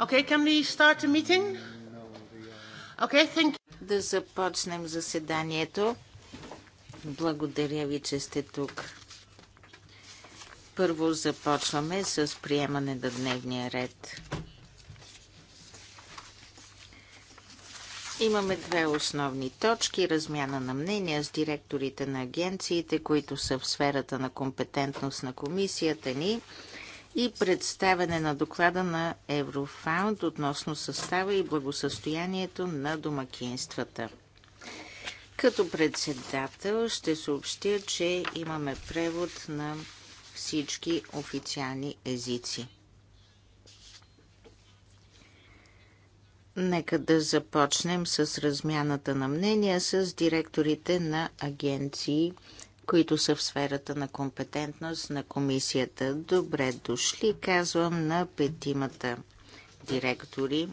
Okay, can we start the meeting? Okay, thank you. Да започнем заседанието. Благодаря ви, че сте тук. Първо започваме с приемане на дневния ред. Имаме две основни точки. Размяна на мнения с директорите на агенциите, които са в сферата на компетентност на комисията ни – и представяне на доклада на Еврофаунд относно състава и благосъстоянието на домакинствата. Като председател ще съобщя, че имаме превод на всички официални езици. Нека да започнем с размяната на мнения с директорите на агенции – които са в сферата на компетентност на комисията. Добре дошли, казвам на петимата директори.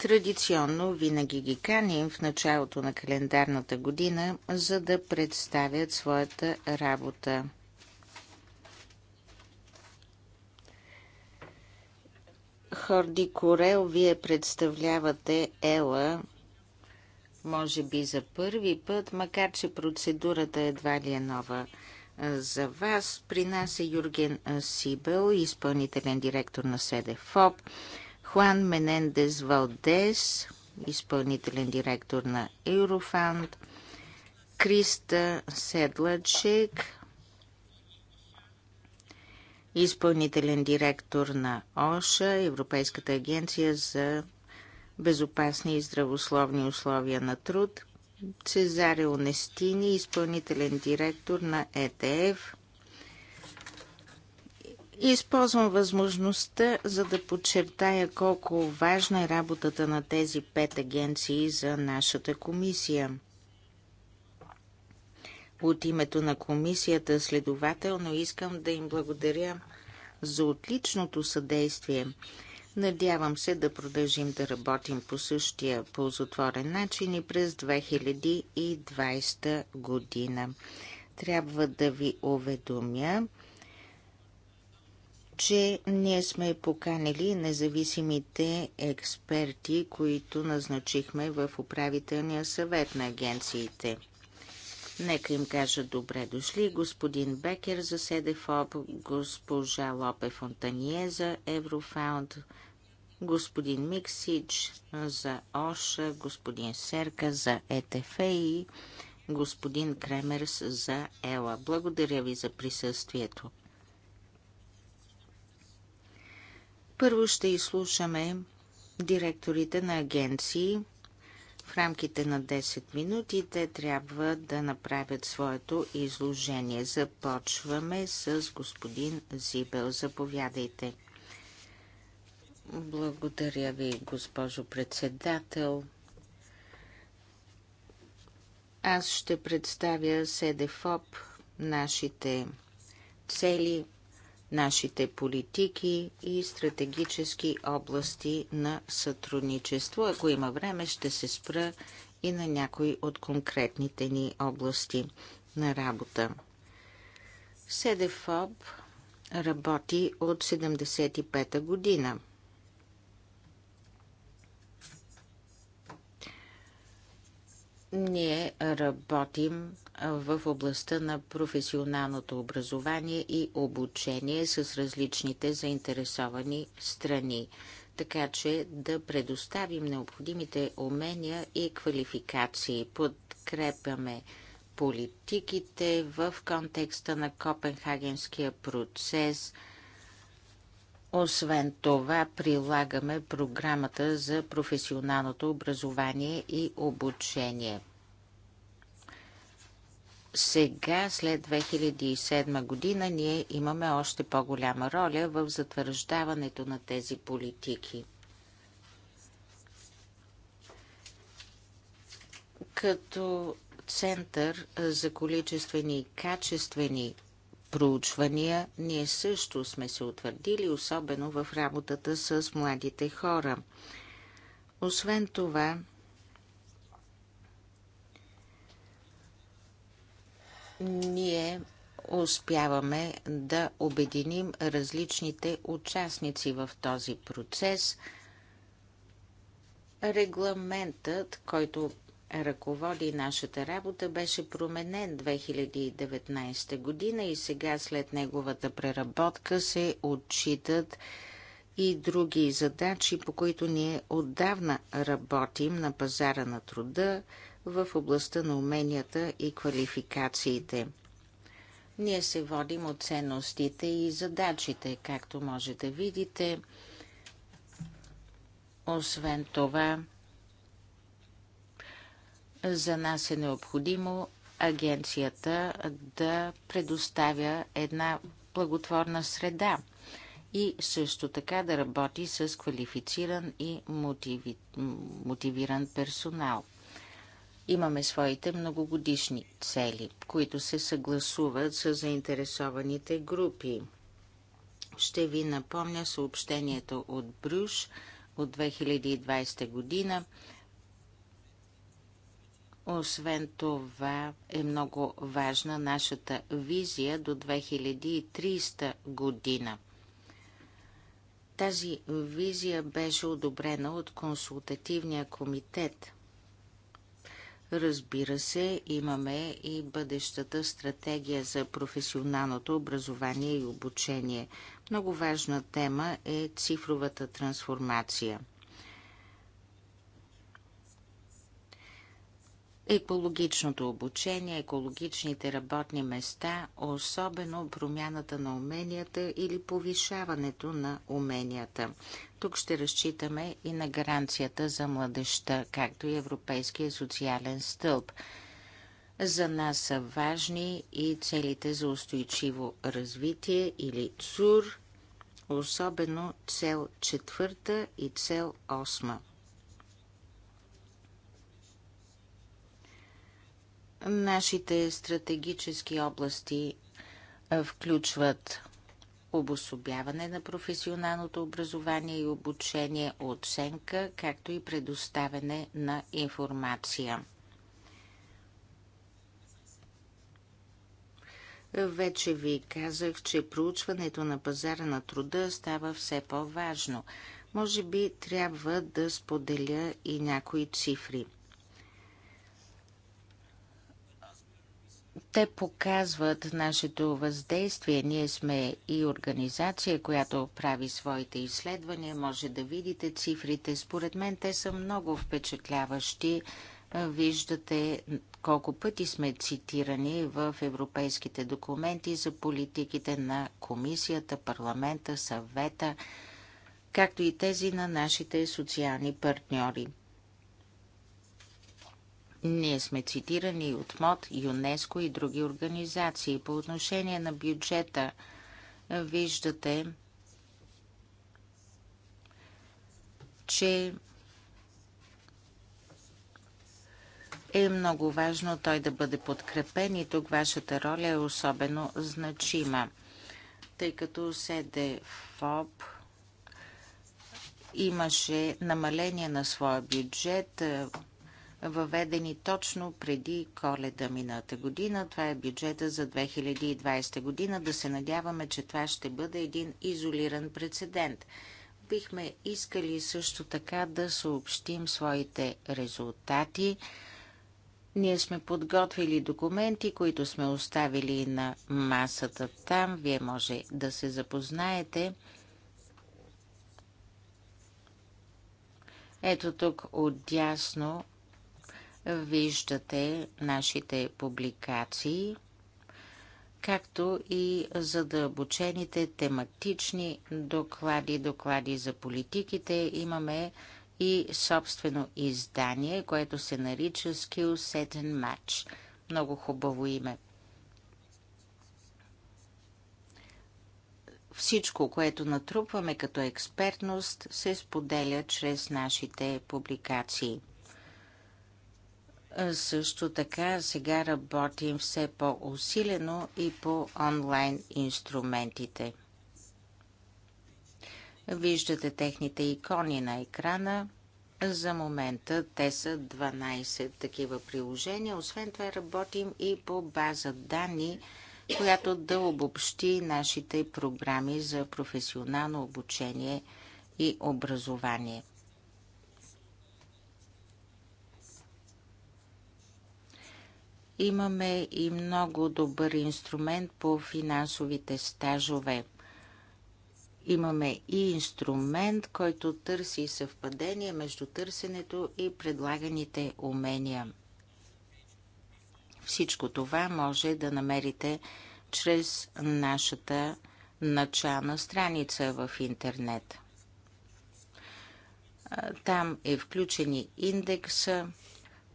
Традиционно винаги ги каним в началото на календарната година, за да представят своята работа. Хорди Корел, вие представлявате Ела може би за първи път, макар че процедурата едва ли е нова за вас. При нас е Юрген Сибел, изпълнителен директор на СДФОП, Хуан Менендес Валдес, изпълнителен директор на Еврофанд, Криста Седлачек, изпълнителен директор на ОША, Европейската агенция за безопасни и здравословни условия на труд. Цезаре Онестини, изпълнителен директор на ЕТФ. Използвам възможността, за да подчертая колко важна е работата на тези пет агенции за нашата комисия. От името на комисията следователно искам да им благодаря за отличното съдействие – Надявам се да продължим да работим по същия ползотворен начин и през 2020 година. Трябва да ви уведомя, че ние сме поканили независимите експерти, които назначихме в управителния съвет на агенциите – Нека им кажа добре дошли господин Бекер за СДФОП, госпожа Лопе Фонтание за Еврофаунд, господин Миксич за ОША, господин Серка за ЕТФ и господин Кремерс за ЕЛА. Благодаря ви за присъствието. Първо ще изслушаме директорите на агенции – в рамките на 10 минути те трябва да направят своето изложение. Започваме с господин Зибел. Заповядайте. Благодаря ви, госпожо председател. Аз ще представя СДФОП, нашите цели, нашите политики и стратегически области на сътрудничество. Ако има време, ще се спра и на някои от конкретните ни области на работа. СЕДЕФОБ работи от 75-та година. Ние работим в областта на професионалното образование и обучение с различните заинтересовани страни, така че да предоставим необходимите умения и квалификации. Подкрепяме политиките в контекста на Копенхагенския процес. Освен това, прилагаме програмата за професионалното образование и обучение – сега, след 2007 година, ние имаме още по-голяма роля в затвърждаването на тези политики. Като Център за количествени и качествени проучвания, ние също сме се утвърдили, особено в работата с младите хора. Освен това, ние успяваме да обединим различните участници в този процес. Регламентът, който ръководи нашата работа, беше променен 2019 година и сега след неговата преработка се отчитат и други задачи, по които ние отдавна работим на пазара на труда, в областта на уменията и квалификациите. Ние се водим от ценностите и задачите, както може да видите. Освен това, за нас е необходимо агенцията да предоставя една благотворна среда и също така да работи с квалифициран и мотиви... мотивиран персонал. Имаме своите многогодишни цели, които се съгласуват с заинтересованите групи. Ще ви напомня съобщението от Брюш от 2020 година. Освен това е много важна нашата визия до 2300 година. Тази визия беше одобрена от консултативния комитет – Разбира се, имаме и бъдещата стратегия за професионалното образование и обучение. Много важна тема е цифровата трансформация. Екологичното обучение, екологичните работни места, особено промяната на уменията или повишаването на уменията. Тук ще разчитаме и на гаранцията за младеща, както и Европейския социален стълб. За нас са важни и целите за устойчиво развитие или ЦУР, особено цел четвърта и цел осма. Нашите стратегически области включват обособяване на професионалното образование и обучение, оценка, както и предоставяне на информация. Вече ви казах, че проучването на пазара на труда става все по-важно. Може би трябва да споделя и някои цифри – те показват нашето въздействие. Ние сме и организация, която прави своите изследвания. Може да видите цифрите. Според мен те са много впечатляващи. Виждате колко пъти сме цитирани в европейските документи за политиките на комисията, парламента, съвета, както и тези на нашите социални партньори. Ние сме цитирани от МОД, ЮНЕСКО и други организации. По отношение на бюджета, виждате, че е много важно той да бъде подкрепен и тук вашата роля е особено значима, тъй като СДФОП имаше намаление на своя бюджет въведени точно преди коледа мината година. Това е бюджета за 2020 година. Да се надяваме, че това ще бъде един изолиран прецедент. Бихме искали също така да съобщим своите резултати. Ние сме подготвили документи, които сме оставили на масата там. Вие може да се запознаете. Ето тук отдясно виждате нашите публикации, както и задълбочените тематични доклади, доклади за политиките. Имаме и собствено издание, което се нарича Skill Set and Match. Много хубаво име. Всичко, което натрупваме като експертност, се споделя чрез нашите публикации. Е, също така сега работим все по-усилено и по онлайн инструментите. Виждате техните икони на екрана. За момента те са 12 такива приложения. Освен това работим и по база данни, която да обобщи нашите програми за професионално обучение и образование. Имаме и много добър инструмент по финансовите стажове. Имаме и инструмент, който търси съвпадение между търсенето и предлаганите умения. Всичко това може да намерите чрез нашата начална страница в интернет. Там е включени индекса,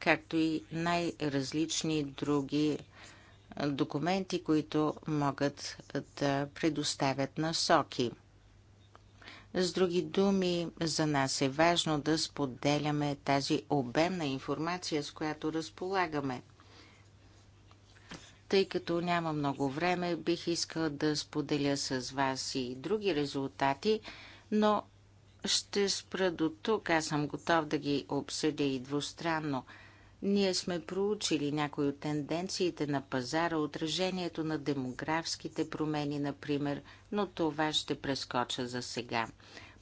както и най-различни други документи, които могат да предоставят насоки. С други думи, за нас е важно да споделяме тази обемна информация, с която разполагаме. Тъй като няма много време, бих искал да споделя с вас и други резултати, но ще спра до тук. Аз съм готов да ги обсъдя и двустранно – ние сме проучили някои от тенденциите на пазара, отражението на демографските промени, например, но това ще прескоча за сега.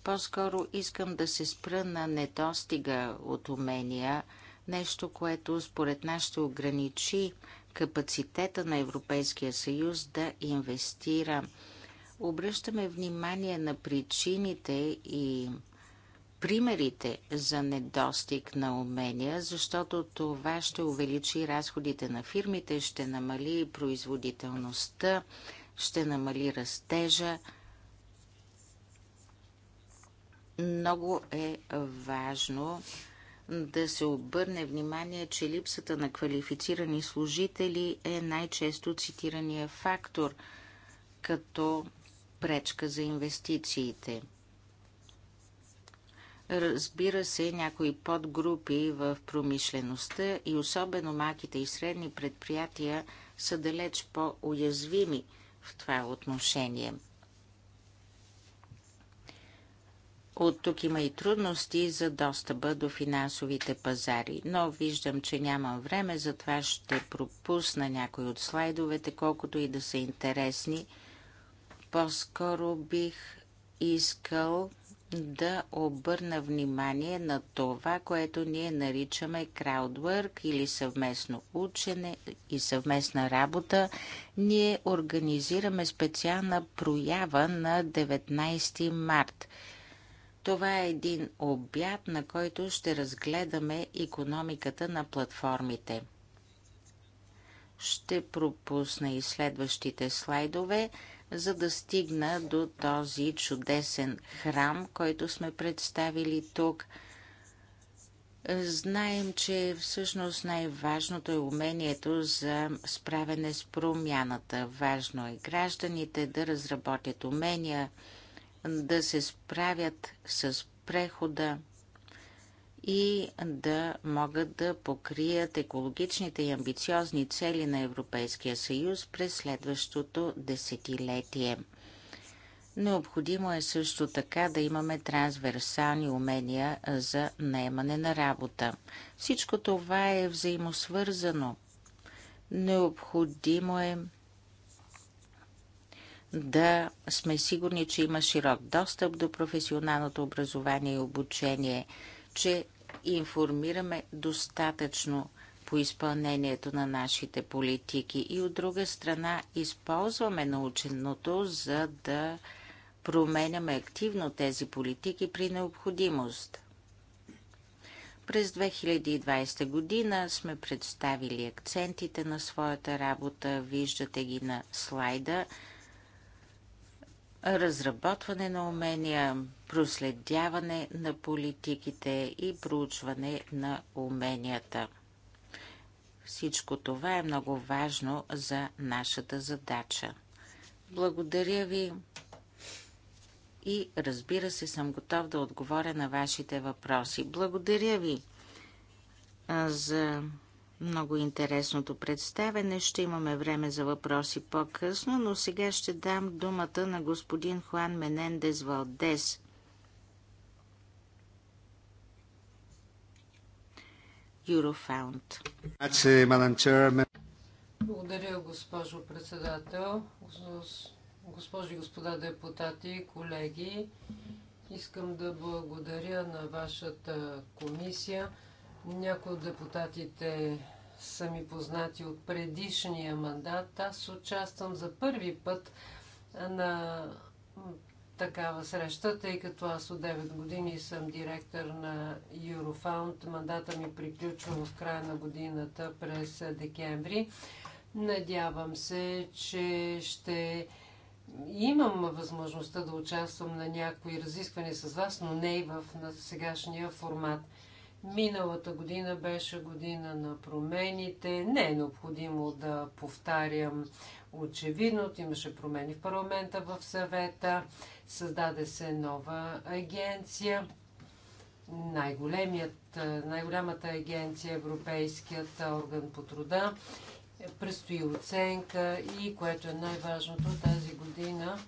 По-скоро искам да се спра на недостига от умения, нещо, което според нас ще ограничи капацитета на Европейския съюз да инвестира. Обръщаме внимание на причините и примерите за недостиг на умения, защото това ще увеличи разходите на фирмите, ще намали производителността, ще намали растежа. Много е важно да се обърне внимание, че липсата на квалифицирани служители е най-често цитирания фактор като пречка за инвестициите – Разбира се, някои подгрупи в промишлеността и особено малките и средни предприятия са далеч по-уязвими в това отношение. От тук има и трудности за достъпа до финансовите пазари, но виждам, че нямам време, затова ще пропусна някои от слайдовете, колкото и да са интересни. По-скоро бих искал да обърна внимание на това, което ние наричаме краудворк или съвместно учене и съвместна работа. Ние организираме специална проява на 19 март. Това е един обяд, на който ще разгледаме економиката на платформите. Ще пропусна и следващите слайдове – за да стигна до този чудесен храм, който сме представили тук. Знаем, че всъщност най-важното е умението за справяне с промяната. Важно е гражданите да разработят умения, да се справят с прехода и да могат да покрият екологичните и амбициозни цели на Европейския съюз през следващото десетилетие. Необходимо е също така да имаме трансверсални умения за наемане на работа. Всичко това е взаимосвързано. Необходимо е да сме сигурни, че има широк достъп до професионалното образование и обучение, че информираме достатъчно по изпълнението на нашите политики и от друга страна използваме наученото, за да променяме активно тези политики при необходимост. През 2020 година сме представили акцентите на своята работа, виждате ги на слайда. Разработване на умения, проследяване на политиките и проучване на уменията. Всичко това е много важно за нашата задача. Благодаря ви и разбира се съм готов да отговоря на вашите въпроси. Благодаря ви за много интересното представене. Ще имаме време за въпроси по-късно, но сега ще дам думата на господин Хуан Менендес Валдес, Eurofound. Значи, благодаря, госпожо председател, госпожи и господа депутати, колеги. Искам да благодаря на вашата комисия. Някои от депутатите са ми познати от предишния мандат. Аз участвам за първи път на такава среща, тъй като аз от 9 години съм директор на Eurofound. Мандата ми приключва в края на годината през декември. Надявам се, че ще имам възможността да участвам на някои разисквания с вас, но не и в сегашния формат. Миналата година беше година на промените. Не е необходимо да повтарям Очевидно имаше промени в парламента, в съвета, създаде се нова агенция, е, най-голямата агенция, Европейският орган по труда. Е, предстои оценка и, което е най-важното тази година,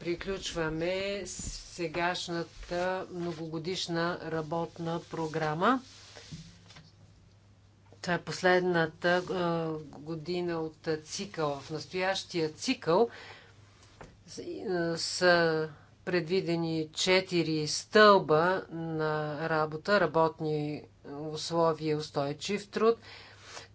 приключваме сегашната многогодишна работна програма. Това е последната година от цикъл. В настоящия цикъл са предвидени четири стълба на работа, работни условия, устойчив труд.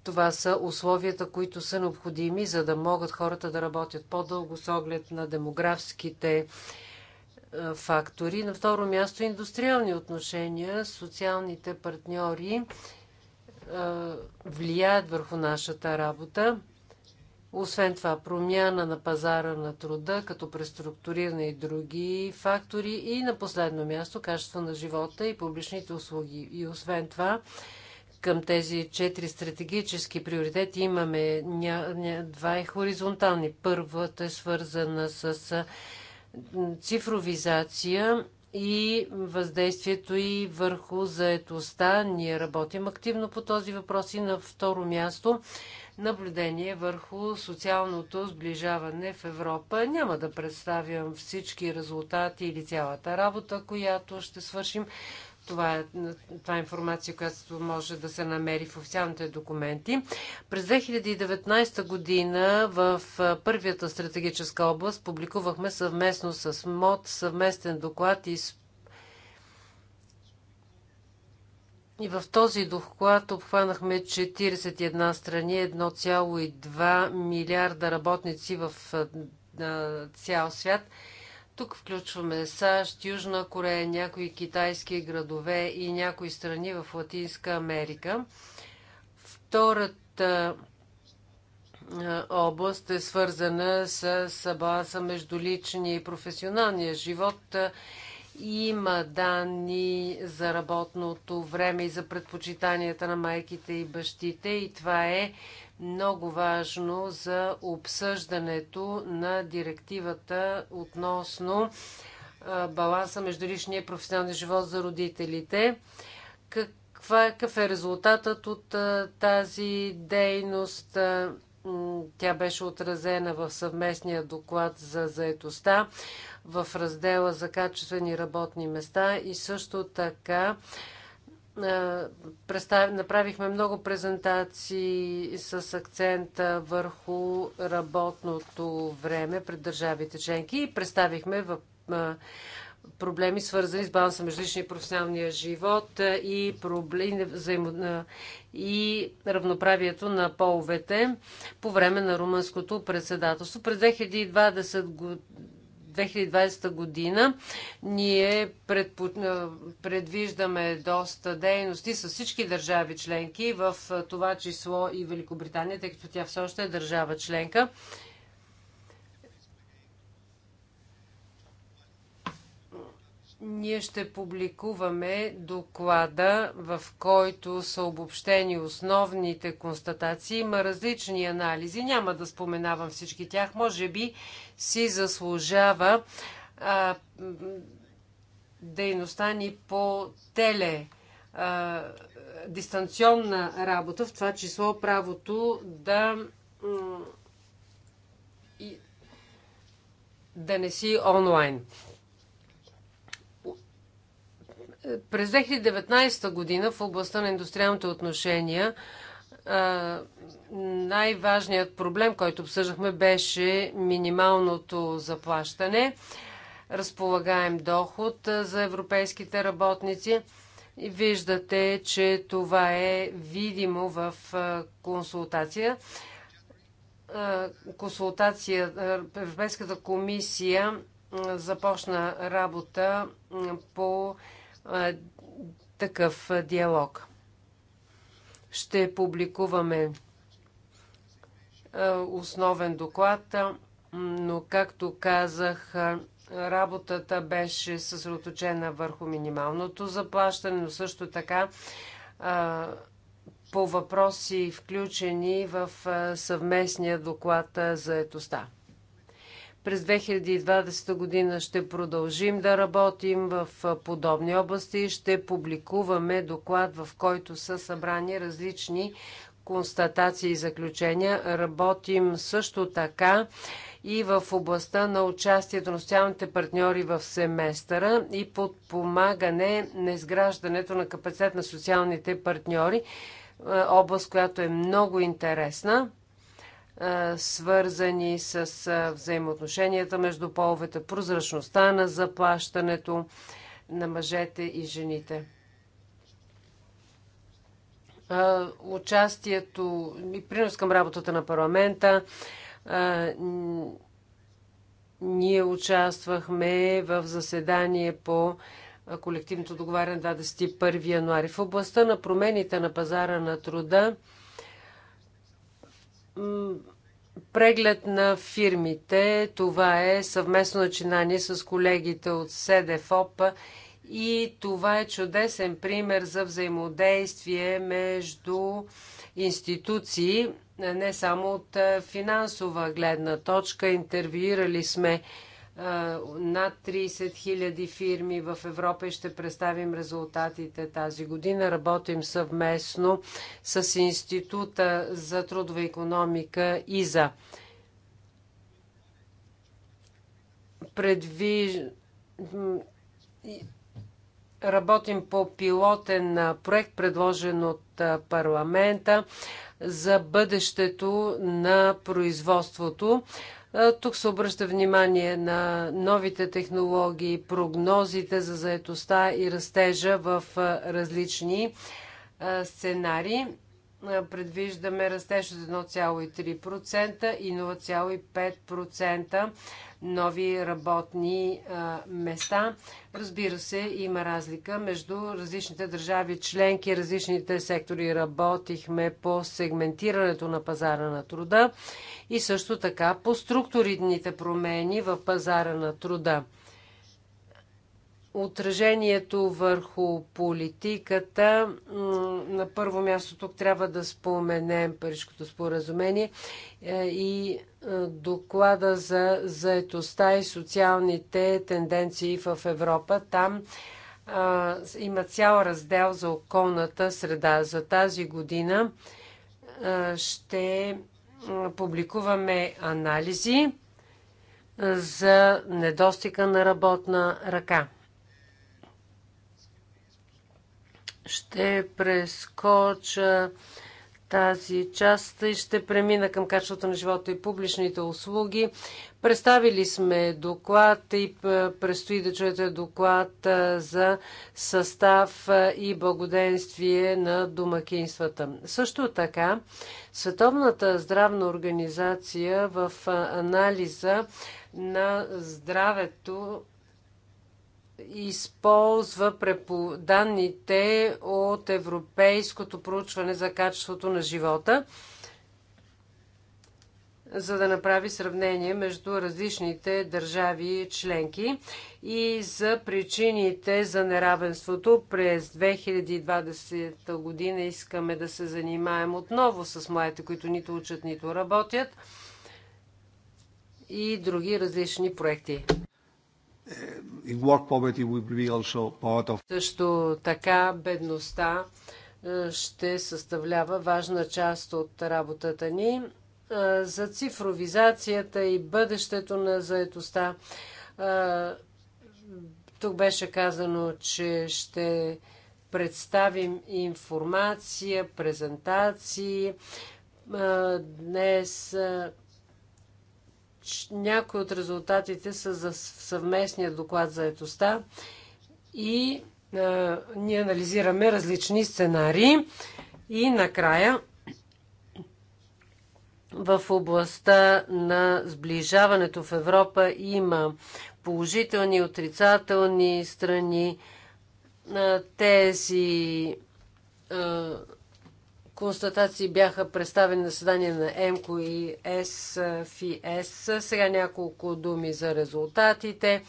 Това са условията, които са необходими, за да могат хората да работят по-дълго с оглед на демографските фактори. На второ място индустриални отношения, социалните партньори влияят върху нашата работа. Освен това, промяна на пазара на труда, като преструктуриране и други фактори. И на последно място, качество на живота и публичните услуги. И освен това, към тези четири стратегически приоритети имаме ня, ня, два хоризонтални. Първата е свързана с цифровизация и въздействието и върху заетостта. Ние работим активно по този въпрос и на второ място наблюдение върху социалното сближаване в Европа. Няма да представям всички резултати или цялата работа, която ще свършим. Това е, това е информация, която може да се намери в официалните документи. През 2019 година в първията стратегическа област публикувахме съвместно с МОД съвместен доклад и И в този доклад обхванахме 41 страни, 1,2 милиарда работници в цял свят – тук включваме САЩ, Южна Корея, някои китайски градове и някои страни в Латинска Америка. Втората област е свързана с баланса между личния и професионалния живот. Има данни за работното време и за предпочитанията на майките и бащите и това е много важно за обсъждането на директивата относно баланса между личния и професионалния живот за родителите. Каква е, какъв е резултатът от тази дейност? Тя беше отразена в съвместния доклад за заетостта в раздела за качествени работни места и също така е, направихме много презентации с акцента върху работното време пред държавите членки и представихме в е, проблеми, свързани с баланса между личния и професионалния живот е, и, проблем, и равноправието на половете по време на румънското председателство. През 2020 2020 година ние предвиждаме доста дейности с всички държави членки, в това число и Великобритания, тъй като тя все още е държава членка. Ние ще публикуваме доклада, в който са обобщени основните констатации. Има различни анализи, няма да споменавам всички тях. Може би си заслужава а, дейността ни по теле а, дистанционна работа, в това число правото да да не си онлайн. През 2019 година в областта на индустриалните отношения най-важният проблем, който обсъждахме, беше минималното заплащане, разполагаем доход за европейските работници. И виждате, че това е видимо в консултация. Консултация Европейската комисия започна работа по такъв диалог. Ще публикуваме основен доклад, но както казах, работата беше съсредоточена върху минималното заплащане, но също така по въпроси, включени в съвместния доклад за етоста. През 2020 година ще продължим да работим в подобни области и ще публикуваме доклад, в който са събрани различни констатации и заключения. Работим също така и в областта на участието на социалните партньори в семестъра и подпомагане на изграждането на капацитет на социалните партньори, област, която е много интересна свързани с взаимоотношенията между половете, прозрачността на заплащането на мъжете и жените. Участието и принос към работата на парламента. Ние участвахме в заседание по колективното договаряне 21 януари. В областта на промените на пазара на труда преглед на фирмите. Това е съвместно начинание с колегите от СДФОП и това е чудесен пример за взаимодействие между институции, не само от финансова гледна точка. Интервюирали сме над 30 000 фирми в Европа и ще представим резултатите тази година. Работим съвместно с Института за трудова економика ИЗА. Предвиж... Работим по пилотен проект, предложен от парламента за бъдещето на производството. Тук се обръща внимание на новите технологии, прогнозите за заетостта и растежа в различни сценарии. Предвиждаме растеж от 1,3% и 0,5% нови работни места. Разбира се, има разлика между различните държави членки, различните сектори. Работихме по сегментирането на пазара на труда и също така по структурните промени в пазара на труда отражението върху политиката. На първо място тук трябва да споменем Парижското споразумение е, и е, доклада за заетостта и социалните тенденции в Европа. Там има цял раздел за околната среда. За тази година е, ще публикуваме анализи за недостига на работна ръка. Ще прескоча тази част и ще премина към качеството на живота и публичните услуги. Представили сме доклад и е, предстои да чуете доклад е, за състав е, и благоденствие на домакинствата. Също така, Световната здравна организация в анализа на здравето използва препо... данните от Европейското проучване за качеството на живота, за да направи сравнение между различните държави членки и за причините за неравенството. През 2020 година искаме да се занимаем отново с младите, които нито учат, нито работят и други различни проекти. Е, Също така бедността е, ще съставлява важна част от работата ни е, за цифровизацията и бъдещето на заедостта. Тук беше казано, че ще представим информация, презентации. Днес някои от резултатите са за съвместния доклад за етоста и а, ние анализираме различни сценарии. И накрая в областта на сближаването в Европа има положителни и отрицателни страни. Тези констатации бяха представени на съдание на МКО и СФИС. Сега няколко думи за резултатите.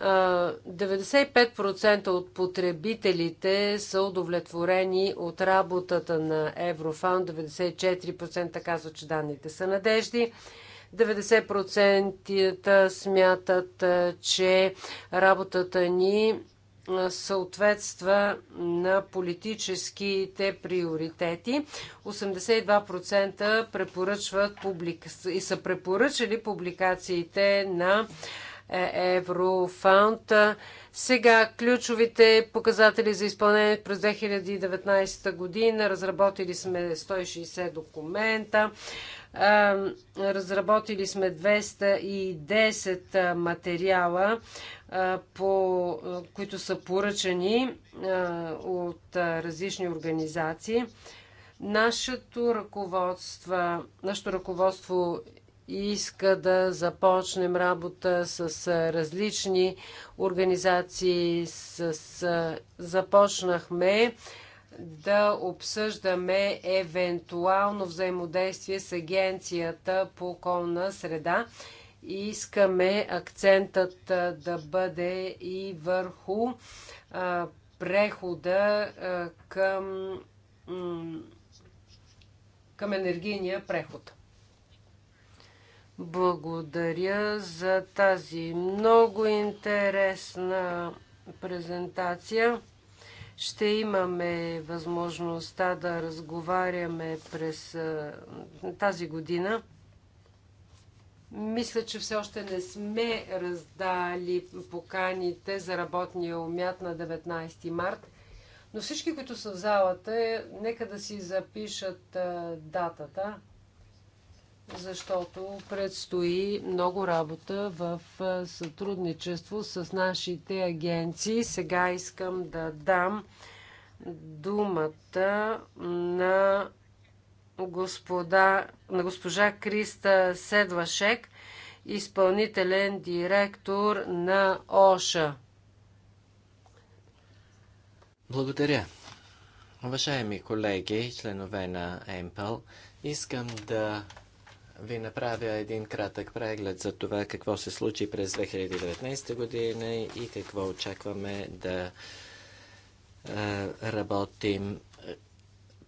95% от потребителите са удовлетворени от работата на Еврофаунд, 94% казват, че данните са надежди. 90% смятат, че работата ни съответства на политическите приоритети. 82% препоръчват публика... и са препоръчали публикациите на е, Еврофаунд. Сега ключовите показатели за изпълнение през 2019 година. Разработили сме 160 документа. Разработили сме 210 материала, по, които са поръчани от различни организации. Нашето ръководство, нашето ръководство иска да започнем работа с различни организации. С, започнахме да обсъждаме евентуално взаимодействие с Агенцията по околна среда. Искаме акцентът да бъде и върху прехода към, към енергийния преход. Благодаря за тази много интересна презентация. Ще имаме възможността да разговаряме през тази година. Мисля, че все още не сме раздали поканите за работния умят на 19 март. Но всички, които са в залата, е, нека да си запишат датата защото предстои много работа в сътрудничество с нашите агенции. Сега искам да дам думата на, господа, на госпожа Криста Седвашек, изпълнителен директор на ОША. Благодаря. Уважаеми колеги, членове на ЕМПЛ, искам да ви направя един кратък преглед за това какво се случи през 2019 година и какво очакваме да работим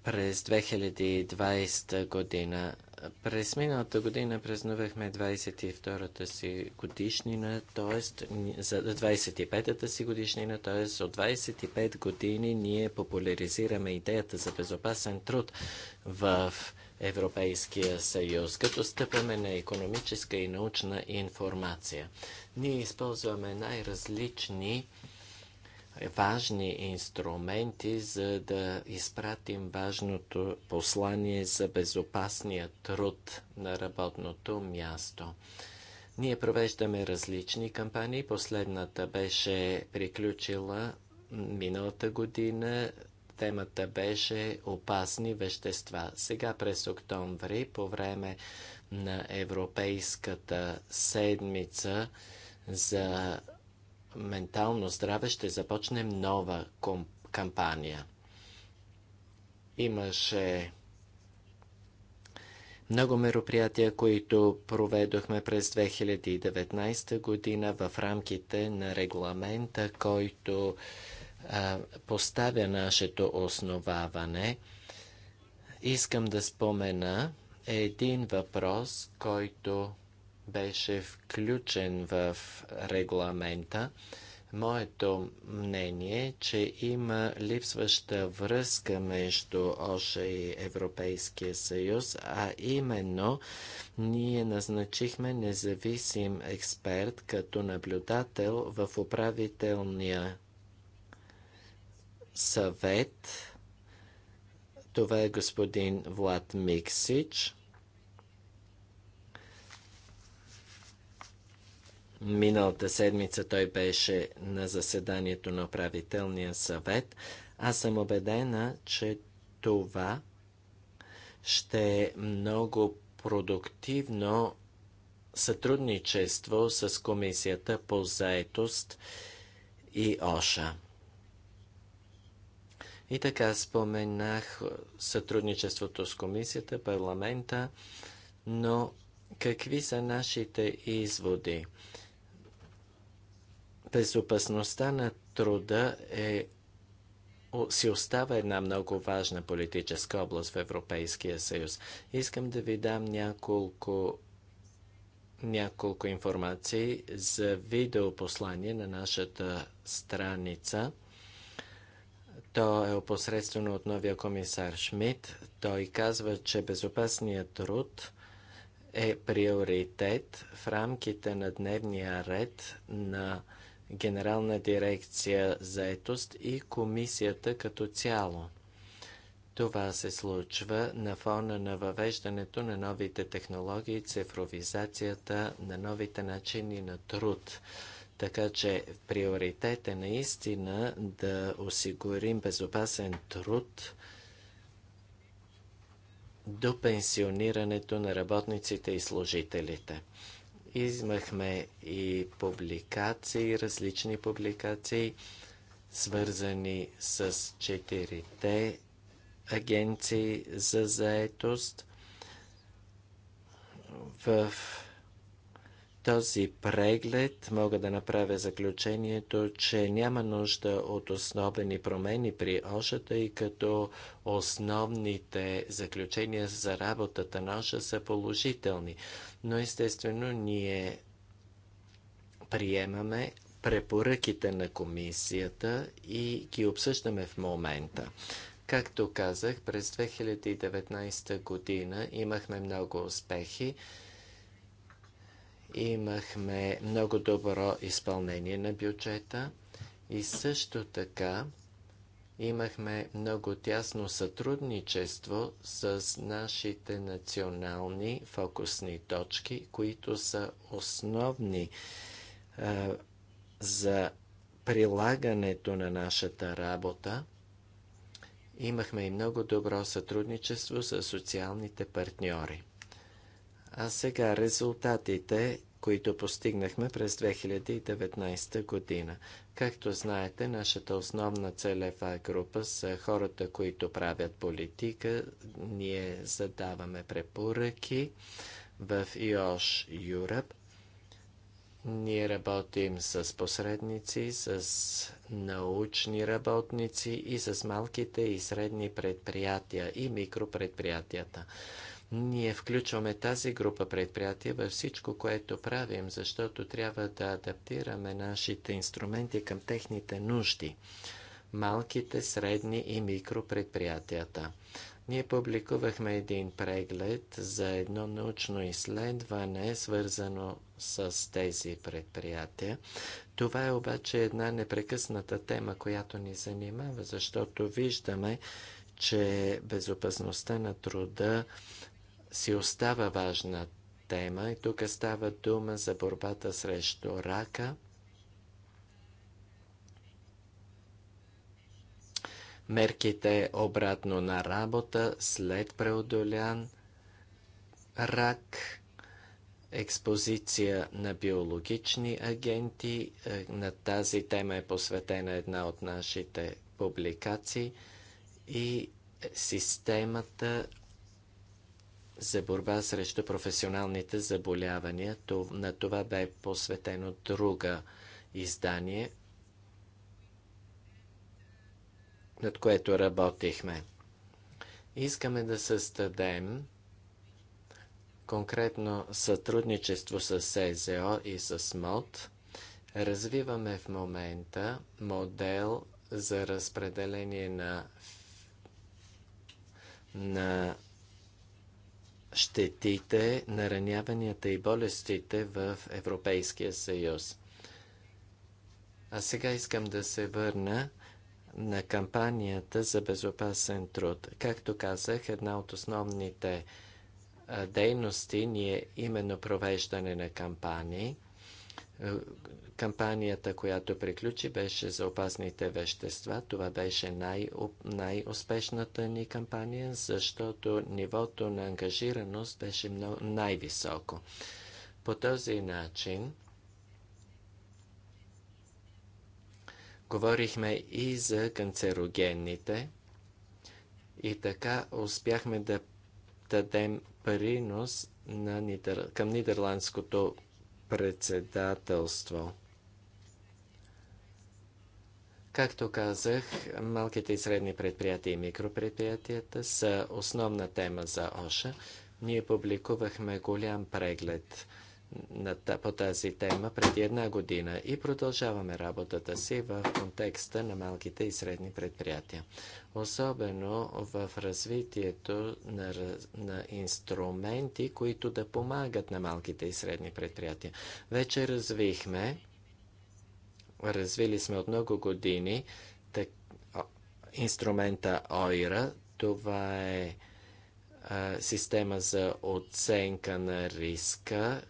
през 2020 година. През миналата година празнувахме 22-та си годишнина, т.е. за 25-та си годишнина, т.е. от 25 години ние популяризираме идеята за безопасен труд в Европейския съюз, като стъпаме на економическа и научна информация. Ние използваме най-различни важни инструменти, за да изпратим важното послание за безопасния труд на работното място. Ние провеждаме различни кампании. Последната беше приключила миналата година темата беше опасни вещества. Сега през октомври, по време на Европейската седмица за ментално здраве, ще започнем нова кампания. Имаше много мероприятия, които проведохме през 2019 година в рамките на регламента, който поставя нашето основаване, искам да спомена един въпрос, който беше включен в регламента. Моето мнение е, че има липсваща връзка между ОША и Европейския съюз, а именно ние назначихме независим експерт като наблюдател в управителния съвет. Това е господин Влад Миксич. Миналата седмица той беше на заседанието на управителния съвет. Аз съм убедена, че това ще е много продуктивно сътрудничество с Комисията по заетост и ОША. И така споменах сътрудничеството с комисията, парламента, но какви са нашите изводи? Безопасността на труда е, си остава една много важна политическа област в Европейския съюз. Искам да ви дам няколко, няколко информации за видеопослание на нашата страница – то е опосредствено от новия комисар Шмидт. Той казва, че безопасният труд е приоритет в рамките на дневния ред на Генерална дирекция за етост и комисията като цяло. Това се случва на фона на въвеждането на новите технологии, цифровизацията, на новите начини на труд – така че приоритет е наистина да осигурим безопасен труд до пенсионирането на работниците и служителите. Измахме и публикации, различни публикации, свързани с четирите агенции за заетост в този преглед мога да направя заключението, че няма нужда от основни промени при ОША, тъй като основните заключения за работата на ОША са положителни. Но естествено ние приемаме препоръките на комисията и ги обсъждаме в момента. Както казах, през 2019 година имахме много успехи. Имахме много добро изпълнение на бюджета и също така имахме много тясно сътрудничество с нашите национални фокусни точки, които са основни а, е, за прилагането на нашата работа. Имахме и много добро сътрудничество с социалните партньори. А сега резултатите, които постигнахме през 2019 година. Както знаете, нашата основна целева група са хората, които правят политика. Ние задаваме препоръки в IOSH Europe. Ние работим с посредници, с научни работници и с малките и средни предприятия и микропредприятията. Ние включваме тази група предприятия във всичко, което правим, защото трябва да адаптираме нашите инструменти към техните нужди. Малките, средни и микропредприятията. Ние публикувахме един преглед за едно научно изследване, свързано с тези предприятия. Това е обаче една непрекъсната тема, която ни занимава, защото виждаме, че безопасността на труда си остава важна тема и тук става дума за борбата срещу рака. Мерките обратно на работа след преодолян рак, експозиция на биологични агенти. Е, на тази тема е посветена една от нашите публикации и системата за борба срещу професионалните заболявания. На това бе посветено друга издание, над което работихме. Искаме да създадем конкретно сътрудничество с СЗО и с МОД. Развиваме в момента модел за разпределение на, на щетите, нараняванията и болестите в Европейския съюз. А сега искам да се върна на кампанията за безопасен труд. Както казах, една от основните дейности ни е именно провеждане на кампании – е, кампанията, която приключи, беше за опасните вещества. Това беше най- успешната ни кампания, защото нивото на ангажираност беше най-високо. По този начин говорихме и за канцерогенните и така успяхме да дадем принос на Нидер... към нидерландското председателство. Както казах, малките и средни предприятия и микропредприятията са основна тема за ОША. Ние публикувахме голям преглед по тази тема преди една година и продължаваме работата си в контекста на малките и средни предприятия особено в развитието на, на инструменти, които да помагат на малките и средни предприятия. Вече развихме, развили сме от много години так, инструмента ОИРА. Това е а, система за оценка на риска,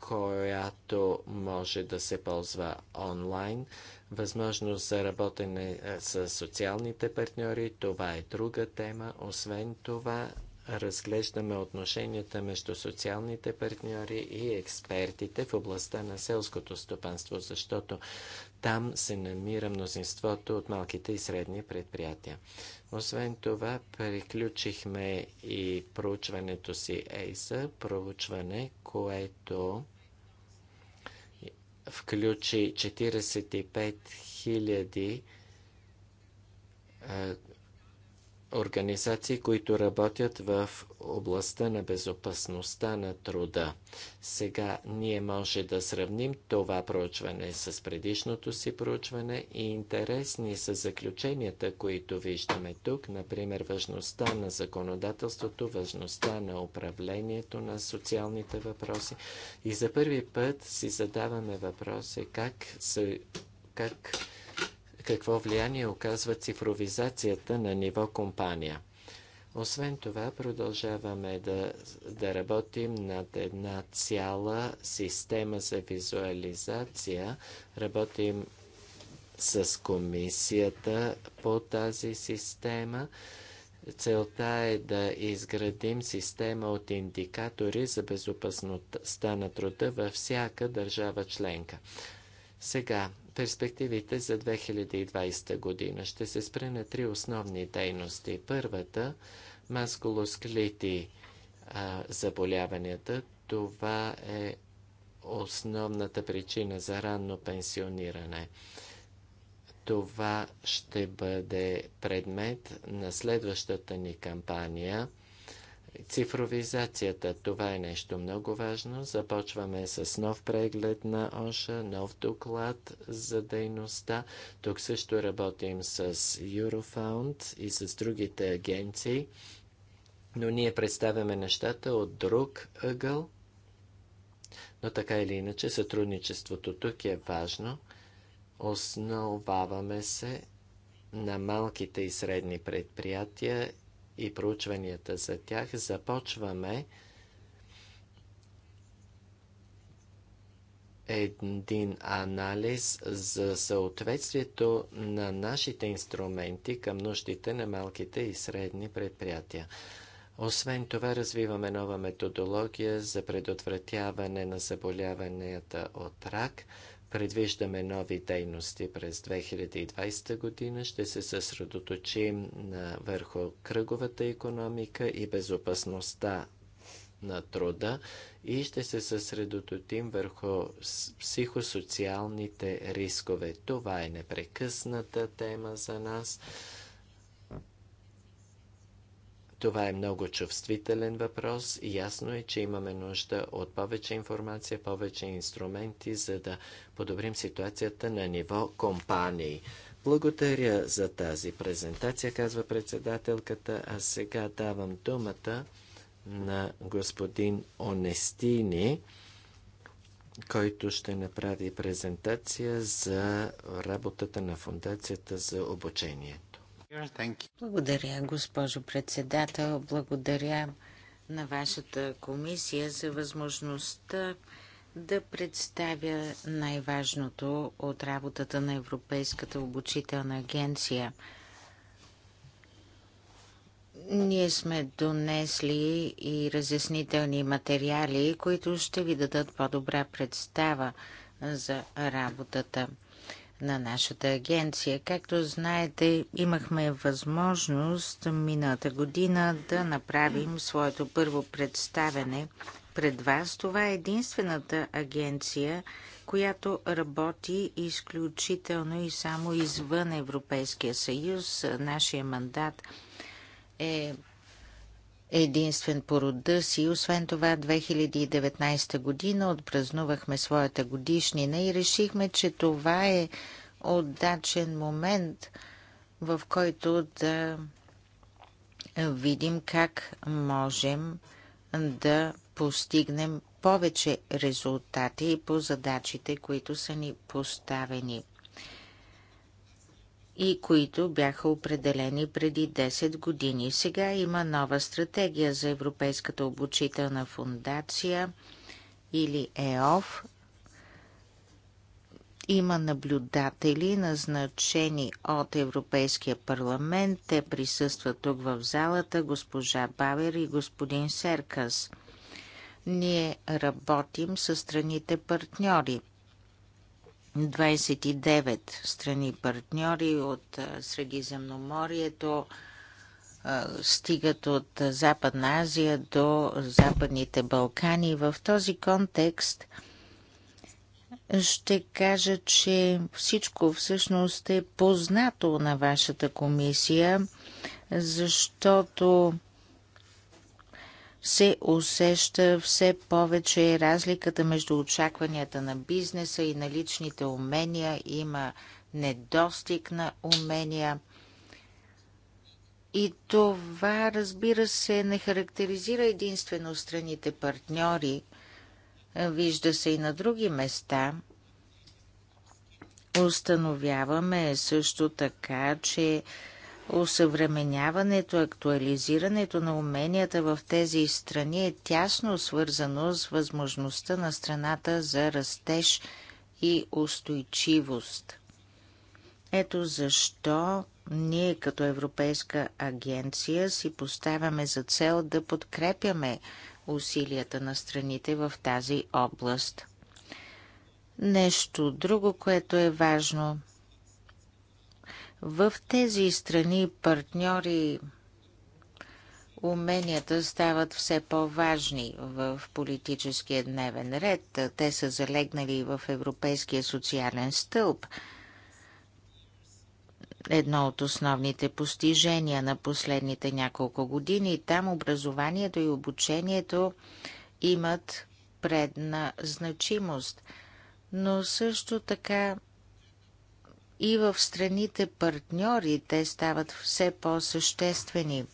която може да се ползва онлайн възможност за работене е, с социалните партньори. Това е друга тема. Освен това, разглеждаме отношенията между социалните партньори и експертите в областта на селското стопанство, защото там се намира мнозинството от малките и средни предприятия. Освен това, приключихме и проучването си ЕЙСА, проучване, което включи 45 хиляди организации, които работят в областта на безопасността на труда. Сега ние може да сравним това проучване с предишното си проучване и интересни са заключенията, които виждаме тук, например важността на законодателството, важността на управлението на социалните въпроси и за първи път си задаваме въпроси как, се, как какво влияние оказва цифровизацията на ниво компания. Освен това, продължаваме да, да работим над една цяла система за визуализация. Работим с комисията по тази система. Целта е да изградим система от индикатори за безопасността на труда във всяка държава членка. Сега, перспективите за 2020 година. Ще се спре на три основни дейности. Първата – маскулосклети заболяванията. Това е основната причина за ранно пенсиониране. Това ще бъде предмет на следващата ни кампания – Цифровизацията, това е нещо много важно. Започваме с нов преглед на ОША, нов доклад за дейността. Тук също работим с Eurofound и с другите агенции, но ние представяме нещата от друг ъгъл. Но така или иначе, сътрудничеството тук е важно. Основаваме се на малките и средни предприятия и проучванията за тях, започваме един анализ за съответствието на нашите инструменти към нуждите на малките и средни предприятия. Освен това, развиваме нова методология за предотвратяване на заболяванията от рак. Предвиждаме нови дейности през 2020 година. Ще се съсредоточим на върху кръговата економика и безопасността на труда и ще се съсредоточим върху психосоциалните рискове. Това е непрекъсната тема за нас. Това е много чувствителен въпрос и ясно е, че имаме нужда от повече информация, повече инструменти, за да подобрим ситуацията на ниво компании. Благодаря за тази презентация, казва председателката, а сега давам думата на господин Онестини, който ще направи презентация за работата на Фундацията за обучение. Благодаря, госпожо председател. Благодаря на вашата комисия за възможността да представя най-важното от работата на Европейската обучителна агенция. Ние сме донесли и разяснителни материали, които ще ви дадат по-добра представа за работата на нашата агенция. Както знаете, имахме възможност миналата година да направим своето първо представене пред вас. Това е единствената агенция, която работи изключително и само извън Европейския съюз. Нашия мандат е единствен по рода си. Освен това, 2019 година отпразнувахме своята годишнина и решихме, че това е отдачен момент, в който да видим как можем да постигнем повече резултати по задачите, които са ни поставени и които бяха определени преди 10 години. Сега има нова стратегия за Европейската обучителна фундация или ЕОФ. Има наблюдатели, назначени от Европейския парламент. Те присъстват тук в залата, госпожа Бавер и господин Серкас. Ние работим със страните партньори – 29 страни партньори от Средиземноморието стигат от Западна Азия до Западните Балкани. В този контекст ще кажа, че всичко всъщност е познато на вашата комисия, защото се усеща все повече разликата между очакванията на бизнеса и на личните умения. Има недостиг на умения. И това, разбира се, не характеризира единствено страните партньори. Вижда се и на други места. Установяваме също така, че Усъвременяването, актуализирането на уменията в тези страни е тясно свързано с възможността на страната за растеж и устойчивост. Ето защо ние като Европейска агенция си поставяме за цел да подкрепяме усилията на страните в тази област. Нещо друго, което е важно – в тези страни партньори уменията стават все по-важни в политическия дневен ред. Те са залегнали в Европейския социален стълб. Едно от основните постижения на последните няколко години там образованието и обучението имат предна значимост. Но също така и в страните партньори те стават все по-съществени.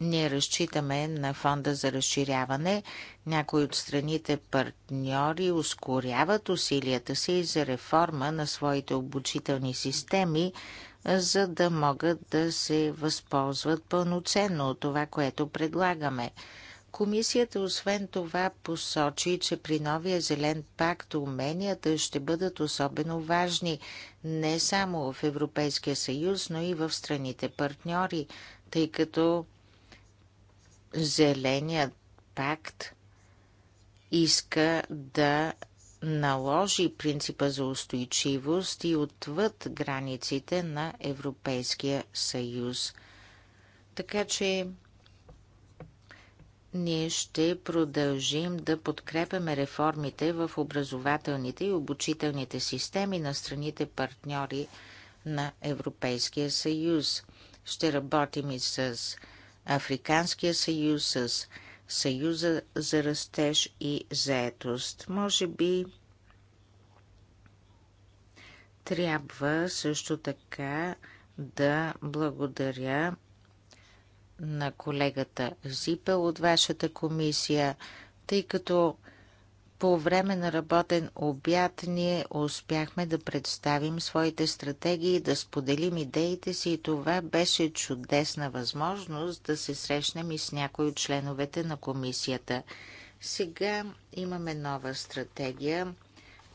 Ние разчитаме на фонда за разширяване. Някои от страните партньори ускоряват усилията си за реформа на своите обучителни системи, за да могат да се възползват пълноценно от това, което предлагаме. Комисията освен това посочи, че при новия зелен пакт уменията ще бъдат особено важни не само в Европейския съюз, но и в страните партньори, тъй като зеленият пакт иска да наложи принципа за устойчивост и отвъд границите на Европейския съюз. Така че ние ще продължим да подкрепяме реформите в образователните и обучителните системи на страните партньори на Европейския съюз. Ще работим и с Африканския съюз, с Съюза за растеж и заетост. Може би трябва също така да благодаря на колегата Зипел от вашата комисия, тъй като по време на работен обяд ние успяхме да представим своите стратегии, да споделим идеите си и това беше чудесна възможност да се срещнем и с някои от членовете на комисията. Сега имаме нова стратегия,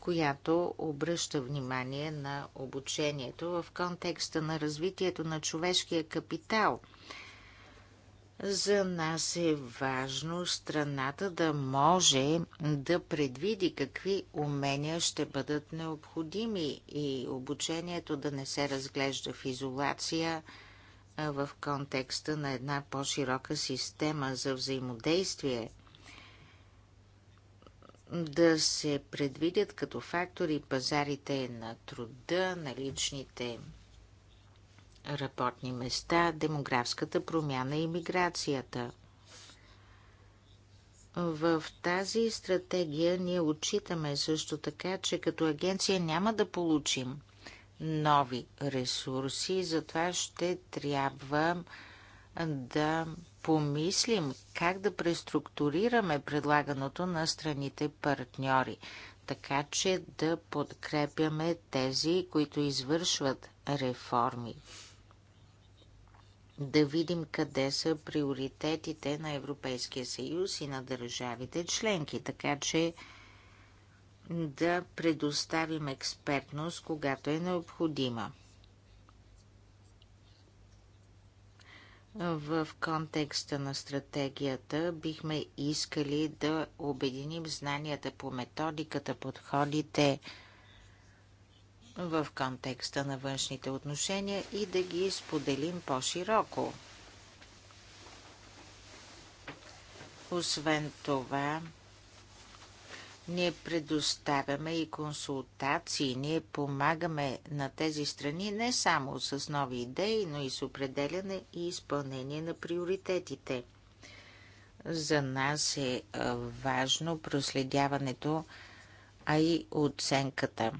която обръща внимание на обучението в контекста на развитието на човешкия капитал – за нас е важно страната да може да предвиди какви умения ще бъдат необходими и обучението да не се разглежда в изолация в контекста на една по-широка система за взаимодействие. Да се предвидят като фактори пазарите на труда, наличните личните работни места, демографската промяна и миграцията. В тази стратегия ние отчитаме също така, че като агенция няма да получим нови ресурси, затова ще трябва да помислим как да преструктурираме предлаганото на страните партньори, така че да подкрепяме тези, които извършват реформи да видим къде са приоритетите на Европейския съюз и на държавите членки, така че да предоставим експертност, когато е необходима. В контекста на стратегията бихме искали да обединим знанията по методиката, подходите, в контекста на външните отношения и да ги споделим по-широко. Освен това, ние предоставяме и консултации, ние помагаме на тези страни не само с нови идеи, но и с определяне и изпълнение на приоритетите. За нас е важно проследяването, а и оценката.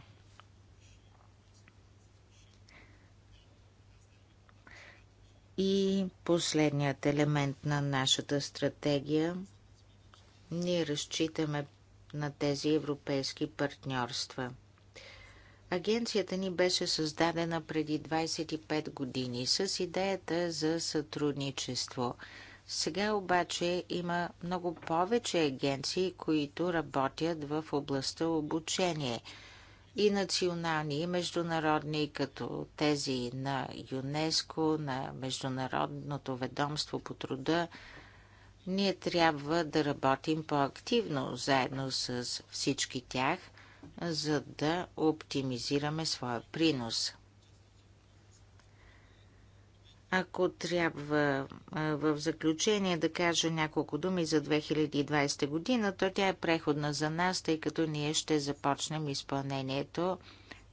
И последният елемент на нашата стратегия ние разчитаме на тези европейски партньорства. Агенцията ни беше създадена преди 25 години с идеята за сътрудничество. Сега обаче има много повече агенции, които работят в областта обучение – и национални, и международни, като тези на ЮНЕСКО, на Международното ведомство по труда, ние трябва да работим по-активно заедно с всички тях, за да оптимизираме своя принос. Ако трябва в заключение да кажа няколко думи за 2020 година, то тя е преходна за нас, тъй като ние ще започнем изпълнението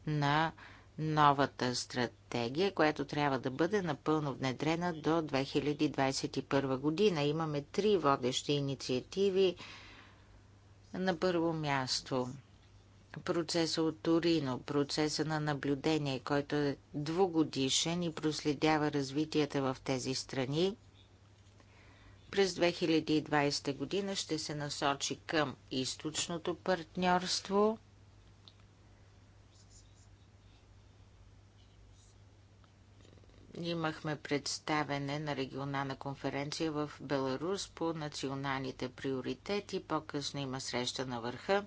на новата стратегия, която трябва да бъде напълно внедрена до 2021 година. Имаме три водещи инициативи. На първо място – процеса от Торино, процеса на наблюдение, който е двугодишен и проследява развитията в тези страни, през 2020 година ще се насочи към източното партньорство. Имахме представене на регионална конференция в Беларус по националните приоритети. По-късно има среща на върха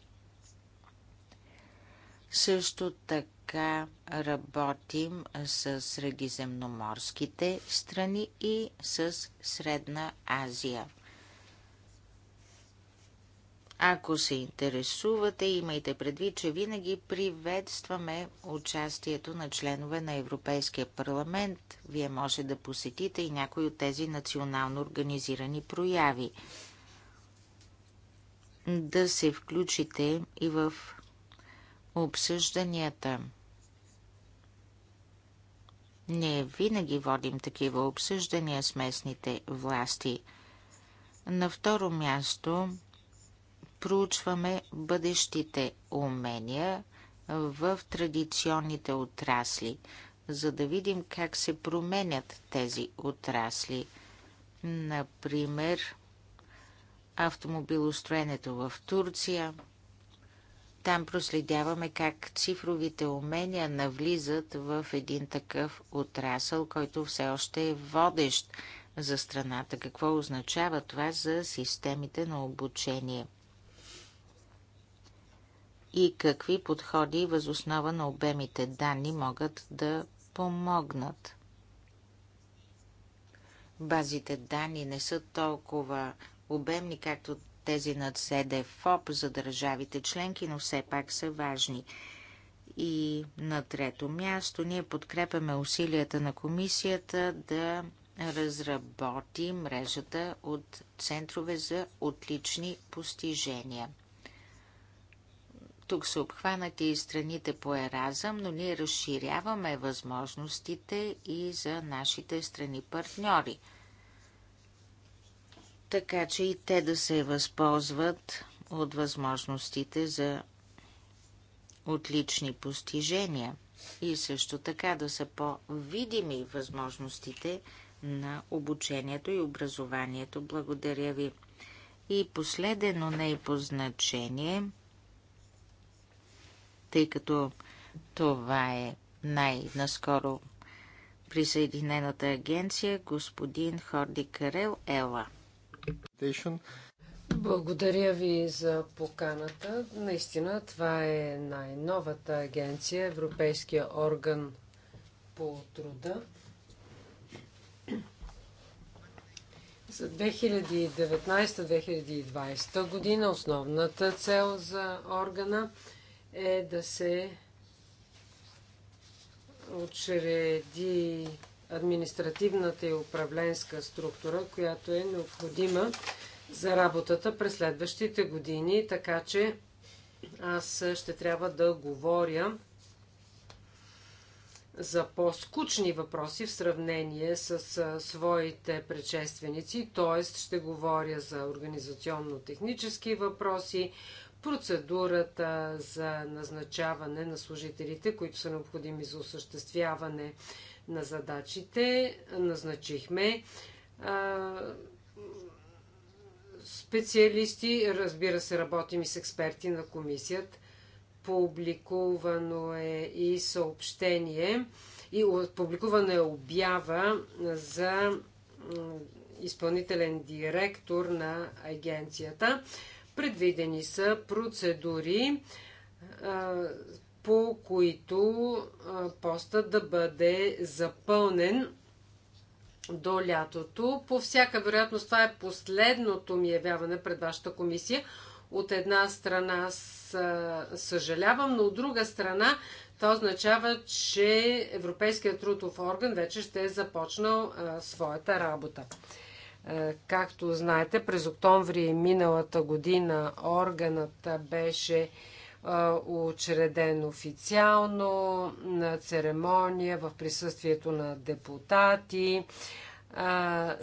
също така работим с средиземноморските страни и с Средна Азия. Ако се интересувате, имайте предвид, че винаги приветстваме участието на членове на Европейския парламент. Вие може да посетите и някои от тези национално организирани прояви. Да се включите и в обсъжданията. Ние винаги водим такива обсъждания с местните власти. На второ място проучваме бъдещите умения в традиционните отрасли, за да видим как се променят тези отрасли. Например, автомобилостроенето в Турция – там проследяваме как цифровите умения навлизат в един такъв отрасъл, който все още е водещ за страната. Какво означава това за системите на обучение? И какви подходи възоснова на обемите данни могат да помогнат? Базите данни не са толкова обемни, както тези над СДФОП за държавите членки, но все пак са важни. И на трето място ние подкрепяме усилията на комисията да разработи мрежата от центрове за отлични постижения. Тук са обхванати и страните по Еразъм, но ние разширяваме възможностите и за нашите страни партньори – така че и те да се възползват от възможностите за отлични постижения и също така да са по-видими възможностите на обучението и образованието. Благодаря ви. И последено не е по значение, тъй като това е най-наскоро присъединената агенция господин Хорди Карел Ела. Благодаря ви за поканата. Наистина, това е най-новата агенция, Европейския орган по труда. За 2019-2020 година основната цел за органа е да се учреди административната и управленска структура, която е необходима за работата през следващите години, така че аз ще трябва да говоря за по-скучни въпроси в сравнение с своите предшественици, т.е. ще говоря за организационно-технически въпроси, процедурата за назначаване на служителите, които са необходими за осъществяване на задачите. Назначихме специалисти, разбира се, работим и с експерти на комисията. Публикувано е и съобщение, и публикувана е обява за изпълнителен директор на агенцията. Предвидени са процедури по които поста да бъде запълнен до лятото. По всяка вероятност това е последното ми явяване пред вашата комисия. От една страна съжалявам, но от друга страна това означава, че Европейският трудов орган вече ще е започнал своята работа. както знаете, през октомври миналата година органът беше учреден официално на церемония в присъствието на депутати,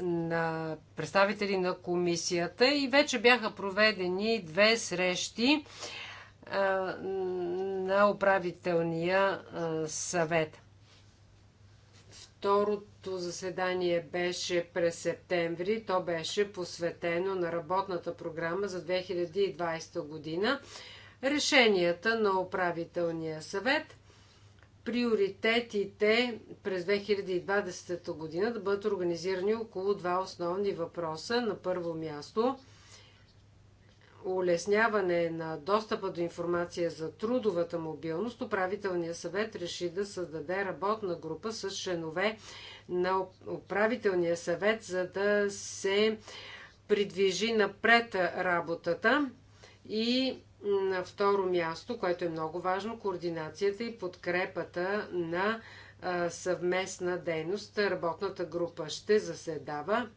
на представители на комисията и вече бяха проведени две срещи на управителния съвет. Второто заседание беше през септември. То беше посветено на работната програма за 2020 година решенията на управителния съвет, приоритетите през 2020 година да бъдат организирани около два основни въпроса. На първо място улесняване на достъпа до информация за трудовата мобилност, управителният съвет реши да създаде работна група с членове на управителния съвет, за да се придвижи напред работата и на второ място, което е много важно, координацията и подкрепата на а, съвместна дейност. Работната група ще заседава.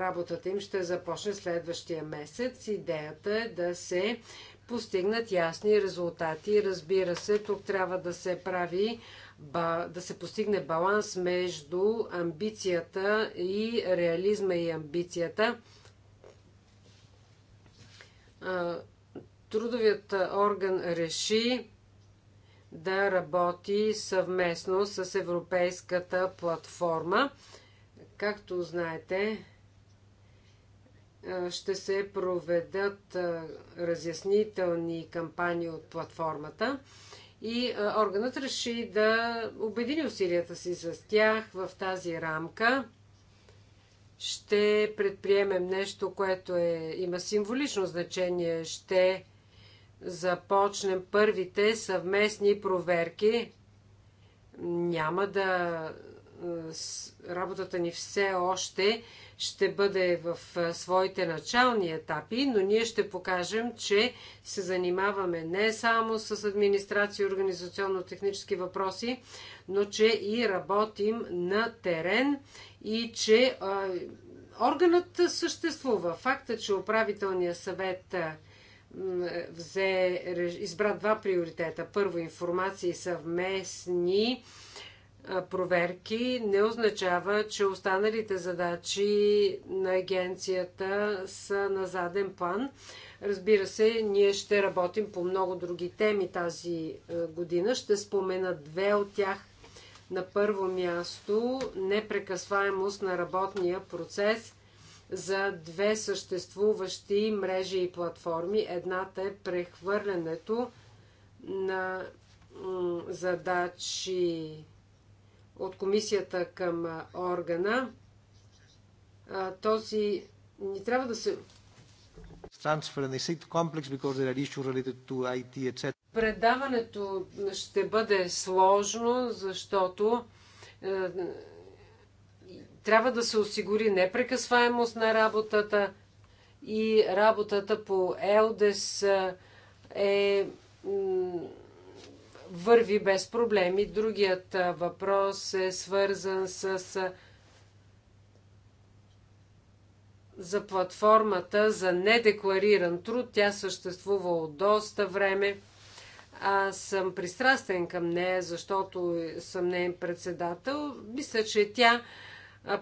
Работата им ще започне следващия месец. Идеята е да се постигнат ясни резултати. Разбира се, тук трябва да се прави да се постигне баланс между амбицията и реализма и амбицията трудовият орган реши да работи съвместно с Европейската платформа. Както знаете, ще се проведат разяснителни кампании от платформата и органът реши да обедини усилията си с тях в тази рамка. Ще предприемем нещо, което е, има символично значение. Ще започнем първите съвместни проверки, няма да. Е, работата ни все още ще бъде в е, своите начални етапи, но ние ще покажем, че се занимаваме не само с администрация и организационно-технически въпроси, но че и работим на терен и че е, органът съществува. Факта, че управителният съвет взе, избра два приоритета. Първо, информация и съвместни проверки не означава, че останалите задачи на агенцията са на заден план. Разбира се, ние ще работим по много други теми тази година. Ще спомена две от тях. На първо място непрекъсваемост на работния процес за две съществуващи мрежи и платформи. Едната е прехвърлянето на задачи от комисията към органа. Този ни трябва да се Предаването ще бъде сложно, защото е, трябва да се осигури непрекъсваемост на работата и работата по ЕЛДЕС е върви без проблеми. Другият въпрос е свързан с за платформата за недеклариран труд. Тя съществува от доста време. Аз съм пристрастен към нея, защото съм нейен председател. Мисля, че тя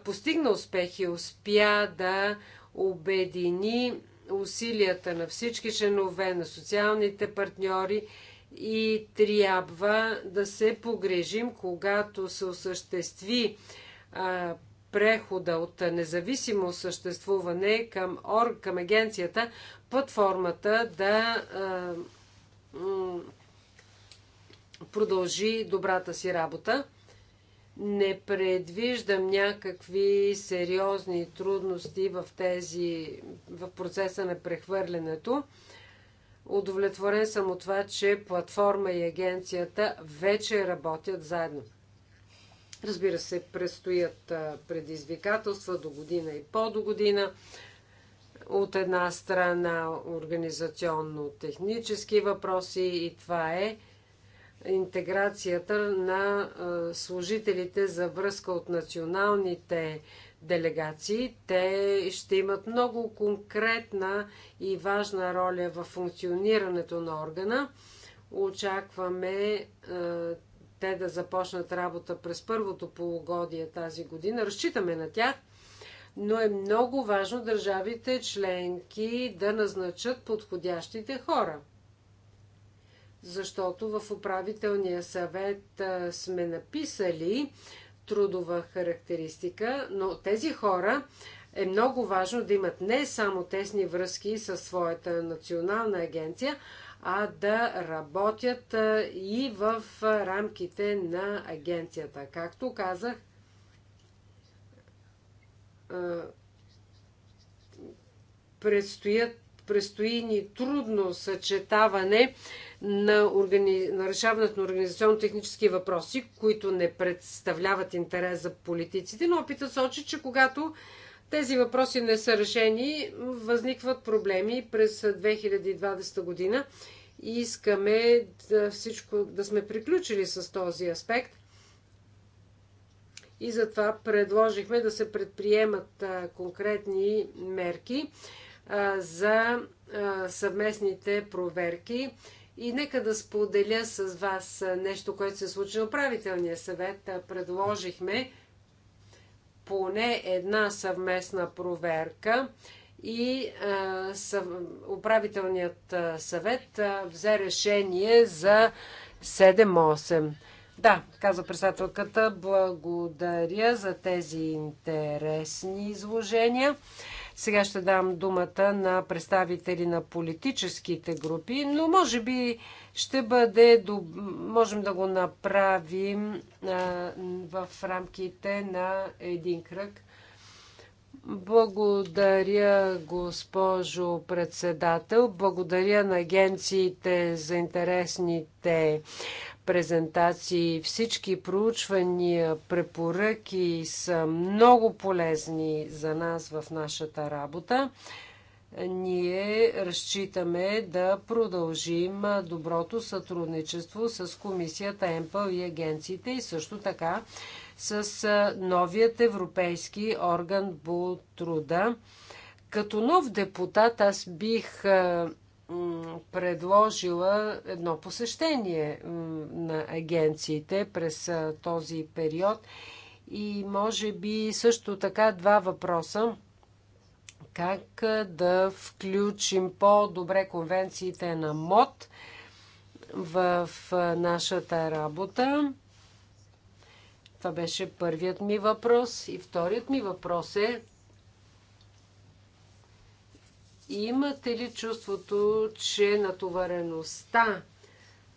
постигна успех и успя да обедини усилията на всички членове, на социалните партньори и трябва да се погрежим, когато се осъществи а, прехода от независимо съществуване към, ор, към агенцията, платформата да а, продължи добрата си работа. Не предвиждам някакви сериозни трудности в, тези, в процеса на прехвърлянето. Удовлетворен съм от това, че платформа и агенцията вече работят заедно. Разбира се, предстоят предизвикателства до година и по-до година. От една страна организационно-технически въпроси и това е интеграцията на служителите за връзка от националните делегации. Те ще имат много конкретна и важна роля в функционирането на органа. Очакваме те да започнат работа през първото полугодие тази година. Разчитаме на тях, но е много важно държавите членки да назначат подходящите хора – защото в управителния съвет сме написали трудова характеристика, но тези хора е много важно да имат не само тесни връзки със своята национална агенция, а да работят и в рамките на агенцията. Както казах, предстоят, предстои ни трудно съчетаване на, органи... на решаването на организационно-технически въпроси, които не представляват интерес за политиците, но опитът сочи, че когато тези въпроси не са решени, възникват проблеми през 2020 година и искаме да всичко да сме приключили с този аспект. И затова предложихме да се предприемат конкретни мерки за съвместните проверки и нека да споделя с вас нещо, което се случи на управителния съвет. Предложихме поне една съвместна проверка и съв... управителният съвет взе решение за 7-8. Да, каза председателката, благодаря за тези интересни изложения. Сега ще дам думата на представители на политическите групи, но може би ще бъде, можем да го направим в рамките на един кръг. Благодаря, госпожо председател. Благодаря на агенциите за интересните презентации, всички проучвания, препоръки са много полезни за нас в нашата работа. Ние разчитаме да продължим доброто сътрудничество с комисията ЕМПЛ и агенциите и също така с новият европейски орган по труда. Като нов депутат аз бих предложила едно посещение на агенциите през този период и може би също така два въпроса. Как да включим по-добре конвенциите на МОД в нашата работа? Това беше първият ми въпрос. И вторият ми въпрос е Имате ли чувството, че натовареността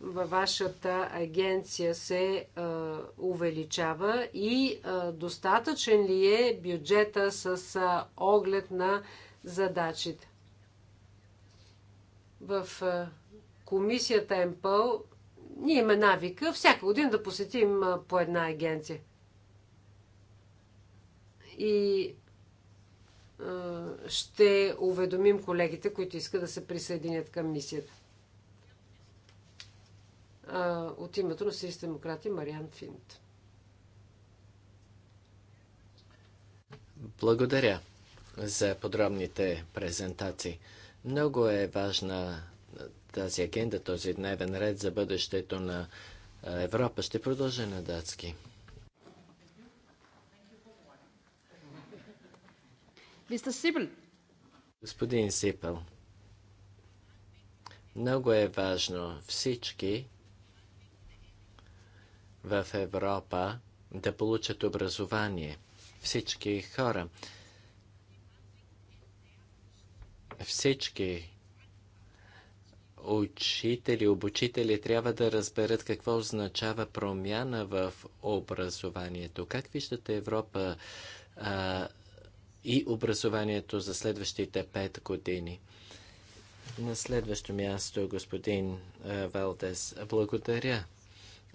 във вашата агенция се а, увеличава и а, достатъчен ли е бюджета с а, оглед на задачите? В а, комисията МПЛ ние имаме навика всяка година да посетим а, по една агенция. И е, ще уведомим колегите, които искат да се присъединят към мисията. Е, от името на Сирийски демократи Мариан Финт. Благодаря за подробните презентации. Много е важна тази агенда, този дневен ред за бъдещето на Европа. Ще продължа на датски. Мистер Сибел. Господин Сипел, много е важно всички в Европа да получат образование. Всички хора. Всички учители, обучители трябва да разберат какво означава промяна в образованието. Как виждате Европа а, и образованието за следващите пет години. На следващо място, господин Валдес, благодаря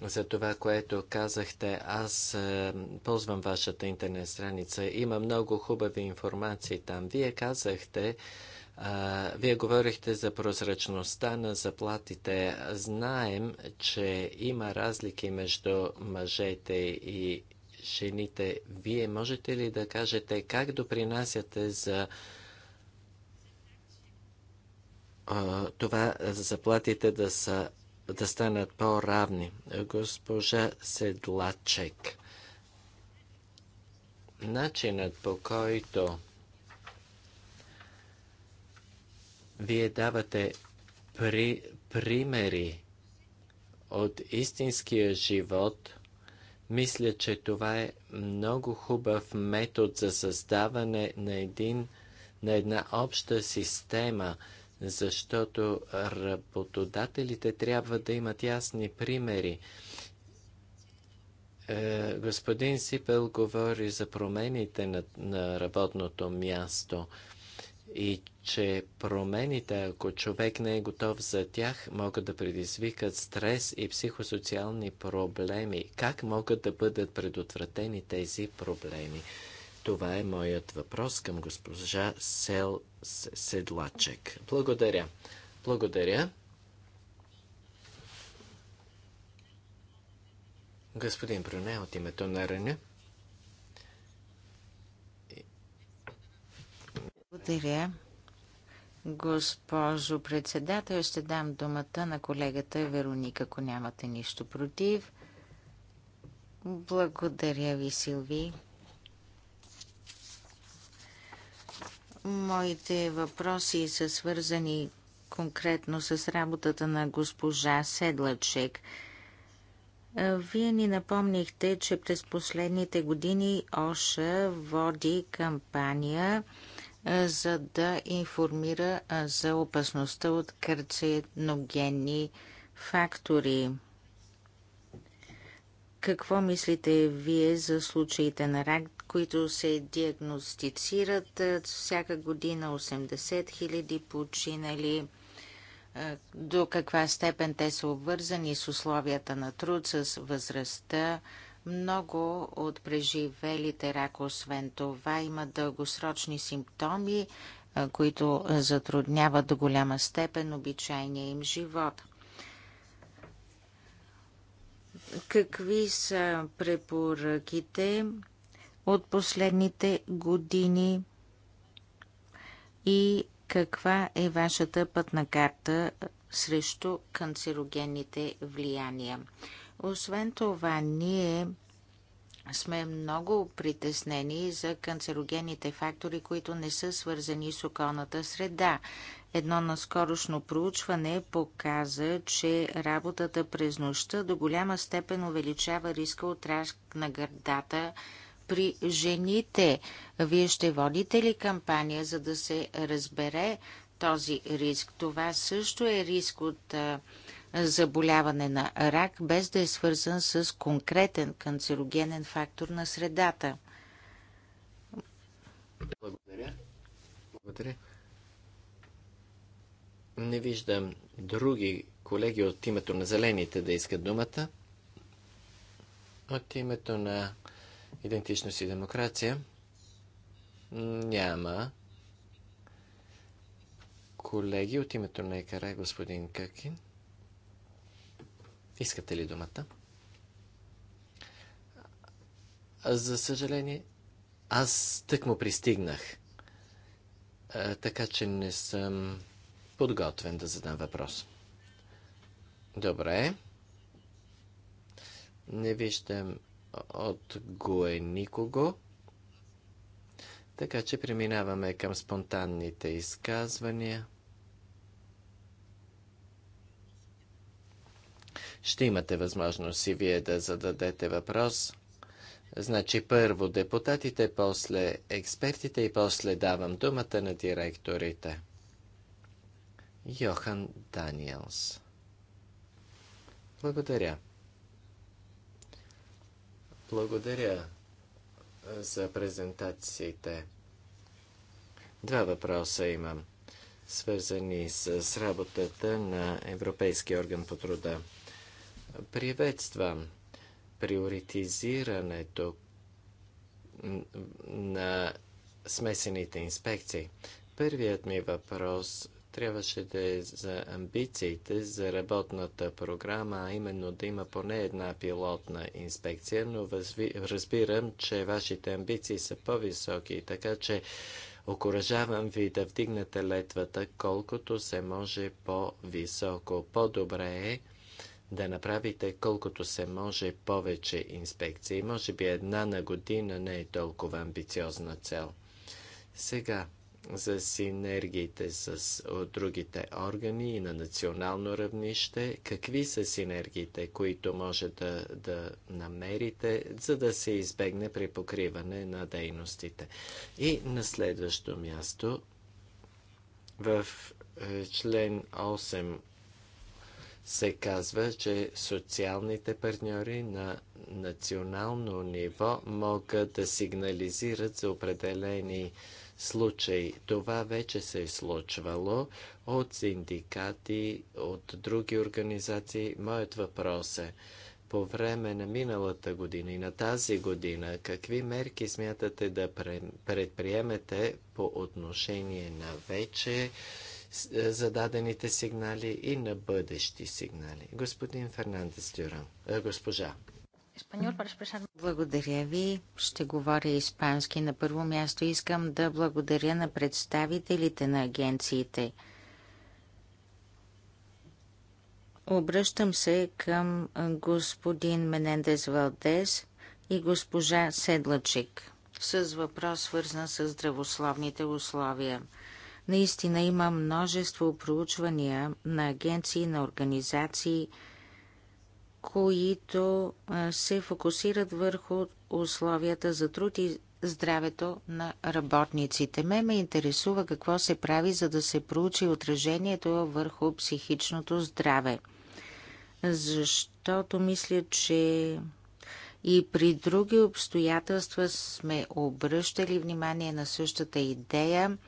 за това, което казахте. Аз ползвам вашата интернет страница. Има много хубави информации там. Вие казахте, вие говорихте за прозрачността на заплатите. Знаем, че има разлики между мъжете и жените. Вие можете ли да кажете как допринасяте за а, това заплатите да, са, да станат по-равни? Госпожа Седлачек, начинът по който вие давате при, примери от истинския живот – мисля, че това е много хубав метод за създаване на, един, на една обща система, защото работодателите трябва да имат ясни примери. Е, господин Сипел говори за промените на, на работното място и че промените, ако човек не е готов за тях, могат да предизвикат стрес и психосоциални проблеми. Как могат да бъдат предотвратени тези проблеми? Това е моят въпрос към госпожа Сел Седлачек. Благодаря. Благодаря. Господин Бруне, от името на Рене. Благодаря. Госпожо председател, ще дам думата на колегата Вероника, ако нямате нищо против. Благодаря ви, Силви. Моите въпроси са свързани конкретно с работата на госпожа Седлачек. Вие ни напомнихте, че през последните години Оша води кампания за да информира за опасността от карциногенни фактори. Какво мислите вие за случаите на рак, които се диагностицират всяка година 80 000 починали? До каква степен те са обвързани с условията на труд, с възрастта, много от преживелите рак, освен това, имат дългосрочни симптоми, които затрудняват до голяма степен обичайния им живот. Какви са препоръките от последните години и каква е вашата пътна карта срещу канцерогенните влияния? Освен това, ние сме много притеснени за канцерогенните фактори, които не са свързани с околната среда. Едно наскорошно проучване показа, че работата през нощта до голяма степен увеличава риска от рак на гърдата при жените. Вие ще водите ли кампания, за да се разбере този риск? Това също е риск от заболяване на рак, без да е свързан с конкретен канцерогенен фактор на средата. Благодаря. Благодаря. Не виждам други колеги от името на зелените да искат думата. От името на идентичност и демокрация няма колеги от името на ЕКАРА господин Къкин. Искате ли думата? За съжаление, аз тък му пристигнах. Така че не съм подготвен да задам въпрос. Добре. Не виждам от Гуе никого. Така че преминаваме към спонтанните изказвания. Ще имате възможност и вие да зададете въпрос. Значи първо депутатите, после експертите и после давам думата на директорите. Йохан Даниелс. Благодаря. Благодаря за презентациите. Два въпроса имам, свързани с работата на Европейския орган по труда приветствам приоритизирането на смесените инспекции. Първият ми въпрос трябваше да е за амбициите за работната програма, а именно да има поне една пилотна инспекция, но възви... разбирам, че вашите амбиции са по-високи, така че окоръжавам ви да вдигнете летвата колкото се може по-високо. По-добре е да направите колкото се може повече инспекции. Може би една на година не е толкова амбициозна цел. Сега, за синергиите с другите органи и на национално равнище, какви са синергиите, които може да, да намерите, за да се избегне при покриване на дейностите. И на следващо място, в е, член 8 се казва, че социалните партньори на национално ниво могат да сигнализират за определени случаи. Това вече се е случвало от синдикати, от други организации. Моят въпрос е, по време на миналата година и на тази година, какви мерки смятате да предприемете по отношение на вече е, зададените сигнали и на бъдещи сигнали. Господин Фернандес Дюран, е, госпожа. Благодаря ви. Ще говоря испански. На първо място искам да благодаря на представителите на агенциите. Обръщам се към господин Менендес Валдес и госпожа Седлачик с въпрос свързан с здравословните условия – Наистина има множество проучвания на агенции, на организации, които се фокусират върху условията за труд и здравето на работниците. Ме ме интересува какво се прави, за да се проучи отражението върху психичното здраве. Защото мисля, че и при други обстоятелства сме обръщали внимание на същата идея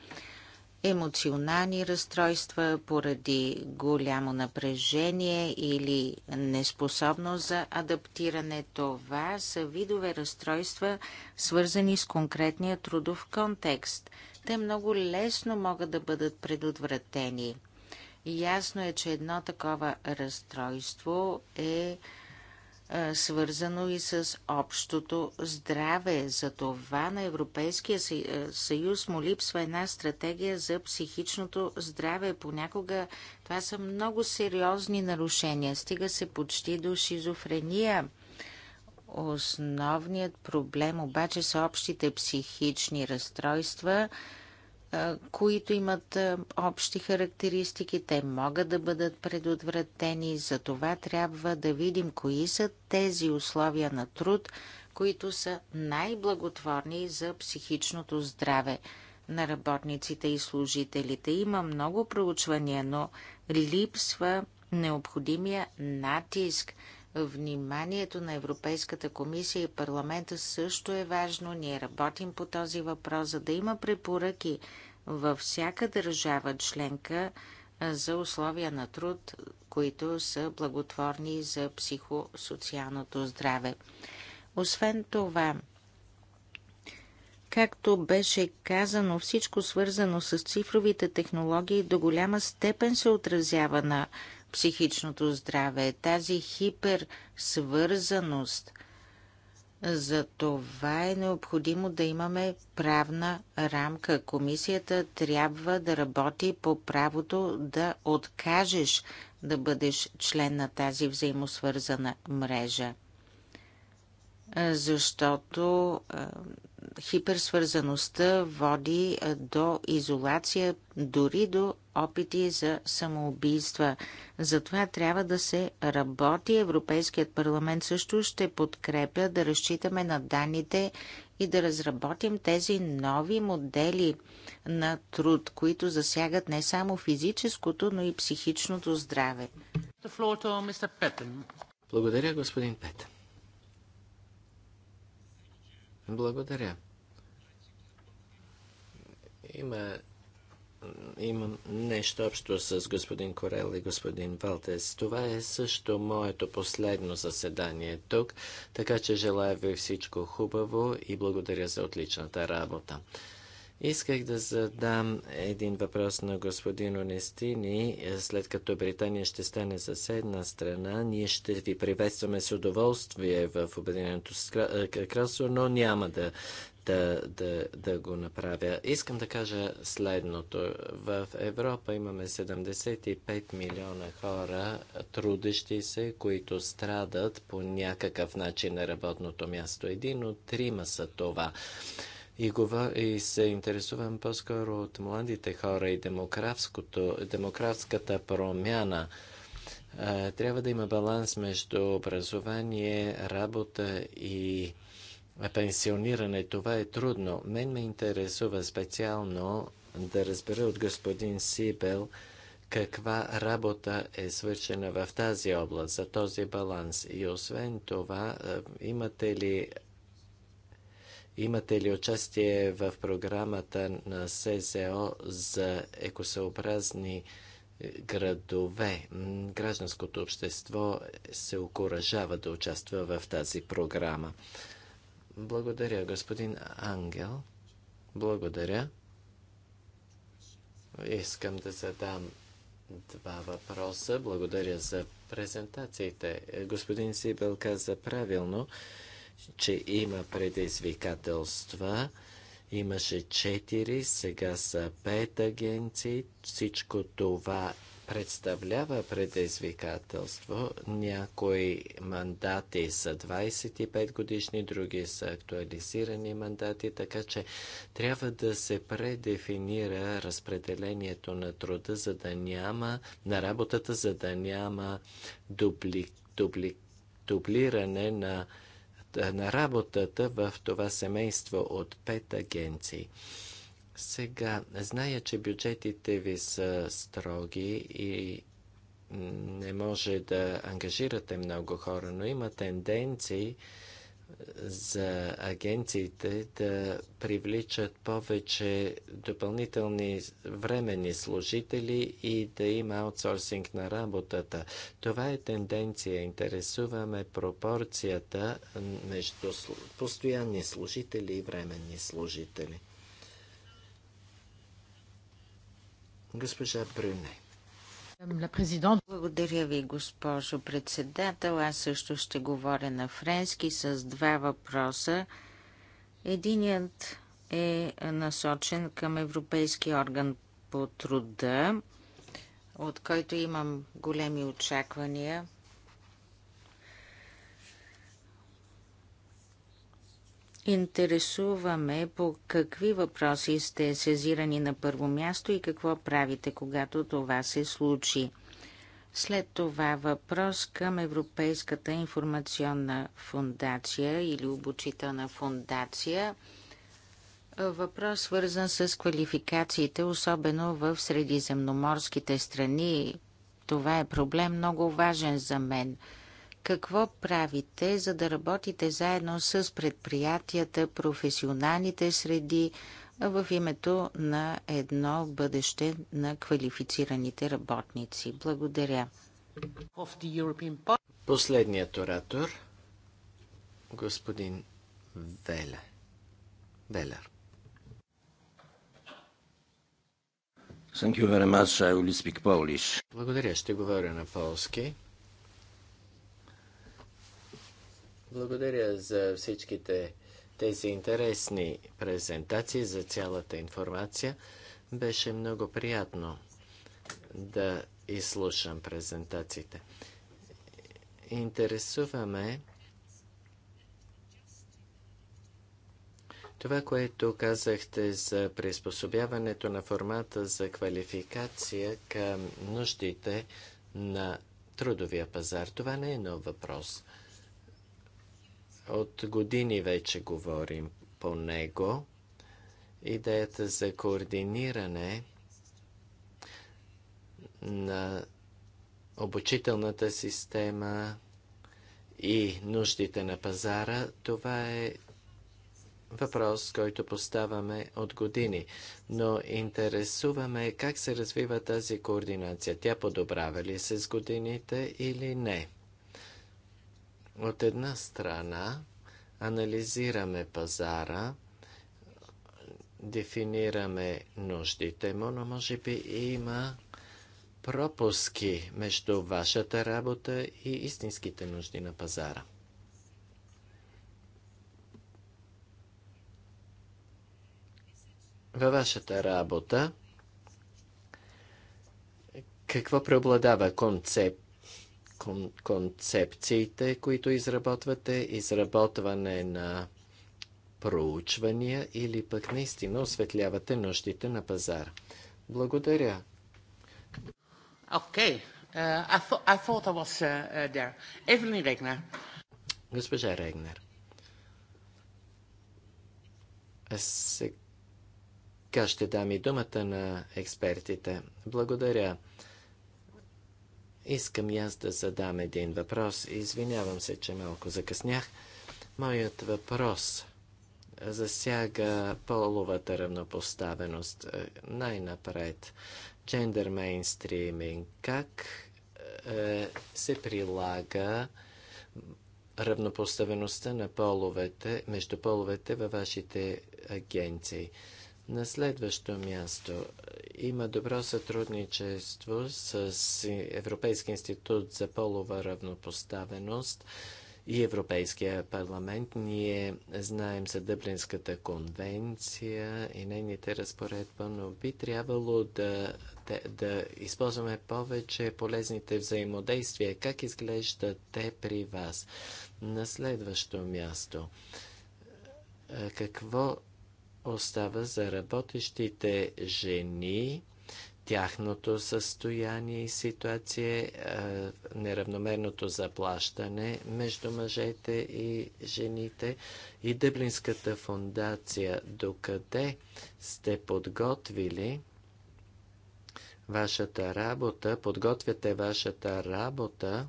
емоционални разстройства поради голямо напрежение или неспособност за адаптиране. Това са видове разстройства, свързани с конкретния трудов контекст. Те много лесно могат да бъдат предотвратени. Ясно е, че едно такова разстройство е свързано и с общото здраве. За това на Европейския съюз му липсва една стратегия за психичното здраве. Понякога това са много сериозни нарушения. Стига се почти до шизофрения. Основният проблем обаче са общите психични разстройства – които имат общи характеристики, те могат да бъдат предотвратени. За това трябва да видим кои са тези условия на труд, които са най-благотворни за психичното здраве на работниците и служителите. Има много проучвания, но липсва необходимия натиск. Вниманието на Европейската комисия и парламента също е важно. Ние работим по този въпрос, за да има препоръки във всяка държава членка за условия на труд, които са благотворни за психосоциалното здраве. Освен това, както беше казано, всичко свързано с цифровите технологии до голяма степен се отразява на психичното здраве. Тази хиперсвързаност за това е необходимо да имаме правна рамка. Комисията трябва да работи по правото да откажеш да бъдеш член на тази взаимосвързана мрежа. Защото хиперсвързаността води до изолация, дори до опити за самоубийства. Затова трябва да се работи. Европейският парламент също ще подкрепя да разчитаме на данните и да разработим тези нови модели на труд, които засягат не само физическото, но и психичното здраве. Благодаря, господин Петен. Благодаря. Има имам нещо общо с господин Корел и господин Валтес. Това е също моето последно заседание тук, така че желая ви всичко хубаво и благодаря за отличната работа. Исках да задам един въпрос на господин Онестини. След като Британия ще стане съседна страна, ние ще ви приветстваме с удоволствие в Обединеното е, кралство, но няма да да, да, да го направя. Искам да кажа следното. В Европа имаме 75 милиона хора, трудещи се, които страдат по някакъв начин на работното място. Един от трима са това. И, говор... и се интересувам по-скоро от младите хора и демографската промяна. Е, трябва да има баланс между образование, работа и пенсиониране. Това е трудно. Мен ме интересува специално да разбера от господин Сибел каква работа е свършена в тази област за този баланс. И освен това, е, имате ли Имате ли участие в програмата на СЗО за екосъобразни е, градове? Гражданското общество се окоръжава да участва в тази програма. Благодаря, господин Ангел. Благодаря. Искам да задам два въпроса. Благодаря за презентациите. Господин Сибел каза правилно, че има предизвикателства. Имаше четири, сега са пет агенции. Всичко това представлява предизвикателство. Някои мандати са 25 годишни, други са актуализирани мандати, така че трябва да се предефинира разпределението на труда, за да няма, на работата, за да няма дубли, дубли, дублиране на, на работата в това семейство от пет агенции. Сега, зная, че бюджетите ви са строги и не може да ангажирате много хора, но има тенденции за агенциите да привличат повече допълнителни временни служители и да има аутсорсинг на работата. Това е тенденция. Интересуваме пропорцията между постоянни служители и временни служители. Госпожа Брюне. Благодаря ви, госпожо председател. Аз също ще говоря на френски с два въпроса. Единият е насочен към Европейския орган по труда, от който имам големи очаквания. интересуваме по какви въпроси сте сезирани на първо място и какво правите, когато това се случи. След това въпрос към Европейската информационна фундация или обучителна фундация. Въпрос свързан с квалификациите, особено в средиземноморските страни. Това е проблем много важен за мен – какво правите, за да работите заедно с предприятията, професионалните среди в името на едно бъдеще на квалифицираните работници? Благодаря. Последният оратор, господин Веле. Велер. Благодаря, ще говоря на полски. Благодаря за всичките тези интересни презентации, за цялата информация. Беше много приятно да изслушам презентациите. Интересуваме това, което казахте за приспособяването на формата за квалификация към нуждите на трудовия пазар. Това не е нов въпрос – от години вече говорим по него. Идеята за координиране на обучителната система и нуждите на пазара, това е въпрос, който поставяме от години. Но интересуваме как се развива тази координация. Тя подобрава ли се с годините или не? От една страна анализираме пазара, дефинираме нуждите му, но може би има пропуски между вашата работа и истинските нужди на пазара. Във вашата работа какво преобладава концепт кон- концепциите, които изработвате, изработване на проучвания или пък наистина осветлявате нуждите на пазара. Благодаря. Окей. Okay. Uh, I, I I was uh, uh there. Госпожа Регнер. А сега ще дам и думата на експертите. Благодаря. Искам и аз да задам един въпрос. Извинявам се, че малко закъснях. Моят въпрос засяга половата равнопоставеност. Е, най-напред, джендър мейнстриминг. Как е, се прилага равнопоставеността на половете, между половете във вашите агенции? На следващо място има добро сътрудничество с Европейски институт за полова равнопоставеност и Европейския парламент. Ние знаем за Дъблинската конвенция и нейните разпоредба, но би трябвало да, да, да използваме повече полезните взаимодействия. Как изглеждат те при вас? На следващо място. Какво остава за работещите жени, тяхното състояние и ситуация, е, неравномерното заплащане между мъжете и жените и Дъблинската фундация. Докъде сте подготвили вашата работа, подготвяте вашата работа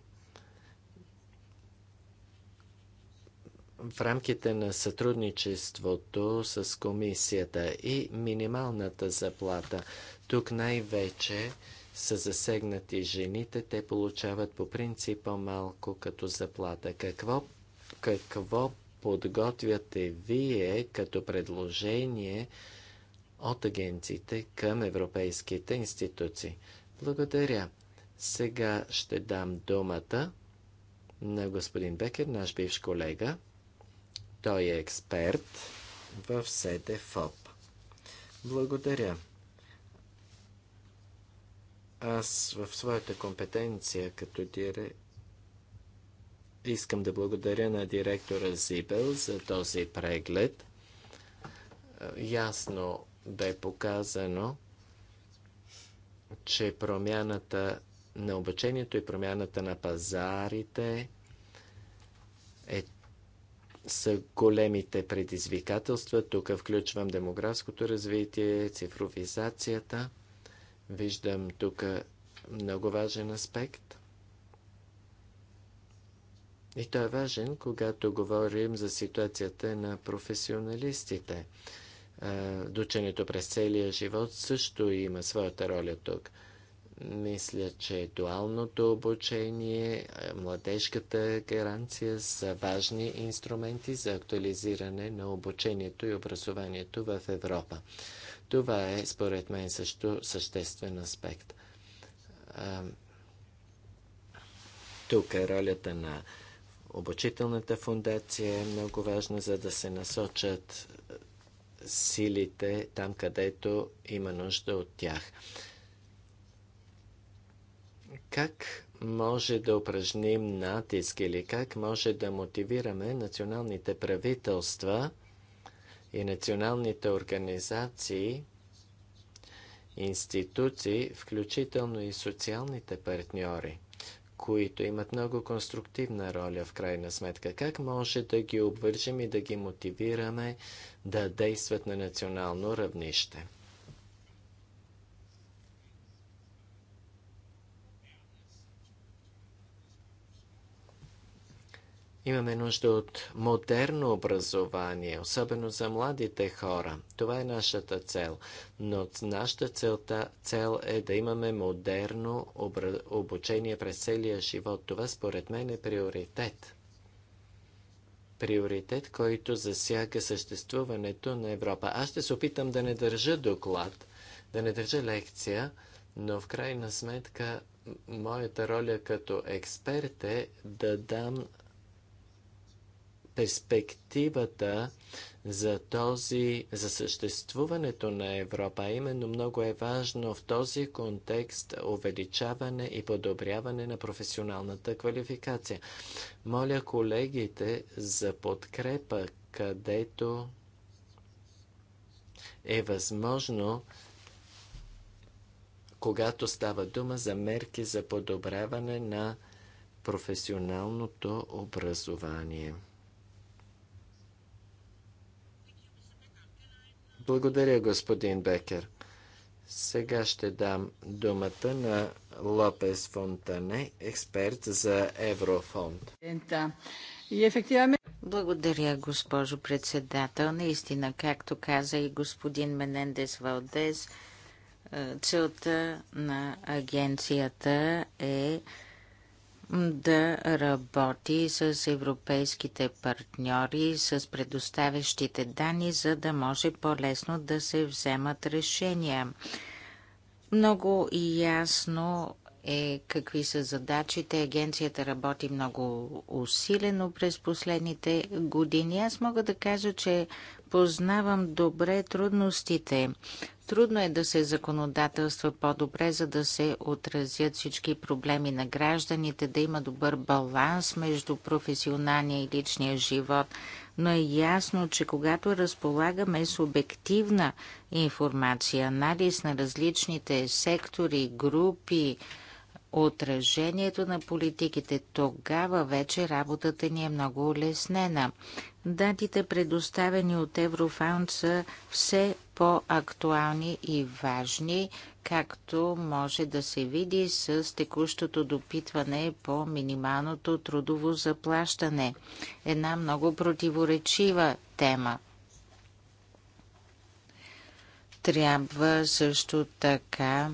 в рамките на сътрудничеството с комисията и минималната заплата. Тук най-вече са засегнати жените, те получават по принцип по-малко като заплата. Какво, какво подготвяте вие като предложение от агенциите към европейските институции? Благодаря. Сега ще дам думата на господин Бекер, наш бивш колега. Той е експерт в СДФОП. Благодаря. Аз в своята компетенция като дире... искам да благодаря на директора Зибел за този преглед. Ясно бе показано, че промяната на обучението и промяната на пазарите е са големите предизвикателства. Тук включвам демографското развитие, цифровизацията. Виждам тук много важен аспект. И той е важен, когато говорим за ситуацията на професионалистите. Дученето през целия живот също има своята роля тук – мисля, че дуалното обучение, младежката гаранция са важни инструменти за актуализиране на обучението и образованието в Европа. Това е, според мен, също съществен аспект. Тук е ролята на обучителната фундация е много важна, за да се насочат силите там, където има нужда от тях. Как може да упражним натиск или как може да мотивираме националните правителства и националните организации, институции, включително и социалните партньори, които имат много конструктивна роля в крайна сметка. Как може да ги обвържем и да ги мотивираме да действат на национално равнище? Имаме нужда от модерно образование, особено за младите хора. Това е нашата цел. Но нашата целта, цел е да имаме модерно обучение през целия живот. Това според мен е приоритет. Приоритет, който засяга съществуването на Европа. Аз ще се опитам да не държа доклад, да не държа лекция, но в крайна сметка моята роля като експерт е да дам перспективата за, този, за съществуването на Европа. Именно много е важно в този контекст увеличаване и подобряване на професионалната квалификация. Моля колегите за подкрепа, където е възможно когато става дума за мерки за подобряване на професионалното образование. Благодаря, господин Бекер. Сега ще дам думата на Лопес Фонтане, експерт за Еврофонд. Благодаря, госпожо председател. Наистина, както каза и господин Менендес Валдес, е, целта на агенцията е да работи с европейските партньори, с предоставящите данни, за да може по-лесно да се вземат решения. Много ясно е какви са задачите. Агенцията работи много усилено през последните години. Аз мога да кажа, че Познавам добре трудностите. Трудно е да се законодателства по-добре, за да се отразят всички проблеми на гражданите, да има добър баланс между професионалния и личния живот. Но е ясно, че когато разполагаме с обективна информация, анализ на различните сектори, групи, отражението на политиките. Тогава вече работата ни е много улеснена. Датите, предоставени от Еврофаунд, са все по-актуални и важни, както може да се види с текущото допитване по минималното трудово заплащане. Една много противоречива тема. Трябва също така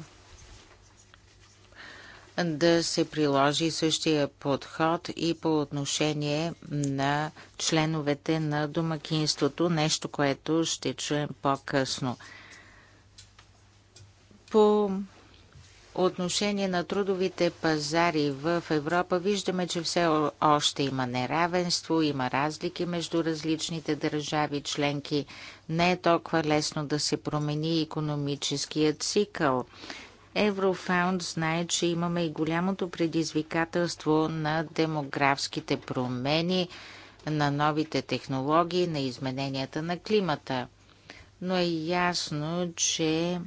да се приложи същия подход и по отношение на членовете на домакинството, нещо, което ще чуем по-късно. По отношение на трудовите пазари в Европа виждаме, че все още има неравенство, има разлики между различните държави членки. Не е толкова лесно да се промени економическият цикъл. Еврофаунд знае, че имаме и голямото предизвикателство на демографските промени, на новите технологии, на измененията на климата. Но е ясно, че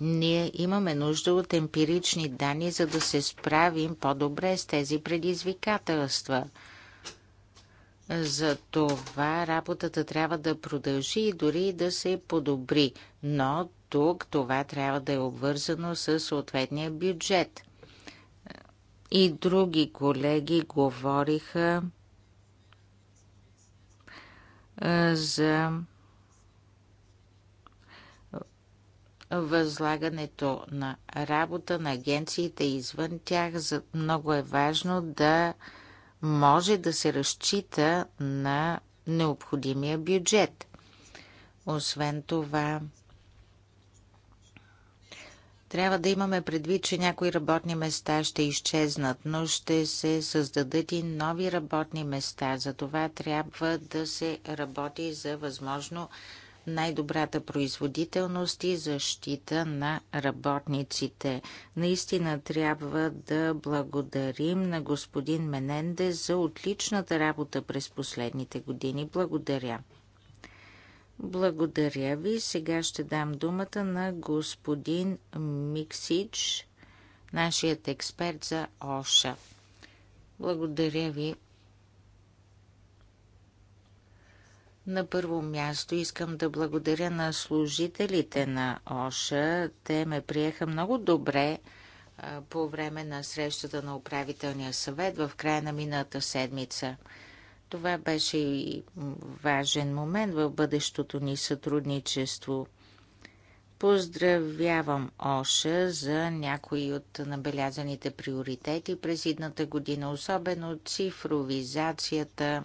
ние имаме нужда от емпирични данни, за да се справим по-добре с тези предизвикателства. За това работата трябва да продължи и дори да се подобри, но тук това трябва да е обвързано с съответния бюджет. И други колеги говориха за възлагането на работа на агенциите извън тях. Много е важно да може да се разчита на необходимия бюджет. Освен това, трябва да имаме предвид, че някои работни места ще изчезнат, но ще се създадат и нови работни места. За това трябва да се работи за възможно най-добрата производителност и защита на работниците. Наистина трябва да благодарим на господин Менендес за отличната работа през последните години. Благодаря. Благодаря ви. Сега ще дам думата на господин Миксич, нашият експерт за ОША. Благодаря ви. На първо място искам да благодаря на служителите на ОША. Те ме приеха много добре по време на срещата на управителния съвет в края на миналата седмица. Това беше и важен момент в бъдещото ни сътрудничество. Поздравявам Оша за някои от набелязаните приоритети през идната година, особено цифровизацията,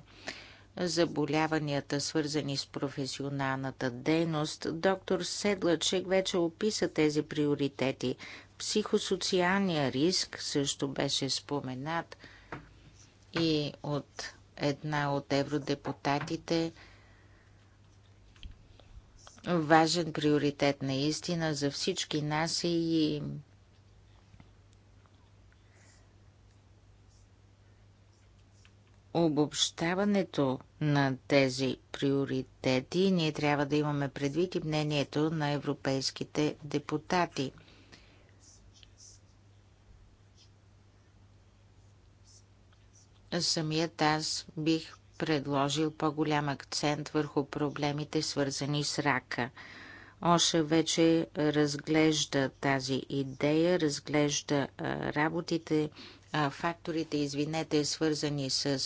заболяванията, свързани с професионалната дейност. Доктор Седлачек вече описа тези приоритети. Психосоциалния риск също беше споменат и от една от евродепутатите. Важен приоритет наистина за всички нас е и обобщаването на тези приоритети ние трябва да имаме предвид и мнението на европейските депутати – самият аз бих предложил по-голям акцент върху проблемите, свързани с рака. Оша вече разглежда тази идея, разглежда работите, факторите, извинете, свързани с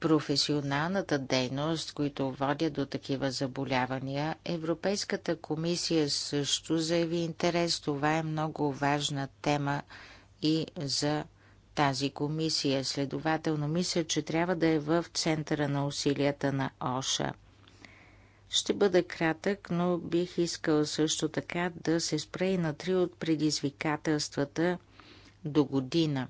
професионалната дейност, които водят до такива заболявания. Европейската комисия също заяви интерес. Това е много важна тема и за тази комисия. Следователно, мисля, че трябва да е в центъра на усилията на ОША. Ще бъда кратък, но бих искал също така да се спре и на три от предизвикателствата до година.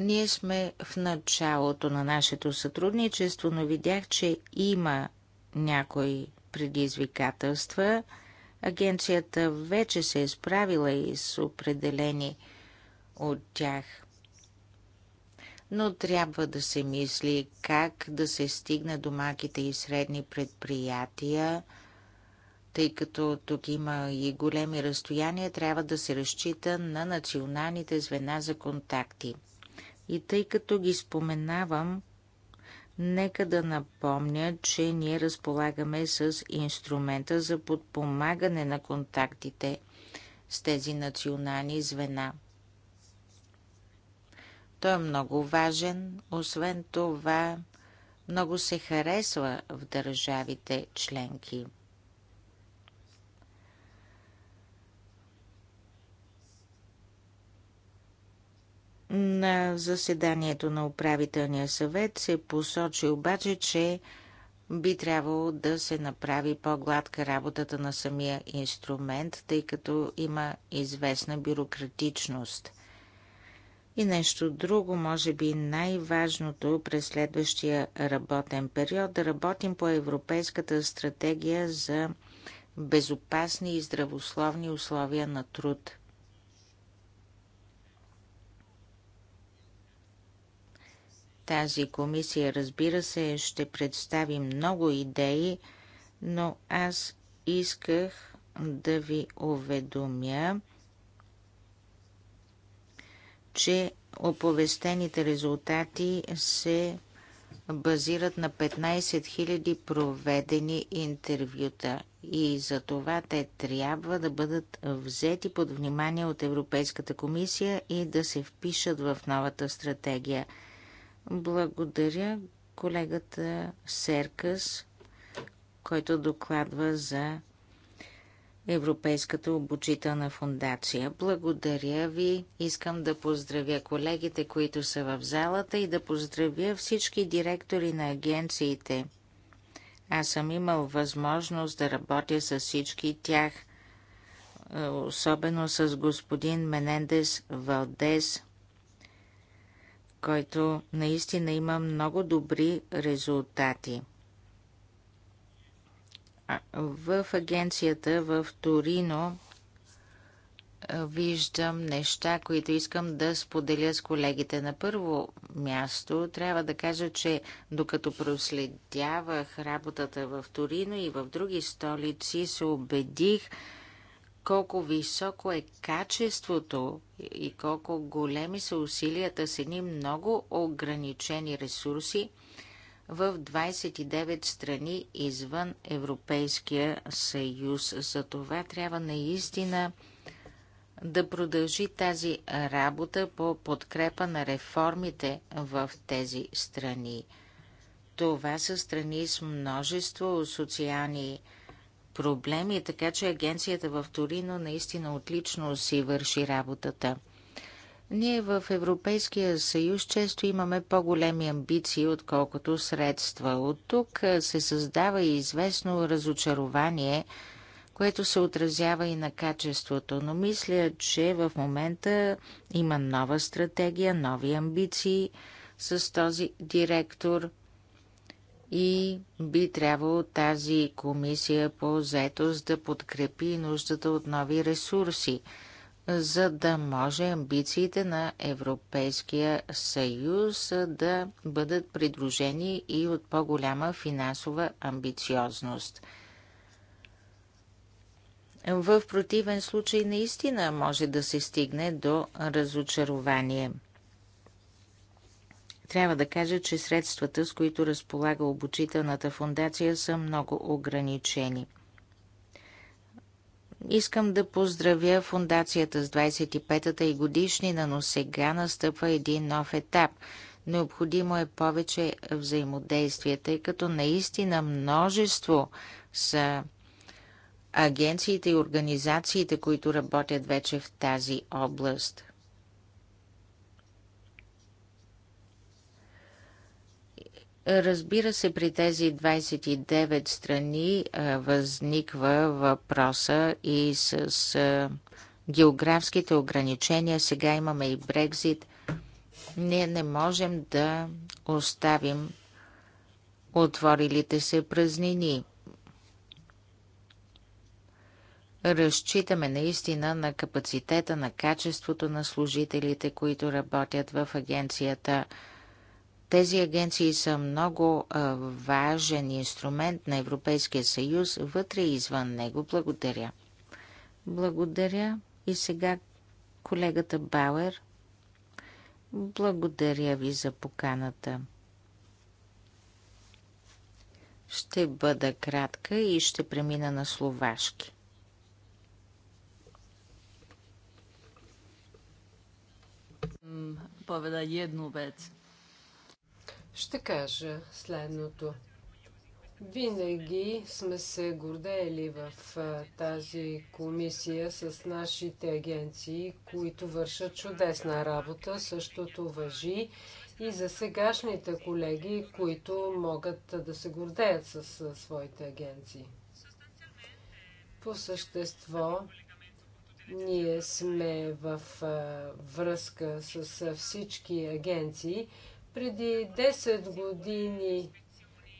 Ние сме в началото на нашето сътрудничество, но видях, че има някои предизвикателства – Агенцията вече се е справила и с определени от тях. Но трябва да се мисли как да се стигне до малките и средни предприятия, тъй като тук има и големи разстояния, трябва да се разчита на националните звена за контакти. И тъй като ги споменавам, Нека да напомня, че ние разполагаме с инструмента за подпомагане на контактите с тези национални звена. Той е много важен, освен това много се харесва в държавите членки – На заседанието на управителния съвет се посочи обаче, че би трябвало да се направи по-гладка работата на самия инструмент, тъй като има известна бюрократичност. И нещо друго, може би най-важното през следващия работен период, да работим по Европейската стратегия за безопасни и здравословни условия на труд – тази комисия, разбира се, ще представи много идеи, но аз исках да ви уведомя, че оповестените резултати се базират на 15 000 проведени интервюта и за това те трябва да бъдат взети под внимание от Европейската комисия и да се впишат в новата стратегия – благодаря колегата Серкас, който докладва за Европейската обучителна фундация. Благодаря ви. Искам да поздравя колегите, които са в залата и да поздравя всички директори на агенциите. Аз съм имал възможност да работя с всички тях, особено с господин Менендес Валдес – който наистина има много добри резултати. В агенцията в Торино виждам неща, които искам да споделя с колегите. На първо място трябва да кажа, че докато проследявах работата в Торино и в други столици, се убедих, колко високо е качеството и колко големи са усилията с едни много ограничени ресурси в 29 страни извън Европейския съюз. За това трябва наистина да продължи тази работа по подкрепа на реформите в тези страни. Това са страни с множество социални проблеми, така че агенцията в Торино наистина отлично си върши работата. Ние в Европейския съюз често имаме по-големи амбиции, отколкото средства. От тук се създава и известно разочарование, което се отразява и на качеството. Но мисля, че в момента има нова стратегия, нови амбиции с този директор – и би трябвало тази комисия по заетост да подкрепи нуждата от нови ресурси, за да може амбициите на Европейския съюз да бъдат придружени и от по-голяма финансова амбициозност. В противен случай наистина може да се стигне до разочарование – трябва да кажа, че средствата, с които разполага обучителната фундация, са много ограничени. Искам да поздравя фундацията с 25-та и годишнина, но сега настъпва един нов етап. Необходимо е повече взаимодействие, тъй като наистина множество са агенциите и организациите, които работят вече в тази област. Разбира се, при тези 29 страни възниква въпроса и с географските ограничения. Сега имаме и Брекзит. Ние не можем да оставим отворилите се празнини. Разчитаме наистина на капацитета, на качеството на служителите, които работят в агенцията – тези агенции са много важен инструмент на Европейския съюз, вътре и извън него. Благодаря. Благодаря. И сега колегата Бауер. Благодаря ви за поканата. Ще бъда кратка и ще премина на словашки. Поведа едно вече. Ще кажа следното. Винаги сме се гордели в тази комисия с нашите агенции, които вършат чудесна работа. Същото въжи и за сегашните колеги, които могат да се гордеят с своите агенции. По същество, ние сме в връзка с всички агенции преди 10 години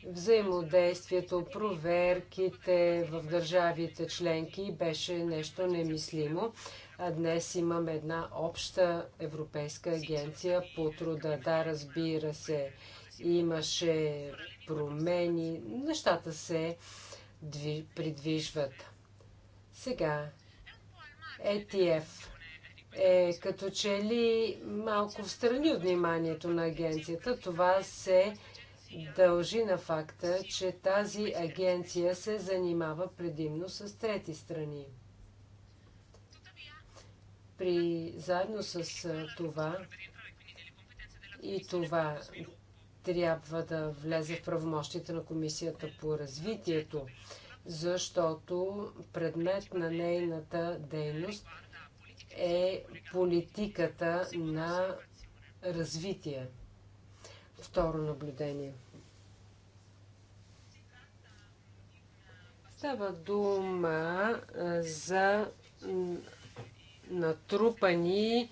взаимодействието, проверките в държавите членки беше нещо немислимо. А днес имаме една обща европейска агенция по труда. Да, разбира се, имаше промени, нещата се придвижват. Сега, ETF. Е е като че ли малко в страни от вниманието на агенцията. Това се дължи на факта, че тази агенция се занимава предимно с трети страни. При, заедно с това и това трябва да влезе в правомощите на Комисията по развитието, защото предмет на нейната дейност – е политиката на развитие. Второ наблюдение. Става дума за натрупани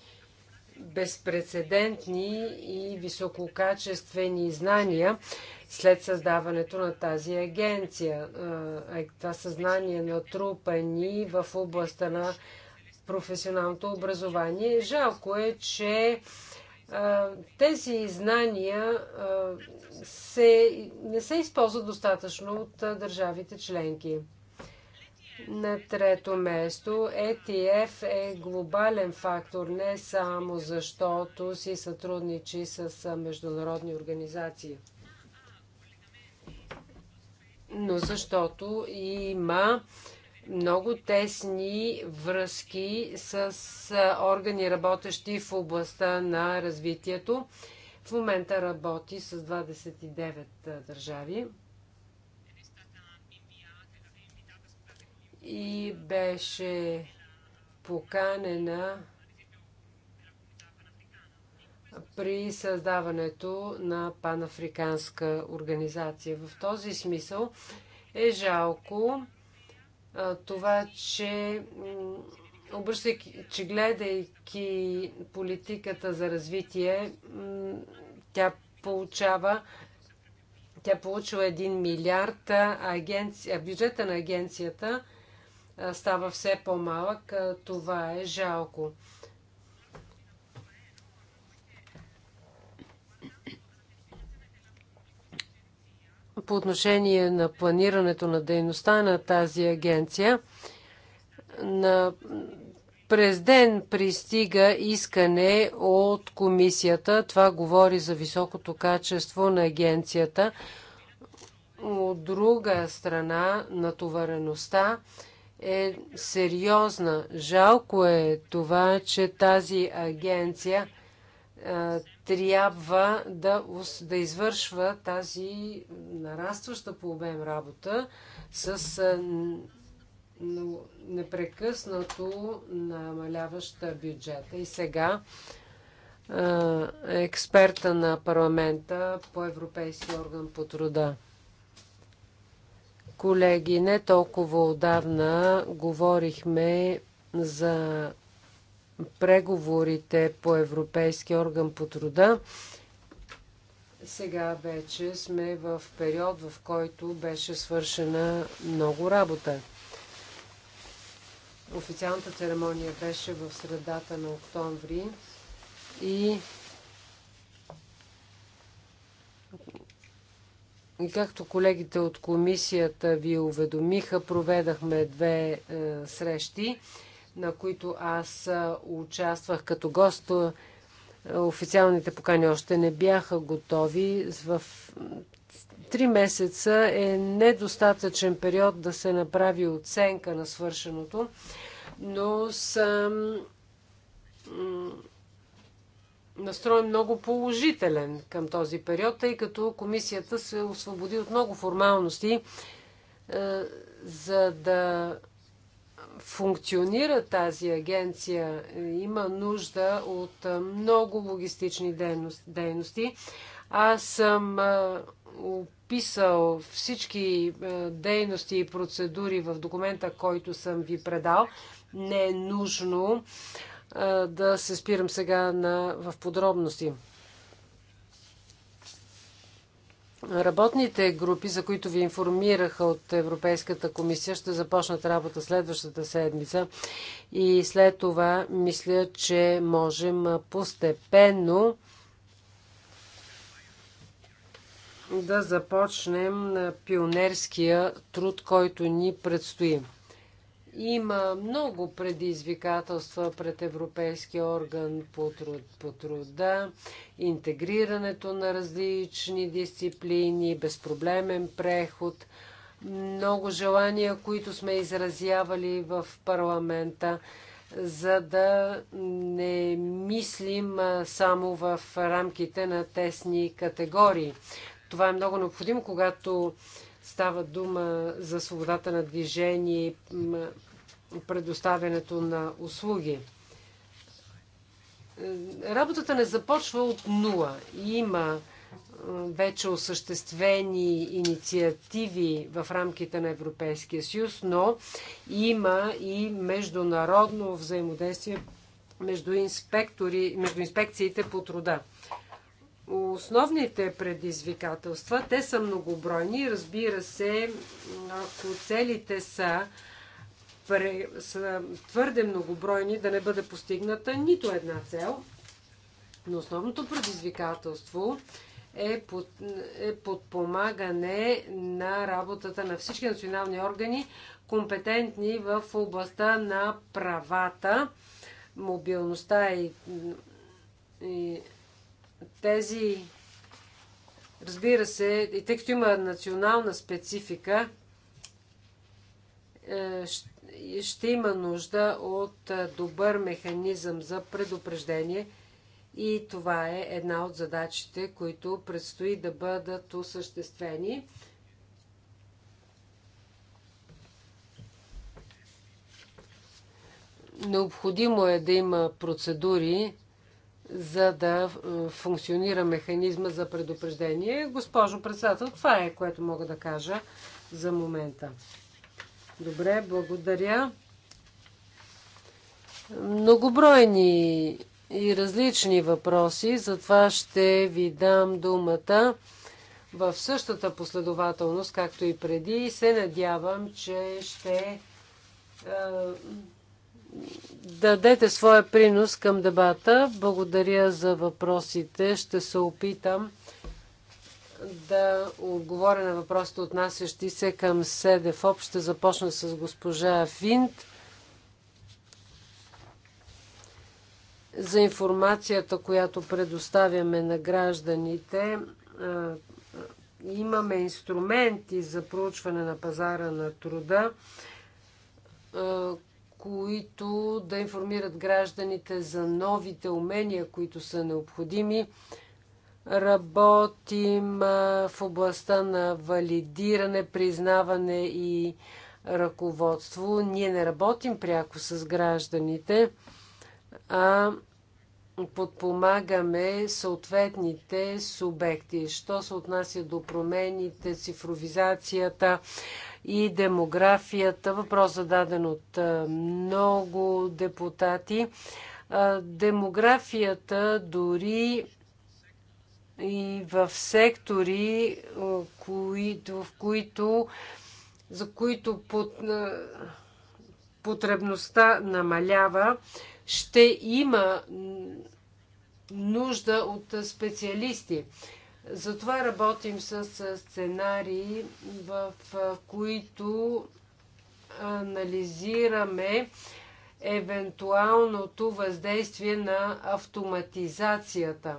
безпредседентни и висококачествени знания след създаването на тази агенция. Това съзнание натрупани в областта на професионалното образование. Жалко е, че а, тези знания а, се, не се използват достатъчно от а, държавите членки. На трето место, ETF е, е глобален фактор не само защото си сътрудничи с международни организации, но защото има а, много тесни връзки с органи, работещи в областта на развитието. В момента работи с 29 държави. И беше поканена при създаването на панафриканска организация. В този смисъл е жалко, това, че обръщайки, че гледайки политиката за развитие, тя получава тя получила 1 милиард, а агенция, бюджета на агенцията става все по-малък. Това е жалко. по отношение на планирането на дейността на тази агенция. На... През ден пристига искане от комисията. Това говори за високото качество на агенцията. От друга страна, натовареността е сериозна. Жалко е това, че тази агенция трябва да, да извършва тази нарастваща по обем работа с непрекъснато намаляваща бюджета. И сега експерта на парламента по Европейски орган по труда. Колеги, не толкова отдавна говорихме за преговорите по Европейски орган по труда. Сега вече сме в период, в който беше свършена много работа. Официалната церемония беше в средата на октомври и И както колегите от комисията ви уведомиха, проведахме две е, срещи на които аз участвах като гост. Официалните покани още не бяха готови. В три месеца е недостатъчен период да се направи оценка на свършеното, но съм настрой много положителен към този период, тъй като комисията се освободи от много формалности, за да функционира тази агенция, има нужда от много логистични дейности. Аз съм описал всички дейности и процедури в документа, който съм ви предал. Не е нужно да се спирам сега на, в подробности. Работните групи, за които ви информираха от Европейската комисия, ще започнат работа следващата седмица и след това мисля, че можем постепенно да започнем пионерския труд, който ни предстои. Има много предизвикателства пред Европейския орган по, труд, по труда, интегрирането на различни дисциплини, безпроблемен преход, много желания, които сме изразявали в парламента, за да не мислим само в рамките на тесни категории. Това е много необходимо, когато Става дума за свободата на движение и предоставянето на услуги. Е, работата не започва от нула. Има е, вече осъществени инициативи в рамките на Европейския съюз, но има и международно взаимодействие между, инспектори, между инспекциите по труда основните предизвикателства. Те са многобройни. Разбира се, ако целите са, пре, са твърде многобройни, да не бъде постигната нито една цел. Но основното предизвикателство е, под, е подпомагане на работата на всички национални органи, компетентни в областта на правата, мобилността е и, и тези, разбира се, и тъй като има национална специфика, е, ще има нужда от е, добър механизъм за предупреждение и това е една от задачите, които предстои да бъдат осъществени. Необходимо е да има процедури, за да е, функционира механизма за предупреждение. Госпожо председател, това е, което мога да кажа за момента. Добре, благодаря. Многобройни и различни въпроси, затова ще ви дам думата в същата последователност, както и преди. И се надявам, че ще е, дадете своя принос към дебата. Благодаря за въпросите. Ще се опитам да отговоря на въпросите, отнасящи се към СДФОП. Ще започна с госпожа Финт. За информацията, която предоставяме на гражданите, имаме инструменти за проучване на пазара на труда, които да информират гражданите за новите умения, които са необходими. Работим в областта на валидиране, признаване и ръководство. Ние не работим пряко с гражданите, а подпомагаме съответните субекти. Що се отнася до промените, цифровизацията и демографията, въпрос зададен от много депутати. Демографията дори и в сектори, в които, за които под, потребността намалява, ще има нужда от специалисти. Затова работим с сценарии, в които анализираме евентуалното въздействие на автоматизацията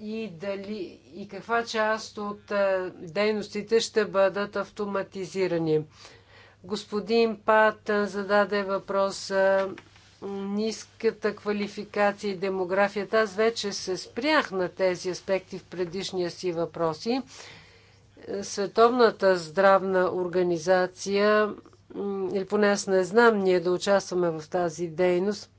и, дали, и каква част от дейностите ще бъдат автоматизирани. Господин Пат зададе въпрос ниската квалификация и демографията. Аз вече се спрях на тези аспекти в предишния си въпроси. Е, Световната здравна организация, или поне аз не знам ние да участваме в тази дейност,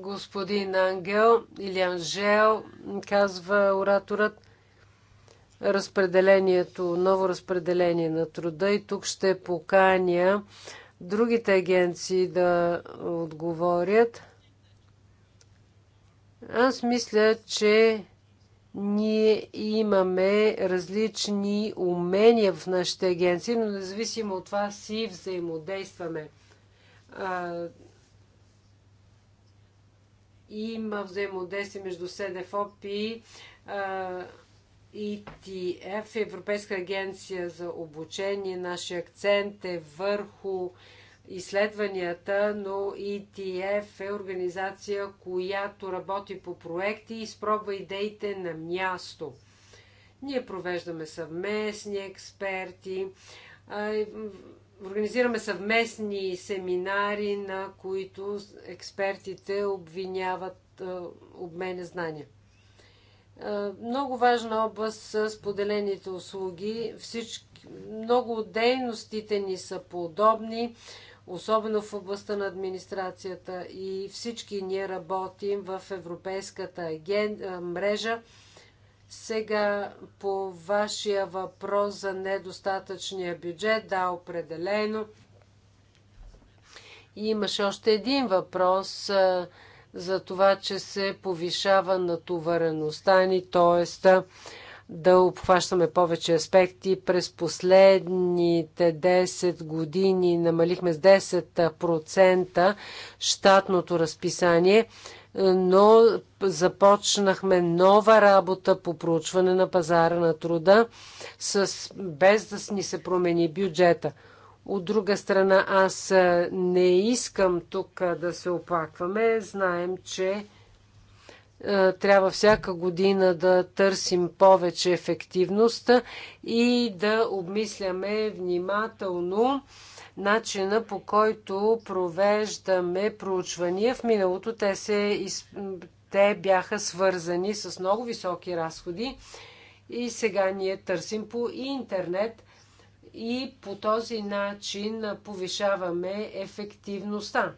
Господин Ангел или Анжел, казва ораторът, разпределението, ново разпределение на труда и тук ще поканя другите агенции да отговорят. Аз мисля, че ние имаме различни умения в нашите агенции, но независимо от това си взаимодействаме. Има взаимодействие между СДФОП и ETF, Европейска агенция за обучение. Нашия акцент е върху изследванията, но ETF е организация, която работи по проекти и изпробва идеите на място. Ние провеждаме съвместни експерти, организираме съвместни семинари, на които експертите обвиняват е, обмене знания. Е, много важна област са споделените услуги. Всички, много от дейностите ни са подобни, особено в областта на администрацията и всички ние работим в Европейската е, мрежа сега по вашия въпрос за недостатъчния бюджет, да, определено. И имаше още един въпрос за това, че се повишава натовареността ни, т.е. да обхващаме повече аспекти. През последните 10 години намалихме с 10% щатното разписание но започнахме нова работа по проучване на пазара на труда, с, без да ни се промени бюджета. От друга страна, аз не искам тук да се оплакваме. Знаем, че трябва всяка година да търсим повече ефективност и да обмисляме внимателно начина по който провеждаме проучвания. В миналото те, се, те бяха свързани с много високи разходи и сега ние търсим по интернет и по този начин повишаваме ефективността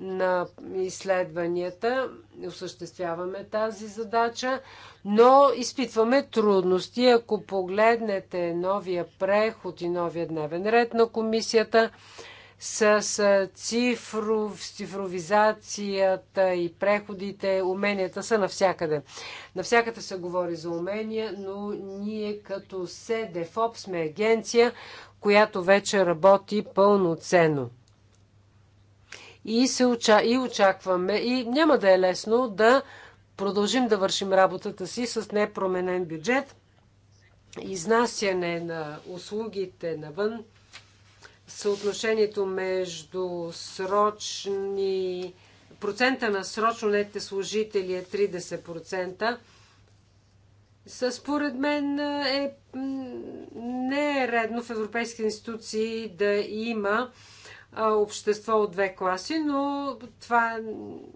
на изследванията. Осъществяваме тази задача, но изпитваме трудности. Ако погледнете новия преход и новия дневен ред на комисията, с цифров, цифровизацията и преходите, уменията са навсякъде. Навсякъде се говори за умения, но ние като СДФОП сме агенция, която вече работи пълноценно и, се уча... и очакваме, и няма да е лесно да продължим да вършим работата си с непроменен бюджет, изнасяне на услугите навън, съотношението между срочни процента на срочно нетите служители е 30%. със Според мен е, не е редно в европейски институции да има общество от две класи, но това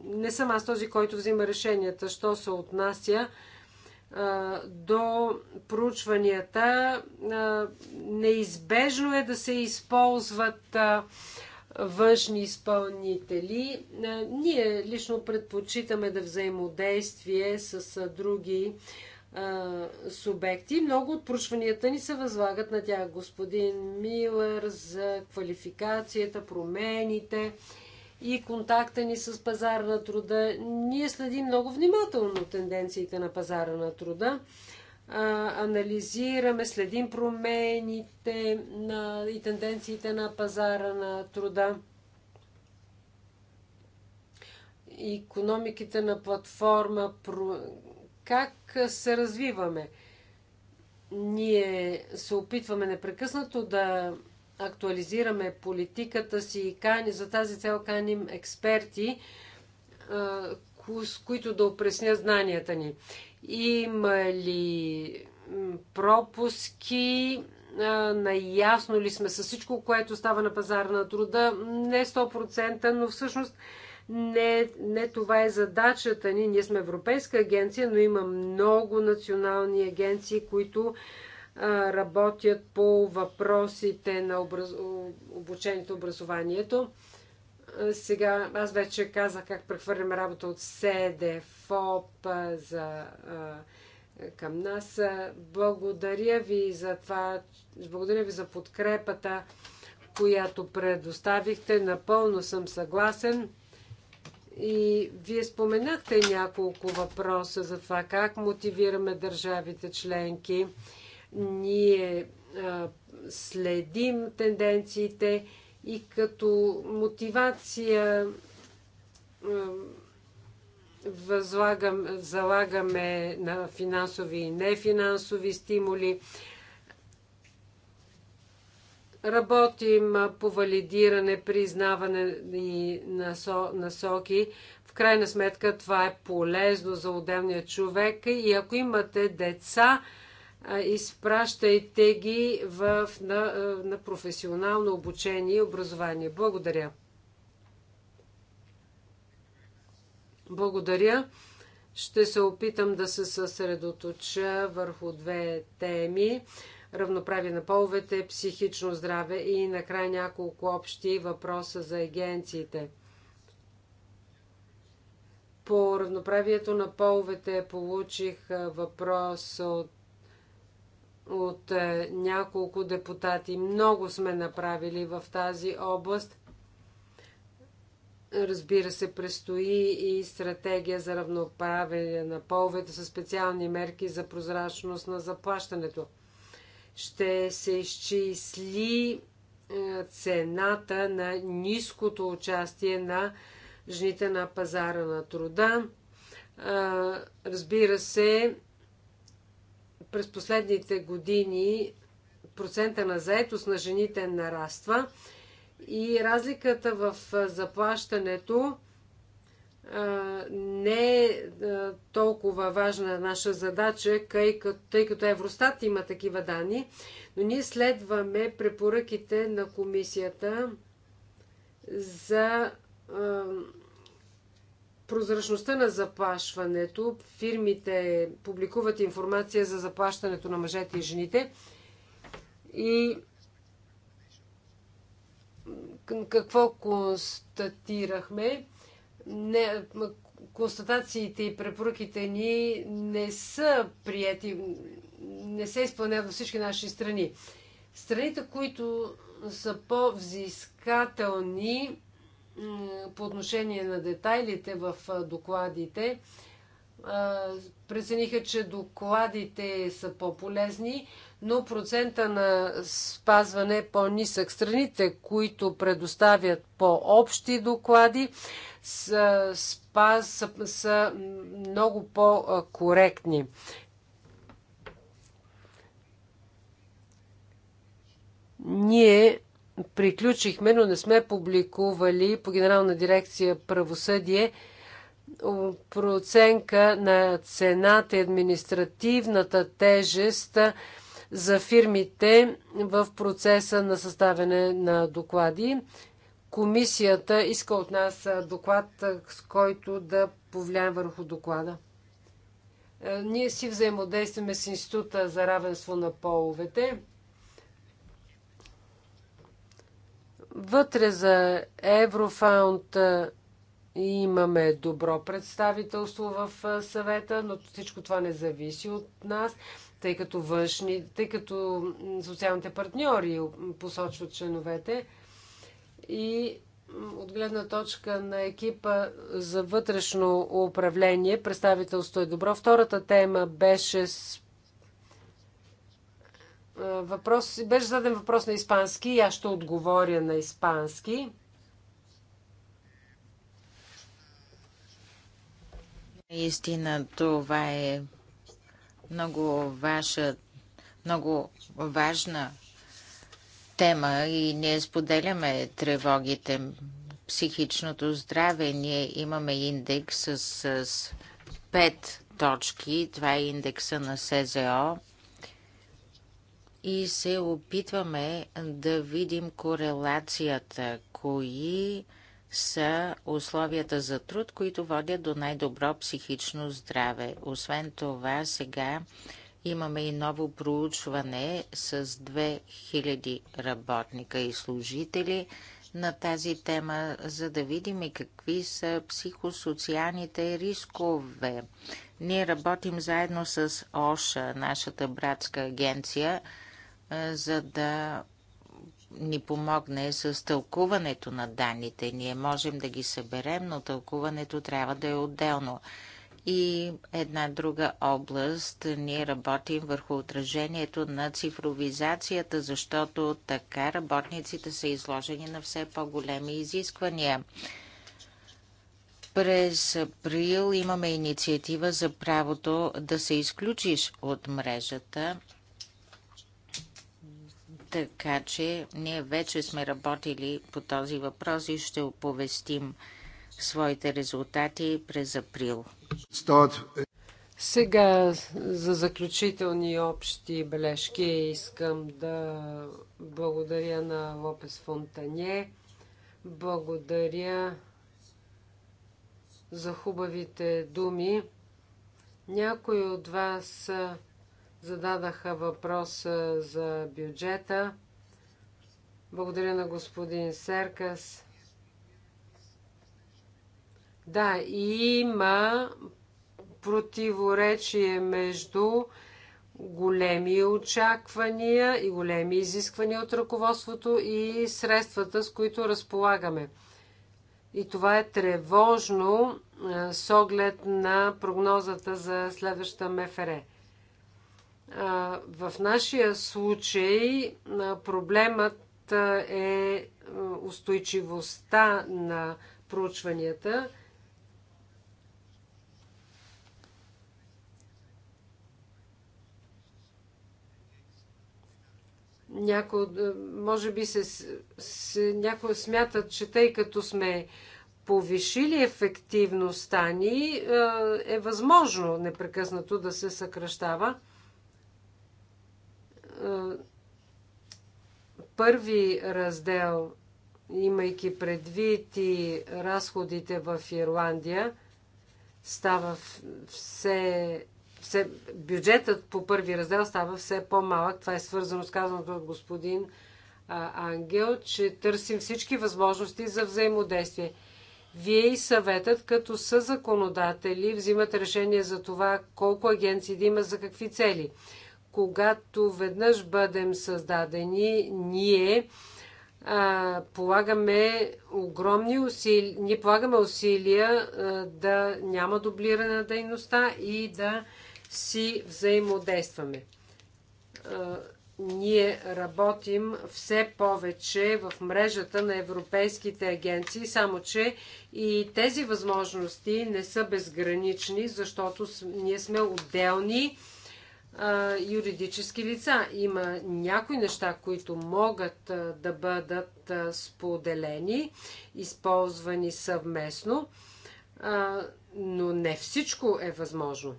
не съм аз този, който взима решенията, що се отнася до проучванията. Неизбежно е да се използват външни изпълнители. Ние лично предпочитаме да взаимодействие с други субекти. Много от проучванията ни се възлагат на тях. Господин Милър за квалификацията, промените и контакта ни с пазара на труда. Ние следим много внимателно тенденциите на пазара на труда. анализираме, следим промените на, и тенденциите на пазара на труда. Икономиките на платформа как се развиваме. Ние се опитваме непрекъснато да актуализираме политиката си и кани, за тази цел каним експерти, с които да опресня знанията ни. Има ли пропуски? Наясно ли сме с всичко, което става на пазара на труда? Не 100%, но всъщност не, не това е задачата ни. Ние сме Европейска агенция, но има много национални агенции, които а, работят по въпросите на образ... обучението, образованието. Сега, аз вече казах как прехвърлям работа от СДФОП за, а, към нас. Благодаря ви за това, благодаря ви за подкрепата, която предоставихте. Напълно съм съгласен. И вие споменахте няколко въпроса за това как мотивираме държавите членки. Ние а, следим тенденциите и като мотивация а, възлагам, залагаме на финансови и нефинансови стимули Работим по валидиране, признаване и насоки. В крайна сметка това е полезно за отделния човек и ако имате деца, изпращайте ги в, на, на професионално обучение и образование. Благодаря. Благодаря. Ще се опитам да се съсредоточа върху две теми равноправие на половете, психично здраве и накрая няколко общи въпроса за агенциите. По равноправието на половете получих въпрос от, от е, няколко депутати. Много сме направили в тази област. Разбира се, предстои и стратегия за равноправие на половете със специални мерки за прозрачност на заплащането ще се изчисли е, цената на ниското участие на жените на пазара на труда. Е, разбира се, през последните години процента на заетост на жените нараства и разликата в е, заплащането не е толкова важна наша задача, тъй като Евростат има такива данни, но ние следваме препоръките на комисията за прозрачността на заплашването. Фирмите публикуват информация за заплащането на мъжете и жените и какво констатирахме? не, констатациите и препоръките ни не са прияти, не се изпълняват във всички наши страни. Страните, които са по-взискателни по отношение на детайлите в докладите, прецениха, че докладите са по-полезни, но процента на спазване е по-нисък. Страните, които предоставят по-общи доклади, са, спаз, са, са много по-коректни. Ние приключихме, но не сме публикували по Генерална дирекция правосъдие проценка на цената и административната тежест за фирмите в процеса на съставяне на доклади. Комисията иска от нас доклад, с който да повлияем върху доклада. Е, ние си взаимодействаме с Института за равенство на половете. Вътре за Еврофаунд имаме добро представителство в съвета, но всичко това не зависи от нас тъй като външни, тъй като социалните партньори посочват членовете. И от гледна точка на екипа за вътрешно управление, представителство е добро. Втората тема беше с... въпрос, беше заден въпрос на испански и аз ще отговоря на испански. Наистина това е много, ваша, много важна тема и ние споделяме тревогите. Психичното здраве. Ние имаме индекс с, с 5 точки. Това е индекса на СЗО. И се опитваме да видим корелацията, кои са условията за труд, които водят до най-добро психично здраве. Освен това, сега имаме и ново проучване с 2000 работника и служители на тази тема, за да видим и какви са психосоциалните рискове. Ние работим заедно с ОША, нашата братска агенция, за да ни помогне с тълкуването на данните. Ние можем да ги съберем, но тълкуването трябва да е отделно. И една друга област, ние работим върху отражението на цифровизацията, защото така работниците са изложени на все по-големи изисквания. През април имаме инициатива за правото да се изключиш от мрежата така че ние вече сме работили по този въпрос и ще оповестим своите резултати през април. Сега за заключителни общи бележки искам да благодаря на Лопес Фонтане. Благодаря за хубавите думи. Някои от вас зададаха въпрос за бюджета. Благодаря на господин Серкас. Да, има противоречие между големи очаквания и големи изисквания от ръководството и средствата, с които разполагаме. И това е тревожно с оглед на прогнозата за следващата МФР. В нашия случай проблемът е устойчивостта на проучванията. Няко, може би се, се, някои смятат, че тъй като сме повишили ефективността ни, е възможно непрекъснато да се съкръщава първи раздел, имайки предвид и разходите в Ирландия, става все, все... Бюджетът по първи раздел става все по-малък. Това е свързано с казаното от господин а, Ангел, че търсим всички възможности за взаимодействие. Вие и съветът, като са законодатели, взимат решение за това колко агенции да има за какви цели когато веднъж бъдем създадени, ние а, полагаме огромни усилия, ние полагаме усилия а, да няма дублиране на дейността и да си взаимодействаме. А, ние работим все повече в мрежата на европейските агенции, само че и тези възможности не са безгранични, защото ние сме отделни а, юридически лица. Има някои неща, които могат а, да бъдат а, споделени, използвани съвместно, а, но не всичко е възможно.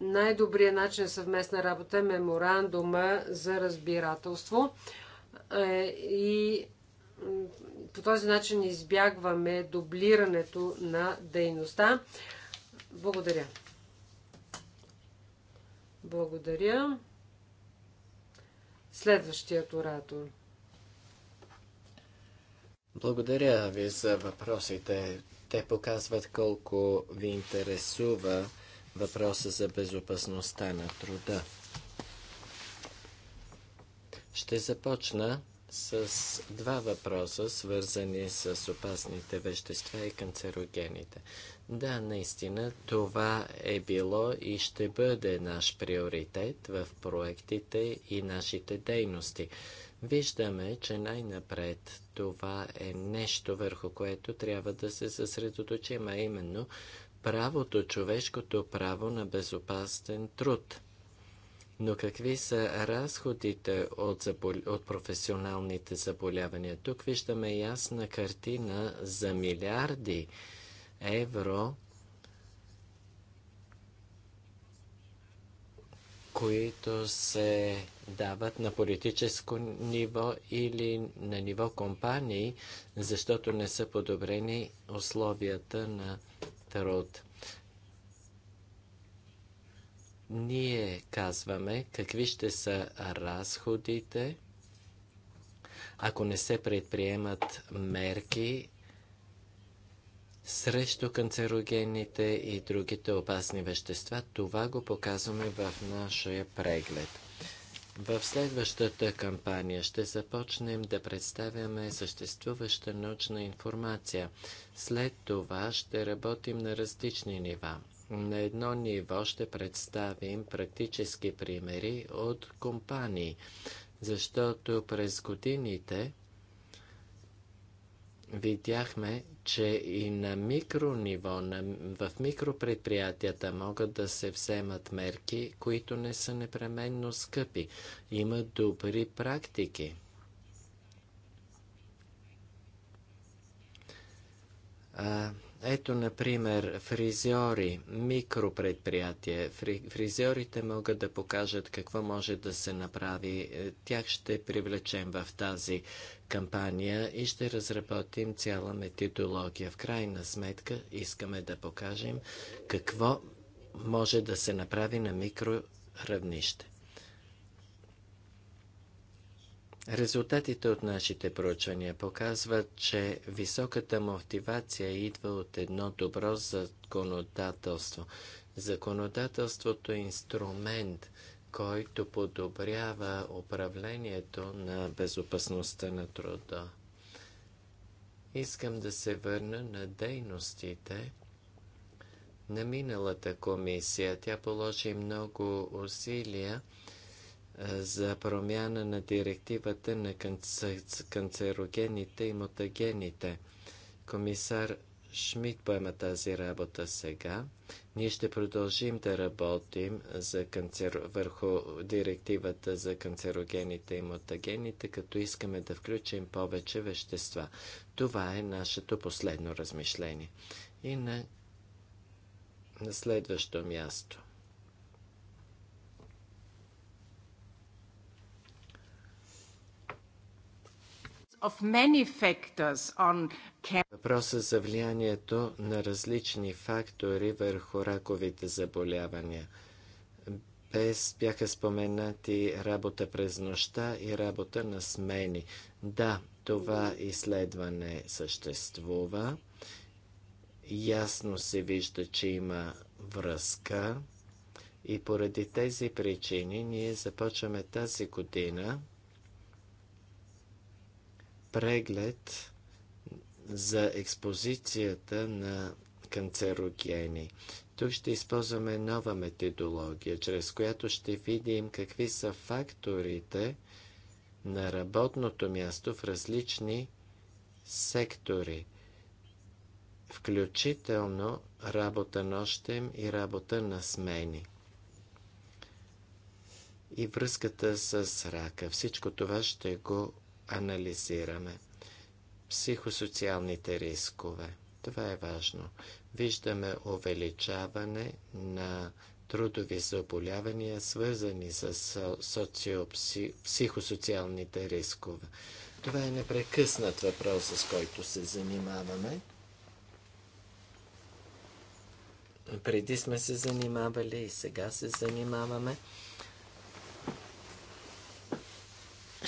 най-добрият начин на съвместна работа е меморандума за разбирателство и по този начин избягваме дублирането на дейността. Благодаря. Благодаря. Следващият оратор. Благодаря ви за въпросите. Те показват колко ви интересува въпроса за безопасността на труда. Ще започна с два въпроса, свързани с опасните вещества и канцерогените. Да, наистина, това е било и ще бъде наш приоритет в проектите и нашите дейности. Виждаме, че най-напред това е нещо, върху което трябва да се съсредоточим, а именно правото, човешкото право на безопасен труд – но какви са разходите от, забол... от професионалните заболявания? Тук виждаме ясна картина за милиарди евро, които се дават на политическо ниво или на ниво компании, защото не са подобрени условията на труд. Ние казваме какви ще са разходите, ако не се предприемат мерки срещу канцерогените и другите опасни вещества. Това го показваме в нашия преглед. В следващата кампания ще започнем да представяме съществуваща научна информация. След това ще работим на различни нива на едно ниво ще представим практически примери от компании, защото през годините видяхме, че и на микро на, в микропредприятията могат да се вземат мерки, които не са непременно скъпи. Има добри практики. А, ето, например, фризьори, микропредприятие. Фризьорите могат да покажат какво може да се направи. Е, тях ще привлечем в тази кампания и ще разработим цяла методология. В крайна сметка искаме да покажем какво може да се направи на микроравнище. Резултатите от нашите проучвания показват, че високата мотивация идва от едно добро законодателство. Законодателството е инструмент, който подобрява управлението на безопасността на труда. Искам да се върна на дейностите на миналата комисия. Тя положи много усилия за промяна на директивата на канцерогените и мутагените. Комисар Шмидт поема тази работа сега. Ние ще продължим да работим за канцер... върху директивата за канцерогените и мутагените, като искаме да включим повече вещества. Това е нашето последно размишление. И на, на следващо място. on... Въпросът за влиянието на различни фактори върху раковите заболявания. Без бяха споменати работа през нощта и работа на смени. Да, това изследване съществува. Ясно се вижда, че има връзка. И поради тези причини ние започваме тази година преглед за експозицията на канцерогени. Тук ще използваме нова методология, чрез която ще видим какви са факторите на работното място в различни сектори, включително работа нощем и работа на смени. И връзката с рака. Всичко това ще го анализираме психосоциалните рискове. Това е важно. Виждаме увеличаване на трудови заболявания, свързани с социопсихосоциалните рискове. Това е непрекъснат въпрос, с който се занимаваме. Преди сме се занимавали и сега се занимаваме.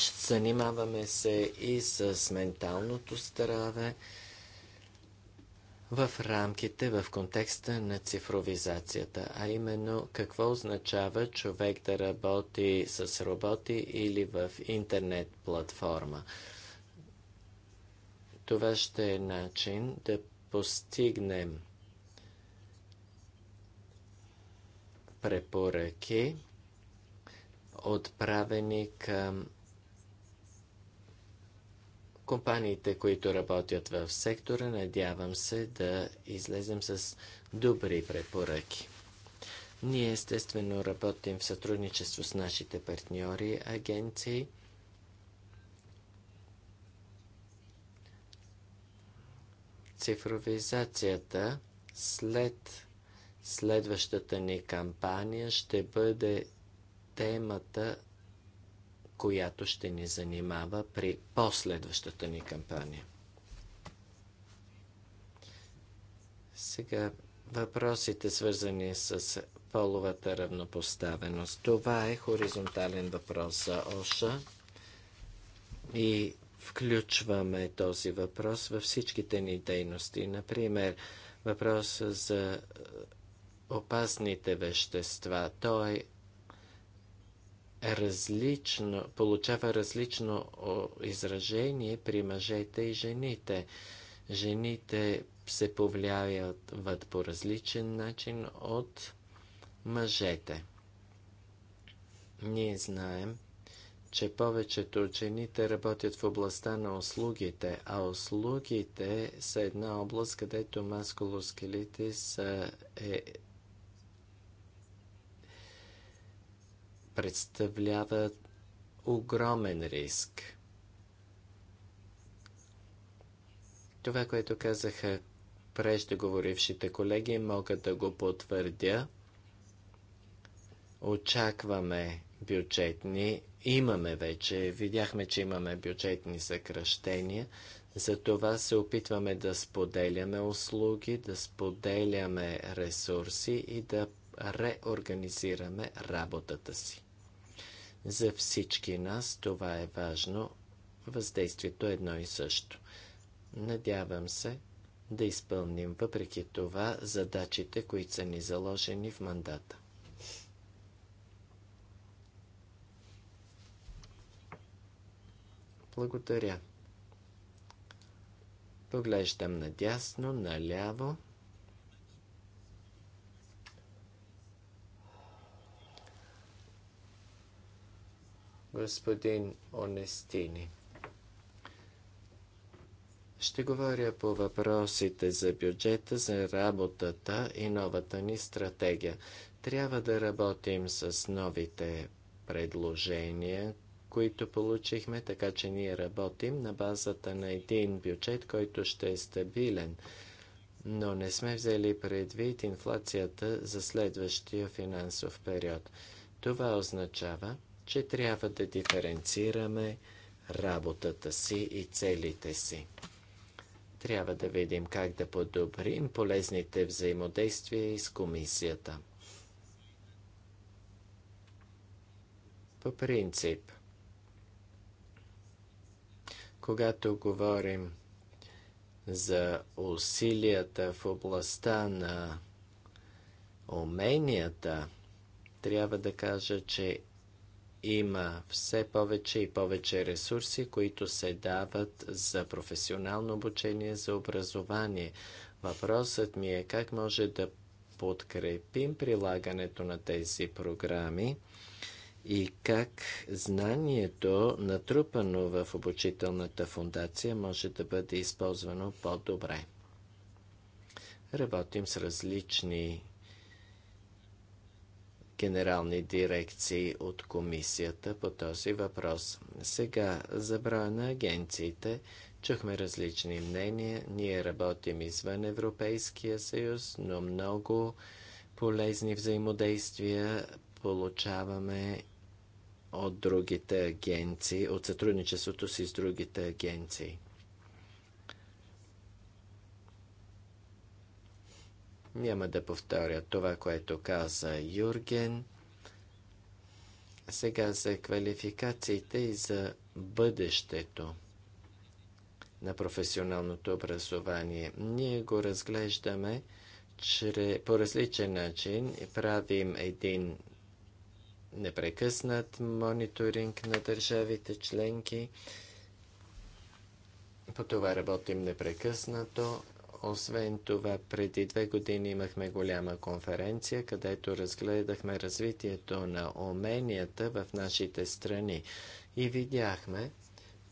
Занимаваме се и с менталното здраве в рамките, в контекста на цифровизацията, а именно какво означава човек да работи с роботи или в интернет платформа. Това ще е начин да постигнем препоръки, отправени към компаниите, които работят в сектора. Надявам се да излезем с добри препоръки. Ние естествено работим в сътрудничество с нашите партньори, агенции. Цифровизацията след следващата ни кампания ще бъде темата която ще ни занимава при последващата ни кампания. Сега въпросите, свързани с половата равнопоставеност. Това е хоризонтален въпрос за ОША и включваме този въпрос във всичките ни дейности. Например, въпрос за опасните вещества. Той различно, получава различно изражение при мъжете и жените. Жените се повлияват по различен начин от мъжете. Ние знаем, че повечето от жените работят в областта на услугите, а услугите са една област, където маскулоскелите са е представлява огромен риск. Това, което казаха преждеговорившите колеги, мога да го потвърдя. Очакваме бюджетни, имаме вече, видяхме, че имаме бюджетни съкръщения, затова се опитваме да споделяме услуги, да споделяме ресурси и да реорганизираме работата си. За всички нас това е важно. Въздействието е едно и също. Надявам се да изпълним въпреки това задачите, които са ни заложени в мандата. Благодаря. Поглеждам надясно, наляво. господин Онестини. Ще говоря по въпросите за бюджета, за работата и новата ни стратегия. Трябва да работим с новите предложения, които получихме, така че ние работим на базата на един бюджет, който ще е стабилен. Но не сме взели предвид инфлацията за следващия финансов период. Това означава, че трябва да диференцираме работата си и целите си. Трябва да видим как да подобрим полезните взаимодействия с комисията. По принцип, когато говорим за усилията в областта на уменията, трябва да кажа, че има все повече и повече ресурси, които се дават за професионално обучение, за образование. Въпросът ми е как може да подкрепим прилагането на тези програми и как знанието, натрупано в обучителната фундация, може да бъде използвано по-добре. Работим с различни генерални дирекции от комисията по този въпрос. Сега за броя на агенциите чухме различни мнения. Ние работим извън Европейския съюз, но много полезни взаимодействия получаваме от другите агенции, от сътрудничеството си с другите агенции. Няма да повторя това, което каза Юрген. Сега за квалификациите и за бъдещето на професионалното образование. Ние го разглеждаме чре, по различен начин. Правим един непрекъснат мониторинг на държавите членки. По това работим непрекъснато. Освен това, преди две години имахме голяма конференция, където разгледахме развитието на уменията в нашите страни и видяхме,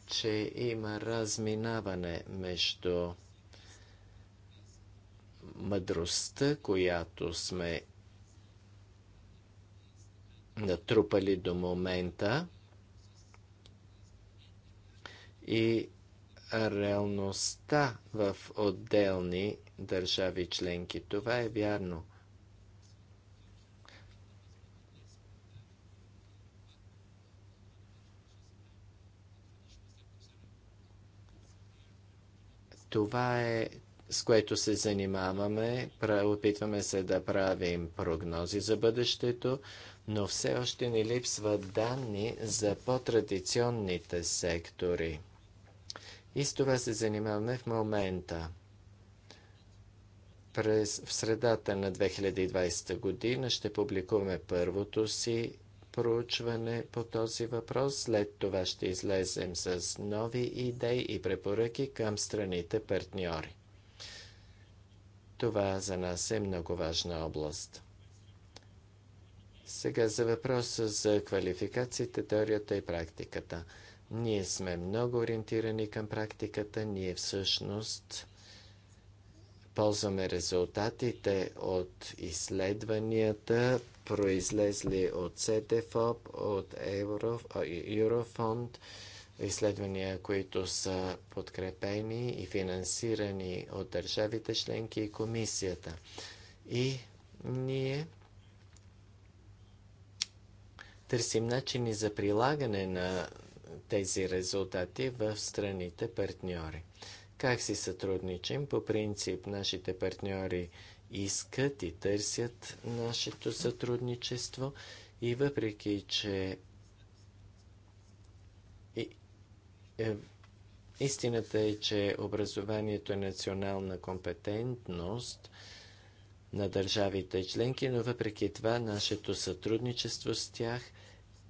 че има разминаване между мъдростта, която сме натрупали до момента и реалността в отделни държави членки. Това е вярно. Това е с което се занимаваме. Опитваме се да правим прогнози за бъдещето, но все още ни липсват данни за по-традиционните сектори – и с това се занимаваме в момента. През в средата на 2020 година ще публикуваме първото си проучване по този въпрос. След това ще излезем с нови идеи и препоръки към страните партньори. Това за нас е много важна област. Сега за въпроса за квалификациите, теорията и практиката – ние сме много ориентирани към практиката, ние всъщност ползваме резултатите от изследванията, произлезли от СТФОП, от Еврофонд, изследвания, които са подкрепени и финансирани от държавите членки и комисията. И ние търсим начини за прилагане на тези резултати в страните партньори. Как си сътрудничим? По принцип, нашите партньори искат и търсят нашето сътрудничество и въпреки, че и, е, истината е, че образованието е национална компетентност на държавите членки, но въпреки това нашето сътрудничество с тях –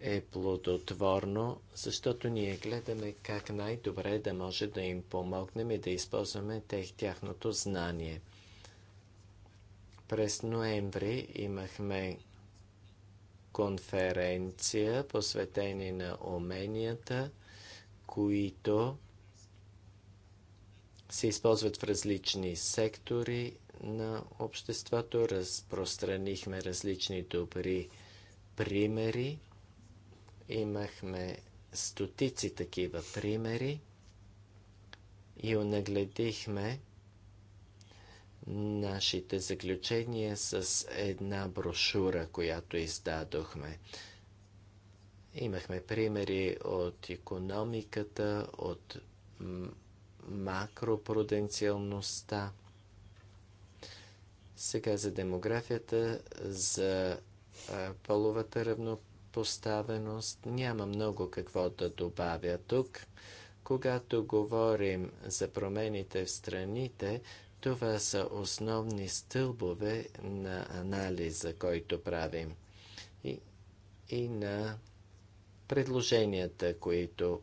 е плодотворно, защото ние гледаме как най-добре да може да им помогнем и да използваме тех, тяхното знание. През ноември имахме конференция, посветени на уменията, които се използват в различни сектори на обществото. Разпространихме различни добри примери Имахме стотици такива примери и онагледихме нашите заключения с една брошура, която издадохме. Имахме примери от економиката, от макропруденциалността. Сега за демографията, за половата равно, поставеност Няма много какво да добавя тук. Когато говорим за промените в страните, това са основни стълбове на анализа, който правим и, и на предложенията, които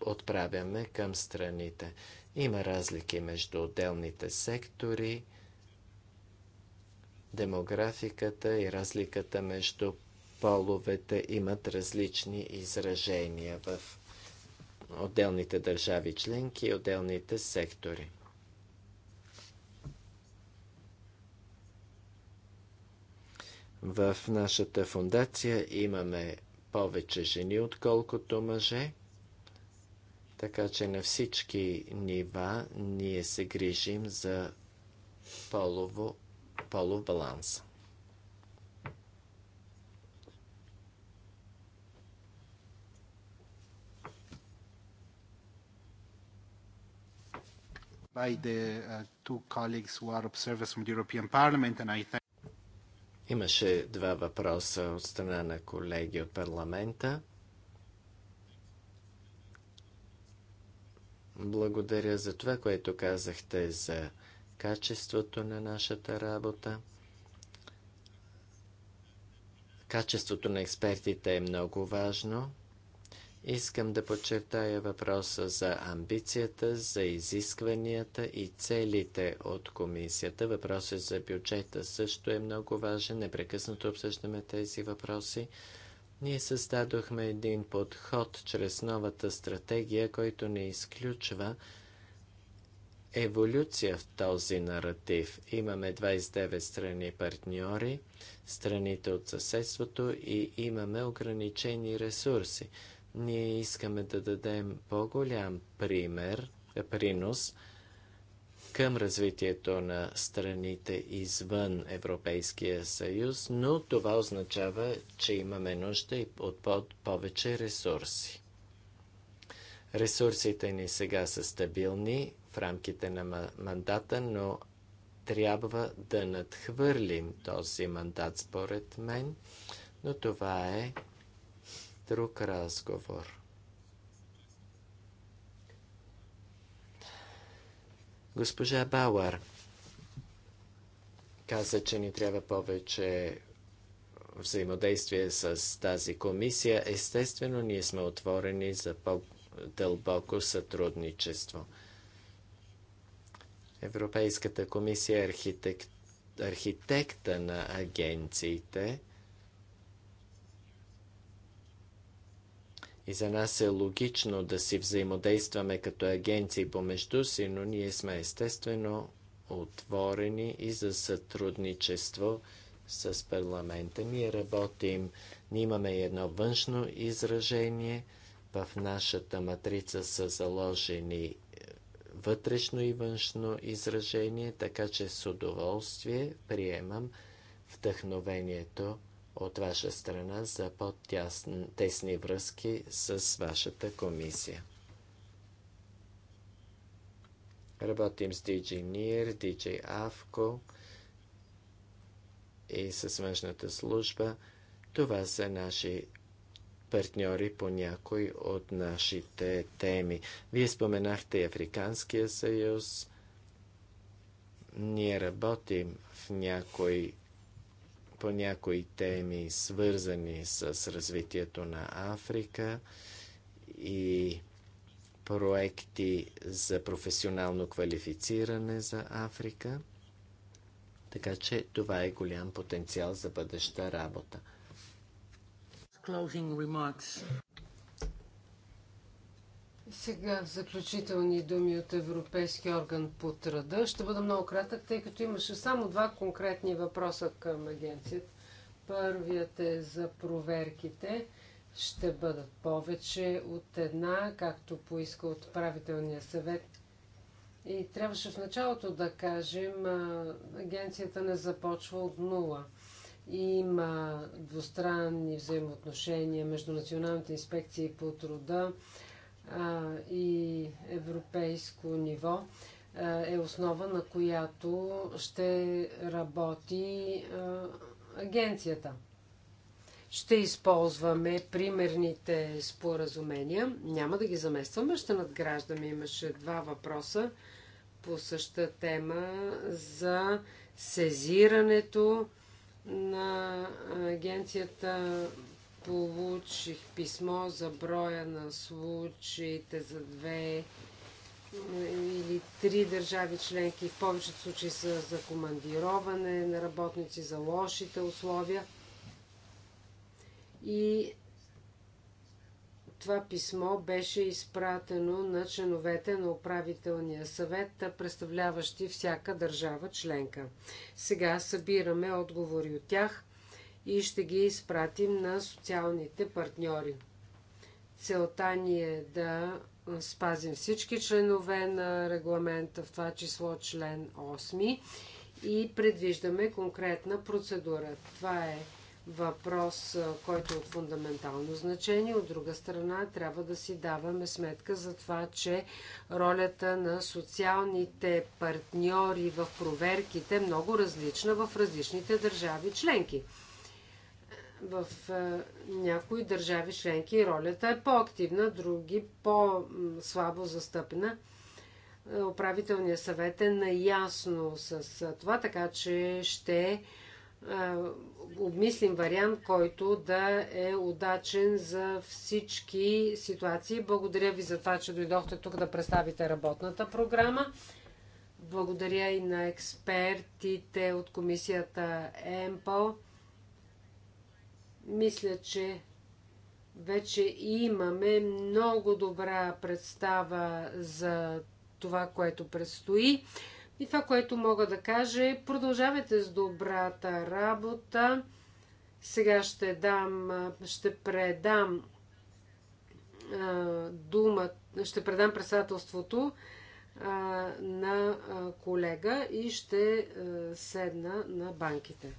отправяме към страните. Има разлики между отделните сектори, демографиката и разликата между половете имат различни изражения в отделните държави членки и отделните сектори. В нашата фундация имаме повече жени, отколкото мъже, така че на всички нива ние се грижим за полово, полов баланс. by the uh, two colleagues who are observers from the European Parliament, and I thank Имаше два въпроса от страна на колеги от парламента. Благодаря за това, което казахте за качеството на нашата работа. Качеството на експертите е много важно. Искам да подчертая въпроса за амбицията, за изискванията и целите от комисията. Въпросът за бюджета също е много важен. Непрекъснато обсъждаме тези въпроси. Ние създадохме един подход чрез новата стратегия, който не изключва еволюция в този наратив. Имаме 29 страни партньори, страните от съседството и имаме ограничени ресурси. Ние искаме да дадем по-голям пример, е, принос към развитието на страните извън Европейския съюз, но това означава, че имаме нужда и от повече ресурси. Ресурсите ни сега са стабилни в рамките на мандата, но трябва да надхвърлим този мандат, според мен, но това е друг разговор. Госпожа Бауър каза, че ни трябва повече взаимодействие с тази комисия. Естествено, ние сме отворени за по-дълбоко сътрудничество. Европейската комисия е архитект, архитекта на агенциите – И за нас е логично да си взаимодействаме като агенции помежду си, но ние сме естествено отворени и за сътрудничество с парламента. Ние работим, ние имаме едно външно изражение. В нашата матрица са заложени е, вътрешно и външно изражение, така че с удоволствие приемам вдъхновението от ваша страна за по-тесни връзки с вашата комисия. Работим с DJ NIR, DJ AFCO и с външната служба. Това са наши партньори по някои от нашите теми. Вие споменахте и Африканския съюз. Ние работим в някои по някои теми, свързани с развитието на Африка и проекти за професионално квалифициране за Африка. Така че това е голям потенциал за бъдеща работа. Сега заключителни думи от Европейски орган по труда. Ще бъда много кратък, тъй като имаше само два конкретни въпроса към агенцията. Първият е за проверките. Ще бъдат повече от една, както поиска от правителния съвет. И трябваше в началото да кажем, агенцията не започва от нула има двустранни взаимоотношения между националните инспекции по труда, и европейско ниво е основа, на която ще работи агенцията. Ще използваме примерните споразумения. Няма да ги заместваме, ще надграждаме. Имаше два въпроса по същата тема за сезирането на агенцията Получих писмо за броя на случаите за две или три държави членки. В повечето случаи са за командироване на работници, за лошите условия. И това писмо беше изпратено на членовете на управителния съвет, представляващи всяка държава членка. Сега събираме отговори от тях и ще ги изпратим на социалните партньори. Целта ни е да спазим всички членове на регламента, в това число член 8 и предвиждаме конкретна процедура. Това е въпрос, който е от фундаментално значение. От друга страна, трябва да си даваме сметка за това, че ролята на социалните партньори в проверките е много различна в различните държави членки. В е, някои държави членки ролята е по-активна, други по-слабо застъпена. Е, управителният съвет е наясно с е, това, така че ще обмислим вариант, който да е удачен за всички ситуации. Благодаря ви за това, че дойдохте тук да представите работната програма. Благодаря и на експертите от комисията ЕМПО. Мисля, че вече имаме много добра представа за това, което предстои. И това, което мога да кажа е продължавайте с добрата работа. Сега ще дам, ще предам дума, ще предам председателството а, на колега и ще а, седна на банките.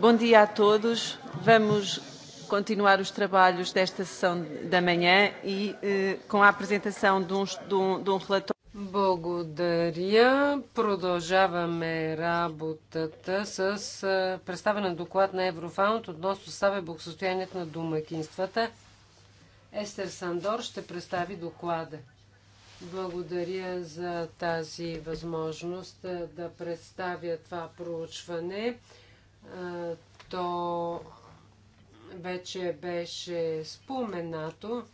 Bom dia a todos. Vamos continuar os trabalhos desta sessão da manhã e eh, com a apresentação de um, de um, de um relatório. Благодаря. Продължаваме работата с представен доклад на Еврофаунд относно Сабебок състоянието на домакинствата. Естер Сандор ще представи доклада. Благодаря за тази възможност да представя това проучване. То вече беше споменато.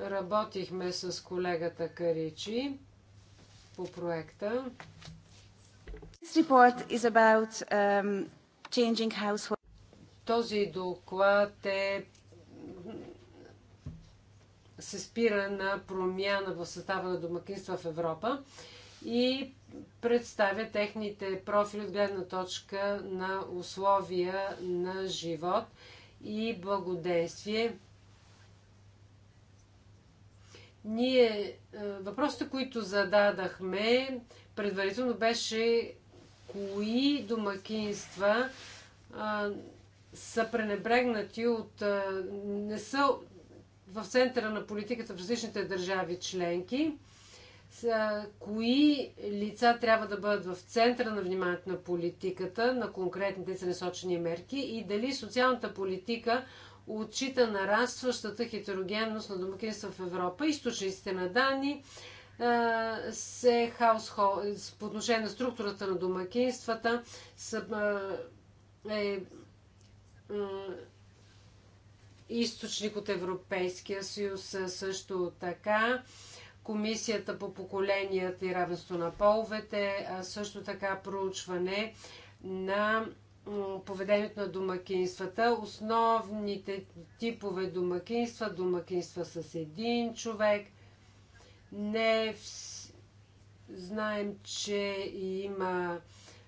Работихме с колегата Каричи по проекта. About, um, Този доклад е се спира на промяна в състава на домакинства в Европа и представя техните профили от гледна точка на условия на живот и благодействие. Ние, е, въпросите, които зададахме предварително беше кои домакинства а, е, са пренебрегнати от... А, е, не са в центъра на политиката в различните държави членки са, кои лица трябва да бъдат в центъра на вниманието на политиката, на конкретните целесочени мерки и дали социалната политика отчита нарастващата хетерогенност на домакинства в Европа. Източниците на данни се хаос по отношение на структурата на домакинствата са, е, е, източник от Европейския съюз също така. Комисията по поколенията и равенство на половете, а също така проучване на поведението на домакинствата. Основните типове домакинства, домакинства с един човек. Не вс... знаем, че има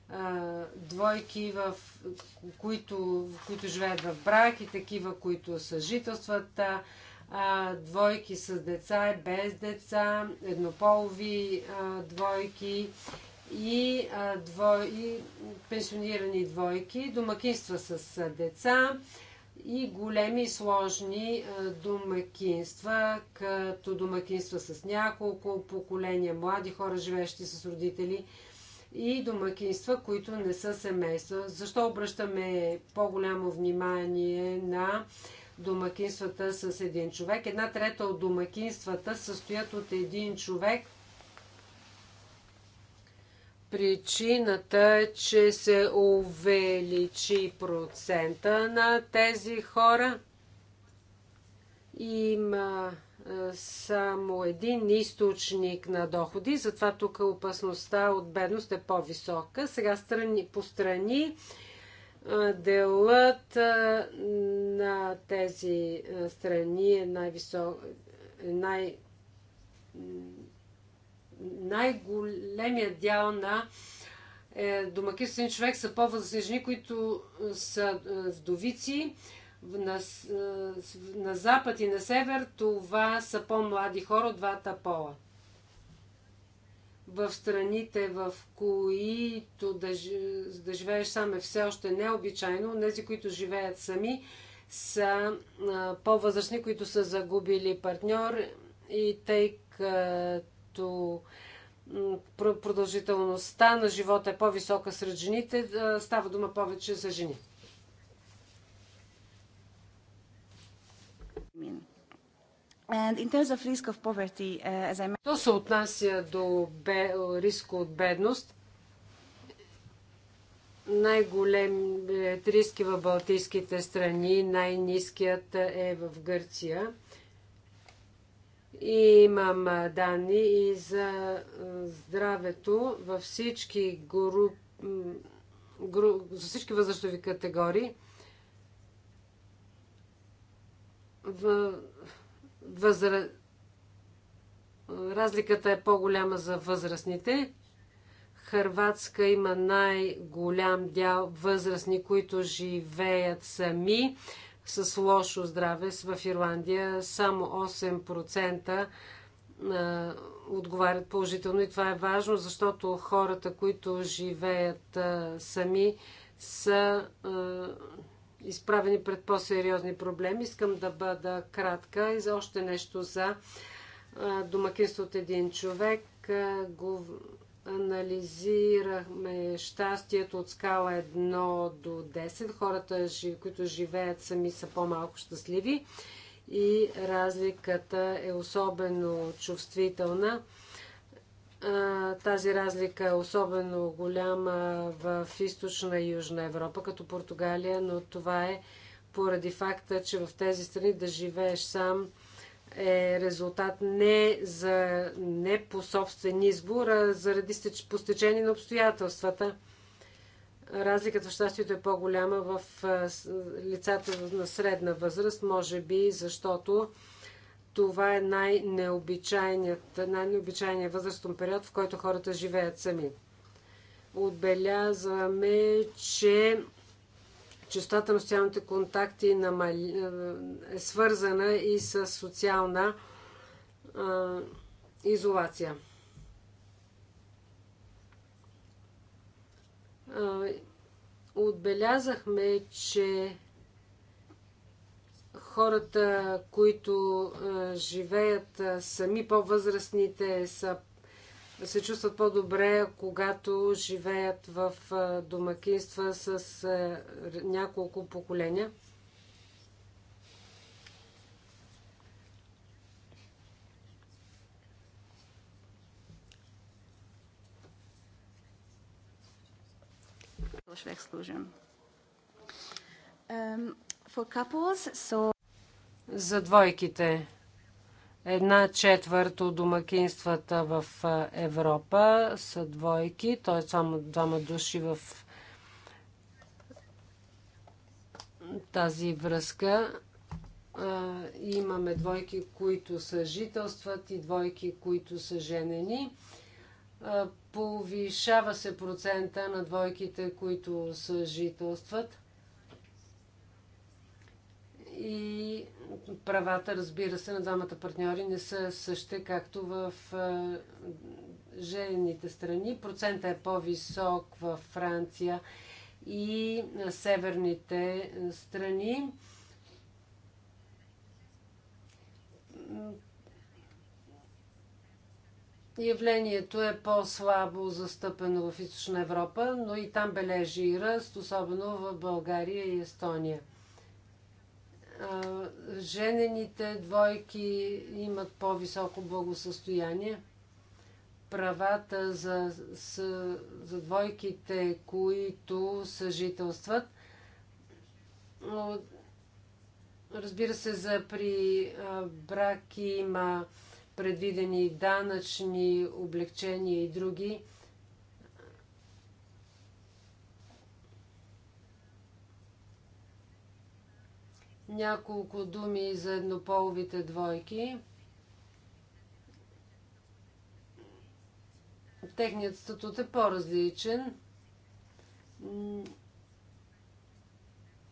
а, двойки, в които, които живеят в брак и такива, които съжителстват а, двойки с деца без деца, еднополови а, двойки и, а, дво, и пенсионирани двойки, домакинства с а, деца и големи сложни а, домакинства, като домакинства с няколко поколения, млади хора, живеещи с родители и домакинства, които не са семейства. Защо обръщаме по-голямо внимание на домакинствата с един човек. Една трета от домакинствата състоят от един човек. Причината е, че се увеличи процента на тези хора. Има само един източник на доходи, затова тук опасността от бедност е по-висока. Сега страни, по страни Делът на тези страни е най-висок, е най- най-големият дял на е, домакинствен човек са по-възрастни жени, които са вдовици. На, на запад и на север това са по-млади хора от двата пола в страните, в които да, да живееш сам е все още необичайно. нези, които живеят сами, са по-възрастни, които са загубили партньор и тъй като продължителността на живота е по-висока сред жените, става дума повече за жени. Uh, Що То се отнася до бе, риска от бедност. Най-големият риск е в Балтийските страни, най-низкият е в Гърция. И имам данни и за здравето във всички груп, груп, за всички възрастови категории. В възра... разликата е по-голяма за възрастните. Харватска има най-голям дял възрастни, които живеят сами с лошо здраве. В Ирландия само 8% отговарят положително и това е важно, защото хората, които живеят сами, са изправени пред по-сериозни проблеми. Искам да бъда кратка и за още нещо за домакинство от един човек. Го анализирахме щастието от скала 1 до 10. Хората, които живеят сами, са по-малко щастливи и разликата е особено чувствителна тази разлика е особено голяма в източна и южна Европа, като Португалия, но това е поради факта, че в тези страни да живееш сам е резултат не, за, не по собствен избор, а заради постечение на обстоятелствата. Разликата в щастието е по-голяма в лицата на средна възраст, може би защото това е най-необичайният, най-необичайният възрастен период, в който хората живеят сами. Отбелязваме, че частота на социалните контакти е свързана и с социална а, изолация. А, отбелязахме, че хората, които е, живеят е, сами, по-възрастните са, се чувстват по-добре, когато живеят в е, домакинства с няколко поколения. Um, for couples, so за двойките. Една четвърт от домакинствата в Европа са двойки, т.е. само двама души в тази връзка. Имаме двойки, които са жителстват и двойки, които са женени. Повишава се процента на двойките, които съжителстват и правата, разбира се, на двамата партньори не са същи, както в жените страни. Процента е по-висок в Франция и на северните страни. Явлението е по-слабо застъпено в Източна Европа, но и там бележи и ръст, особено в България и Естония. Женените двойки имат по-високо благосъстояние. Правата за, за, за двойките, които съжителстват, разбира се, за при браки има предвидени данъчни облегчения и други Няколко думи за еднополовите двойки. Техният статут е по-различен.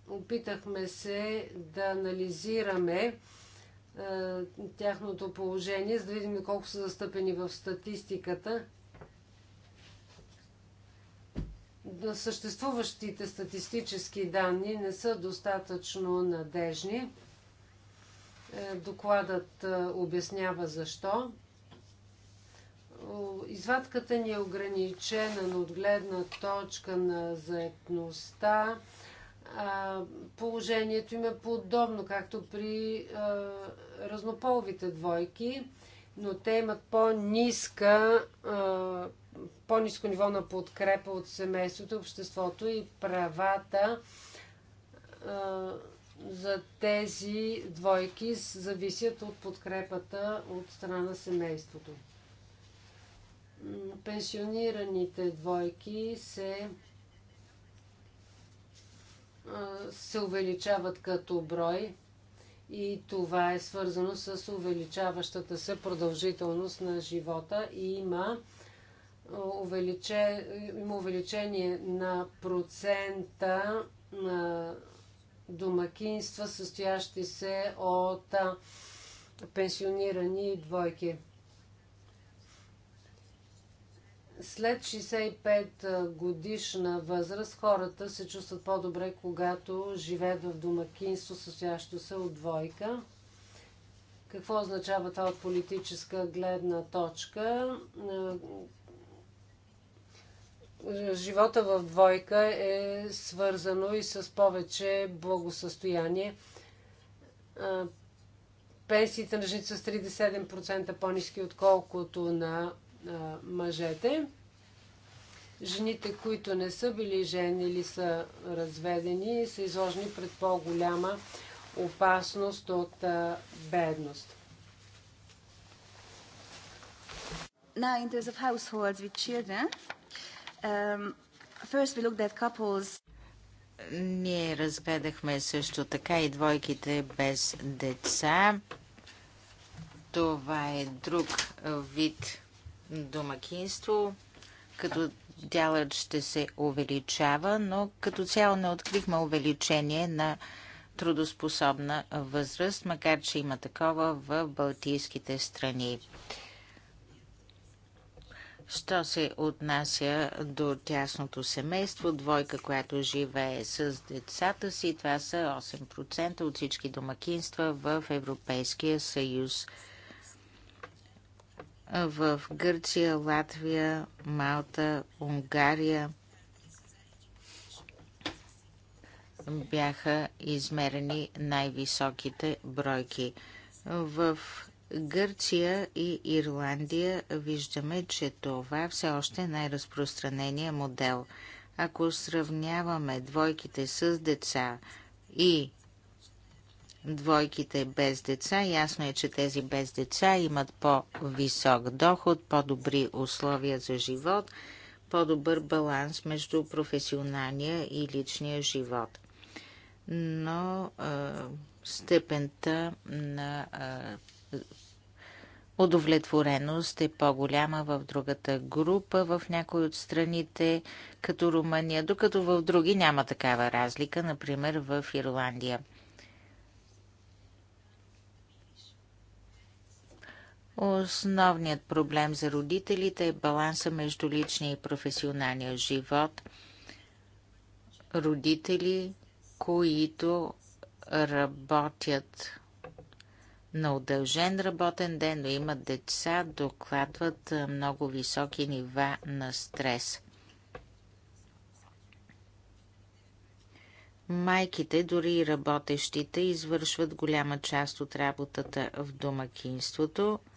Опитахме се да анализираме е, тяхното положение, за да видим колко са застъпени в статистиката да съществуващите статистически данни не са достатъчно надежни. Е, докладът е, обяснява защо. Извадката ни е ограничена, на от гледна точка на заетността е, положението им е подобно, както при разнополовите двойки но те имат по-ниска, по-ниско ниво на подкрепа от семейството, обществото и правата за тези двойки зависят от подкрепата от страна на семейството. Пенсионираните двойки се се увеличават като брой и това е свързано с увеличаващата се продължителност на живота и има, има увеличение на процента на домакинства, състоящи се от пенсионирани двойки. След 65 годишна възраст хората се чувстват по-добре, когато живеят в домакинство, състоящо се от двойка. Какво означава това от политическа гледна точка? Живота в двойка е свързано и с повече благосъстояние. Пенсиите на жените са 37% по-низки, отколкото на мъжете. Жените, които не са били жени или са разведени, са изложени пред по-голяма опасност от бедност. Now, in terms of households with children, um, first we looked at couples ние разгледахме също така и двойките без деца. Това е друг вид домакинство, като дялът ще се увеличава, но като цяло не открихме увеличение на трудоспособна възраст, макар че има такова в Балтийските страни. Що се отнася до тясното семейство, двойка, която живее с децата си, това са 8% от всички домакинства в Европейския съюз – в Гърция, Латвия, Малта, Унгария бяха измерени най-високите бройки. В Гърция и Ирландия виждаме, че това все още е най-разпространения модел. Ако сравняваме двойките с деца и двойките без деца. Ясно е, че тези без деца имат по-висок доход, по-добри условия за живот, по-добър баланс между професионалния и личния живот. Но а, степента на а, Удовлетвореност е по-голяма в другата група, в някои от страните, като Румъния, докато в други няма такава разлика, например в Ирландия. Основният проблем за родителите е баланса между личния и професионалния живот. Родители, които работят на удължен работен ден, но имат деца, докладват много високи нива на стрес. Майките, дори и работещите, извършват голяма част от работата в домакинството –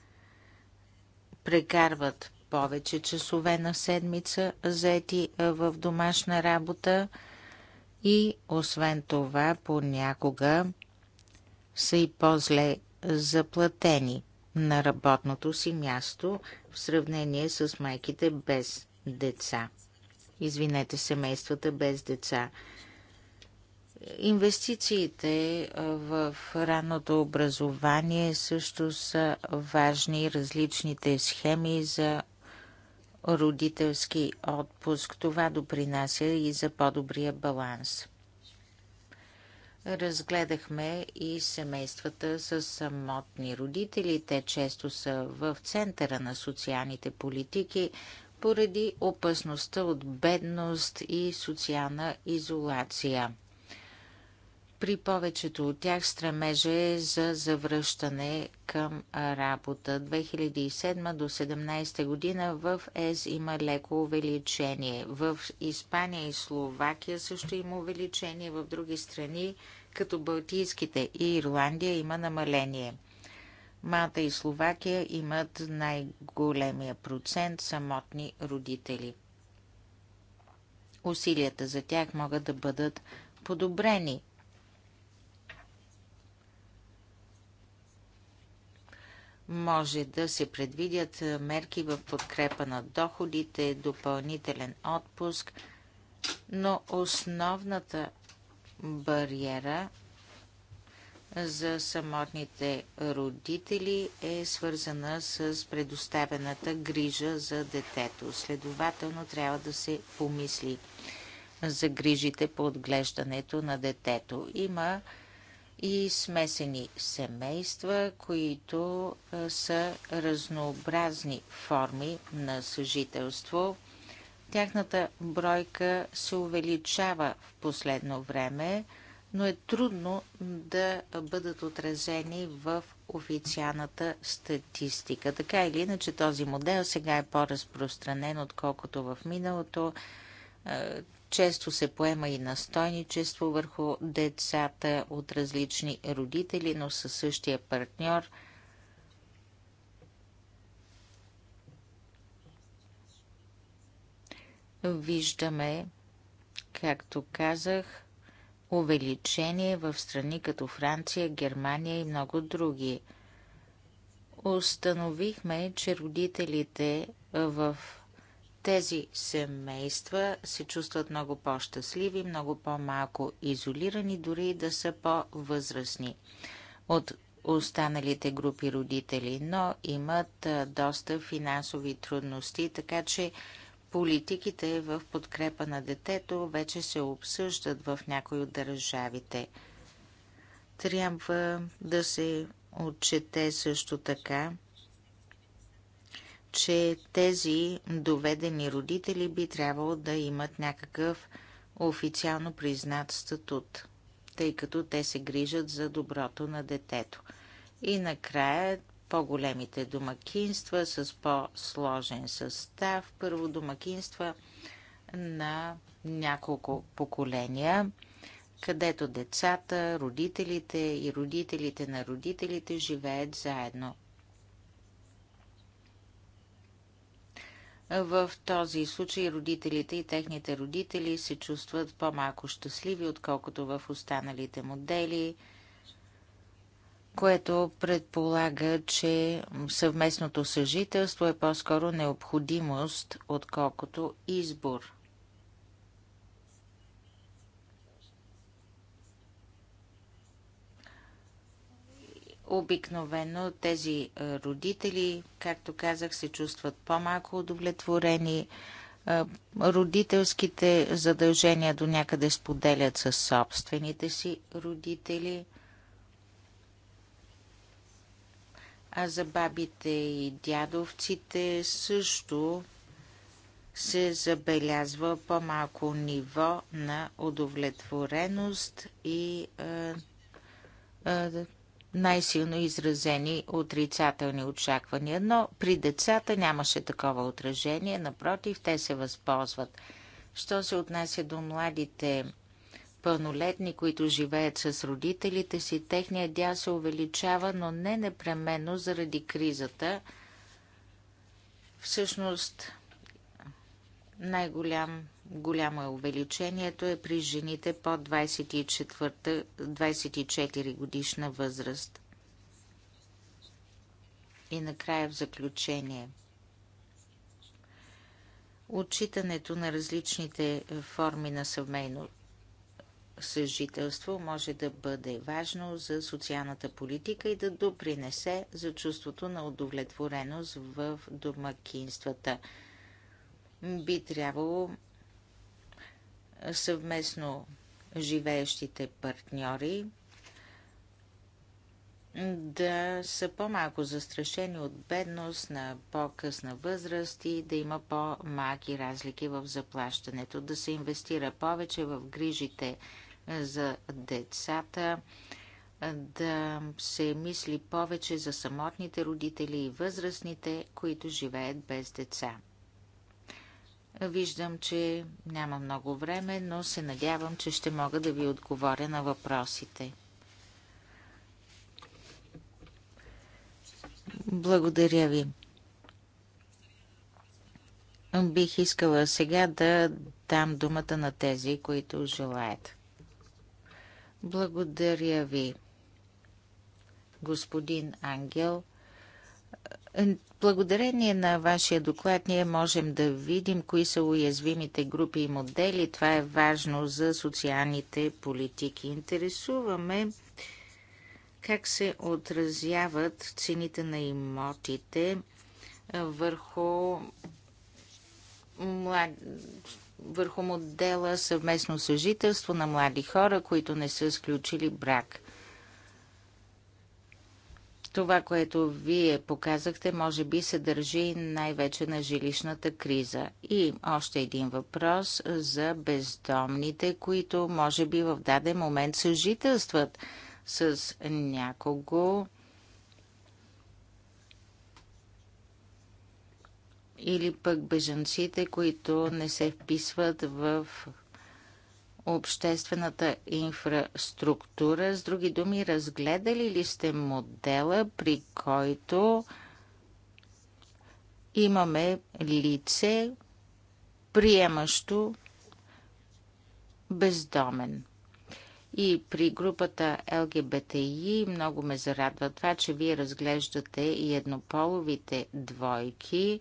прекарват повече часове на седмица, заети в домашна работа и освен това понякога са и по-зле заплатени на работното си място в сравнение с майките без деца. Извинете, семействата без деца. Инвестициите в ранното образование също са важни. Различните схеми за родителски отпуск. Това допринася и за по-добрия баланс. Разгледахме и семействата с самотни родители. Те често са в центъра на социалните политики поради опасността от бедност и социална изолация. При повечето от тях стремеже е за завръщане към работа. 2007 до 2017 година в ЕС има леко увеличение. В Испания и Словакия също има увеличение. В други страни, като Балтийските и Ирландия, има намаление. Малта и Словакия имат най-големия процент самотни родители. Усилията за тях могат да бъдат подобрени. може да се предвидят е, мерки в подкрепа на доходите, допълнителен отпуск, но основната бариера за самотните родители е свързана с предоставената грижа за детето. Следователно трябва да се помисли за грижите по отглеждането на детето. Има и смесени семейства, които са разнообразни форми на съжителство. Тяхната бройка се увеличава в последно време, но е трудно да бъдат отразени в официалната статистика. Така или иначе този модел сега е по-разпространен, отколкото в миналото. Често се поема и настойничество върху децата от различни родители, но със същия партньор. Виждаме, както казах, увеличение в страни като Франция, Германия и много други. Установихме, че родителите в тези семейства се чувстват много по-щастливи, много по-малко изолирани, дори да са по-възрастни от останалите групи родители, но имат доста финансови трудности, така че политиките в подкрепа на детето вече се обсъждат в някои от държавите. Трябва да се отчете също така че тези доведени родители би трябвало да имат някакъв официално признат статут, тъй като те се грижат за доброто на детето. И накрая по-големите домакинства с по-сложен състав, първо домакинства на няколко поколения, където децата, родителите и родителите на родителите живеят заедно. В този случай родителите и техните родители се чувстват по-малко щастливи, отколкото в останалите модели, което предполага, че съвместното съжителство е по-скоро необходимост, отколкото избор – Обикновено тези родители, както казах, се чувстват по-малко удовлетворени. Родителските задължения до някъде споделят с собствените си родители. А за бабите и дядовците също се забелязва по-малко ниво на удовлетвореност и е, е, най-силно изразени отрицателни очаквания, но при децата нямаше такова отражение, напротив, те се възползват. Що се отнася до младите пълнолетни, които живеят с родителите си, техният дял се увеличава, но не непременно заради кризата. Всъщност, най-голям Голямо е увеличението е при жените под 24, 24 годишна възраст. И накрая в заключение. Отчитането на различните форми на съвмейно съжителство може да бъде важно за социалната политика и да допринесе за чувството на удовлетвореност в домакинствата. Би трябвало съвместно живеещите партньори да са по-малко застрашени от бедност на по-късна възраст и да има по-малки разлики в заплащането, да се инвестира повече в грижите за децата, да се мисли повече за самотните родители и възрастните, които живеят без деца. Виждам, че няма много време, но се надявам, че ще мога да ви отговоря на въпросите. Благодаря ви. Бих искала сега да дам думата на тези, които желаят. Благодаря ви, господин Ангел. Благодарение на вашия доклад ние можем да видим кои са уязвимите групи и модели. Това е важно за социалните политики. Интересуваме как се отразяват цените на имотите върху, млад... върху модела съвместно съжителство на млади хора, които не са сключили брак. Това, което вие показахте, може би се държи най-вече на жилищната криза. И още един въпрос за бездомните, които може би в даден момент съжителстват с някого. Или пък бежанците, които не се вписват в обществената инфраструктура. С други думи, разгледали ли сте модела, при който имаме лице, приемащо бездомен? И при групата ЛГБТИ много ме зарадва това, че вие разглеждате и еднополовите двойки.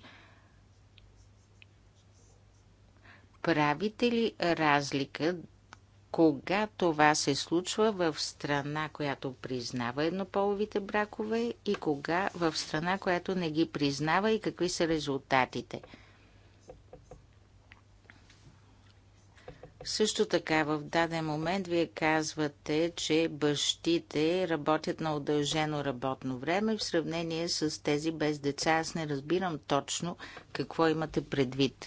Правите ли разлика кога това се случва в страна, която признава еднополовите бракове и кога в страна, която не ги признава и какви са резултатите. Също така в даден момент вие казвате, че бащите работят на удължено работно време в сравнение с тези без деца. Аз не разбирам точно какво имате предвид.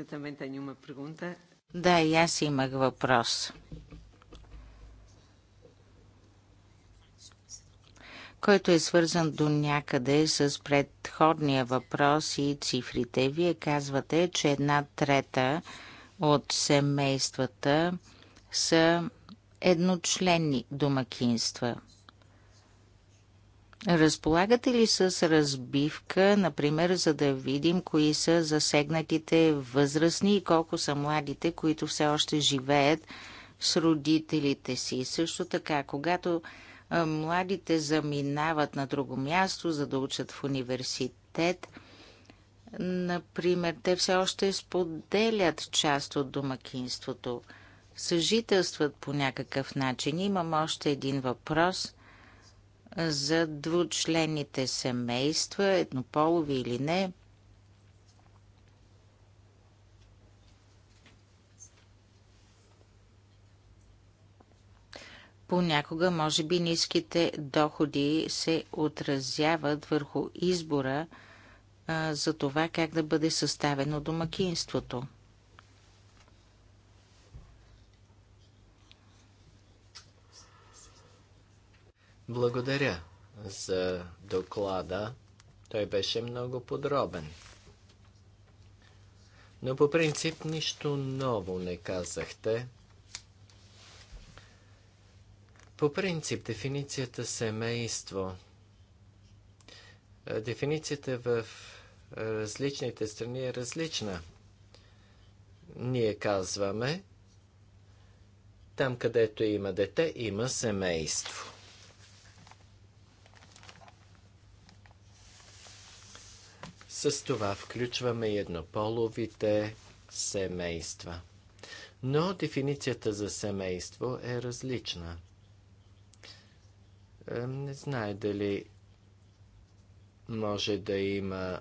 Eu também tenho uma pergunta. Да, и аз имах въпрос. който е свързан до някъде с предходния въпрос и цифрите. Вие казвате, че една трета от семействата са едночленни домакинства – Разполагате ли с разбивка, например, за да видим кои са засегнатите възрастни и колко са младите, които все още живеят с родителите си? Също така, когато младите заминават на друго място, за да учат в университет, например, те все още споделят част от домакинството, съжителстват по някакъв начин. Имам още един въпрос за двучленните семейства, еднополови или не. Понякога, може би, ниските доходи се отразяват върху избора а, за това как да бъде съставено домакинството. Благодаря за доклада. Той беше много подробен. Но по принцип нищо ново не казахте. По принцип дефиницията семейство. Дефиницията в различните страни е различна. Ние казваме, там където има дете, има семейство. С това включваме и еднополовите семейства. Но дефиницията за семейство е различна. Е, не знае дали може да има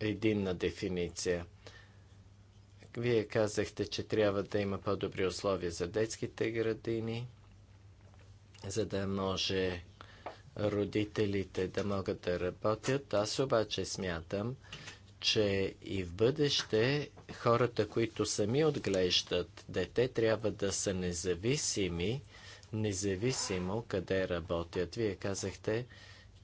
единна дефиниция. Вие казахте, че трябва да има по-добри условия за детските градини, за да може родителите да могат да работят. Аз обаче смятам, че и в бъдеще хората, които сами отглеждат дете, трябва да са независими, независимо къде работят. Вие казахте,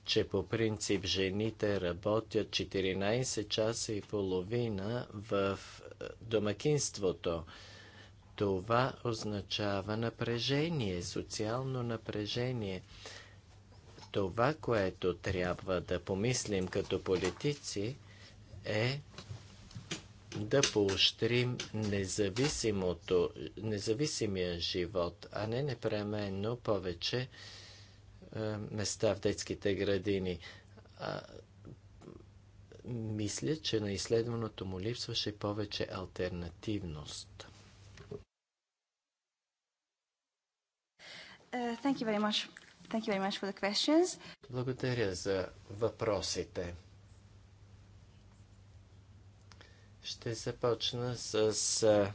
че по принцип жените работят 14 часа и половина в е, домакинството. Това означава напрежение, социално напрежение. Това, което трябва да помислим като политици е да поощрим независимото, независимия живот, а не непременно повече е, места в детските градини. А, мисля, че на изследваното му липсваше повече альтернативност. Uh, Thank you very much for the questions. Благодаря за въпросите. Ще започна с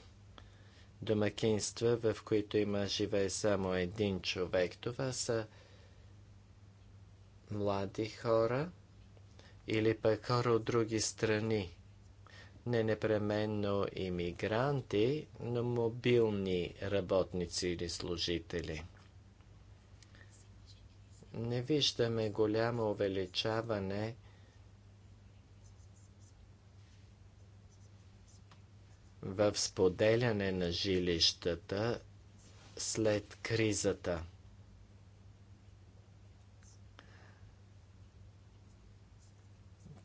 домакинства, в които има живее само един човек. Това са млади хора или пък хора от други страни. Не непременно иммигранти, но мобилни работници или служители – не виждаме голямо увеличаване в споделяне на жилищата след кризата.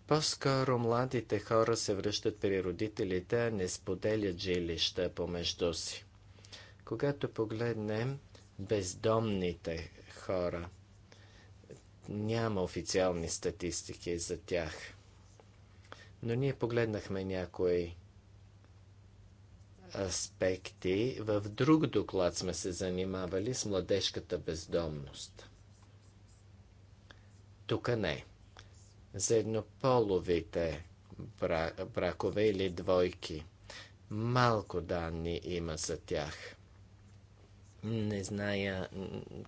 По-скоро младите хора се връщат при родителите, а не споделят жилища помежду си. Когато погледнем бездомните хора – няма официални статистики за тях. Но ние погледнахме някои аспекти. В друг доклад сме се занимавали с младежката бездомност. Тук не. За еднополовите бракове или двойки. Малко данни има за тях. Не зная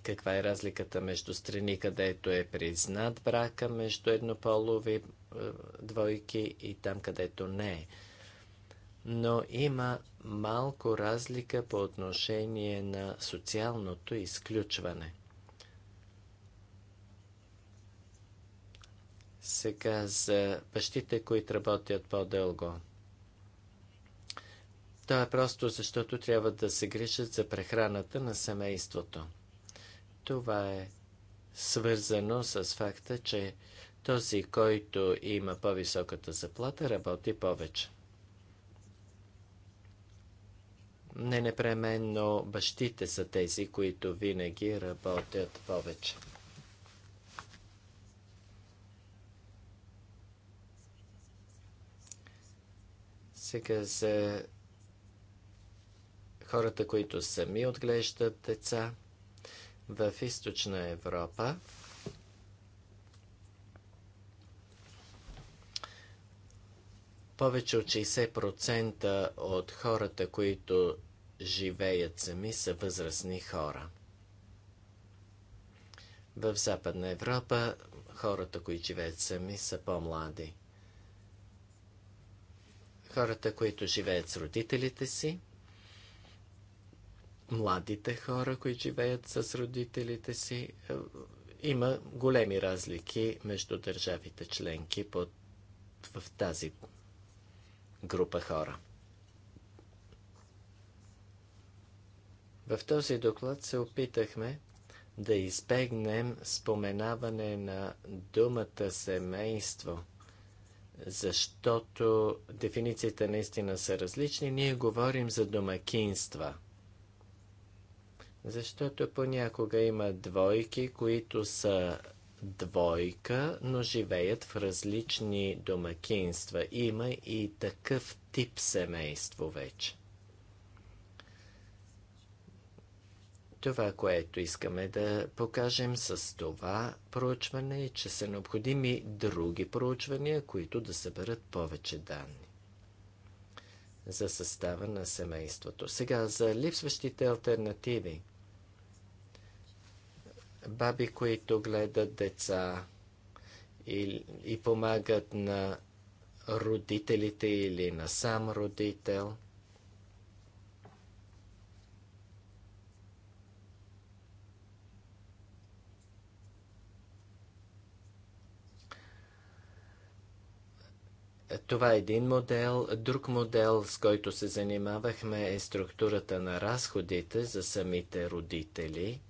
каква е разликата между страни, където е признат брака между еднополови е, двойки и там, където не е. Но има малко разлика по отношение на социалното изключване. Сега за бащите, които работят по-дълго. То е просто защото трябва да се грижат за прехраната на семейството. Това е свързано с факта, че този, който има по-високата заплата, работи повече. Не непременно бащите са тези, които винаги работят повече. Сега за хората, които сами отглеждат деца в източна Европа. Повече от 60% от хората, които живеят сами, са възрастни хора. В Западна Европа хората, които живеят сами, са по-млади. Хората, които живеят с родителите си, младите хора, които живеят с родителите си. Е, има големи разлики между държавите членки под, в тази група хора. В този доклад се опитахме да избегнем споменаване на думата семейство, защото дефинициите наистина са различни. Ние говорим за домакинства – защото понякога има двойки, които са двойка, но живеят в различни домакинства. Има и такъв тип семейство вече. Това, което искаме да покажем с това проучване е, че са необходими други проучвания, които да съберат повече данни за състава на семейството. Сега за липсващите альтернативи баби, които гледат деца и, и помагат на родителите или на сам родител. Това е един модел. Друг модел, с който се занимавахме, е структурата на разходите за самите родители –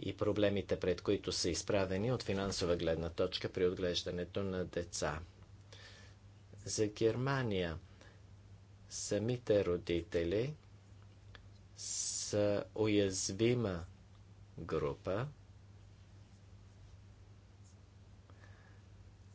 и проблемите, пред които са изправени от финансова гледна точка при отглеждането на деца. За Германия самите родители са уязвима група,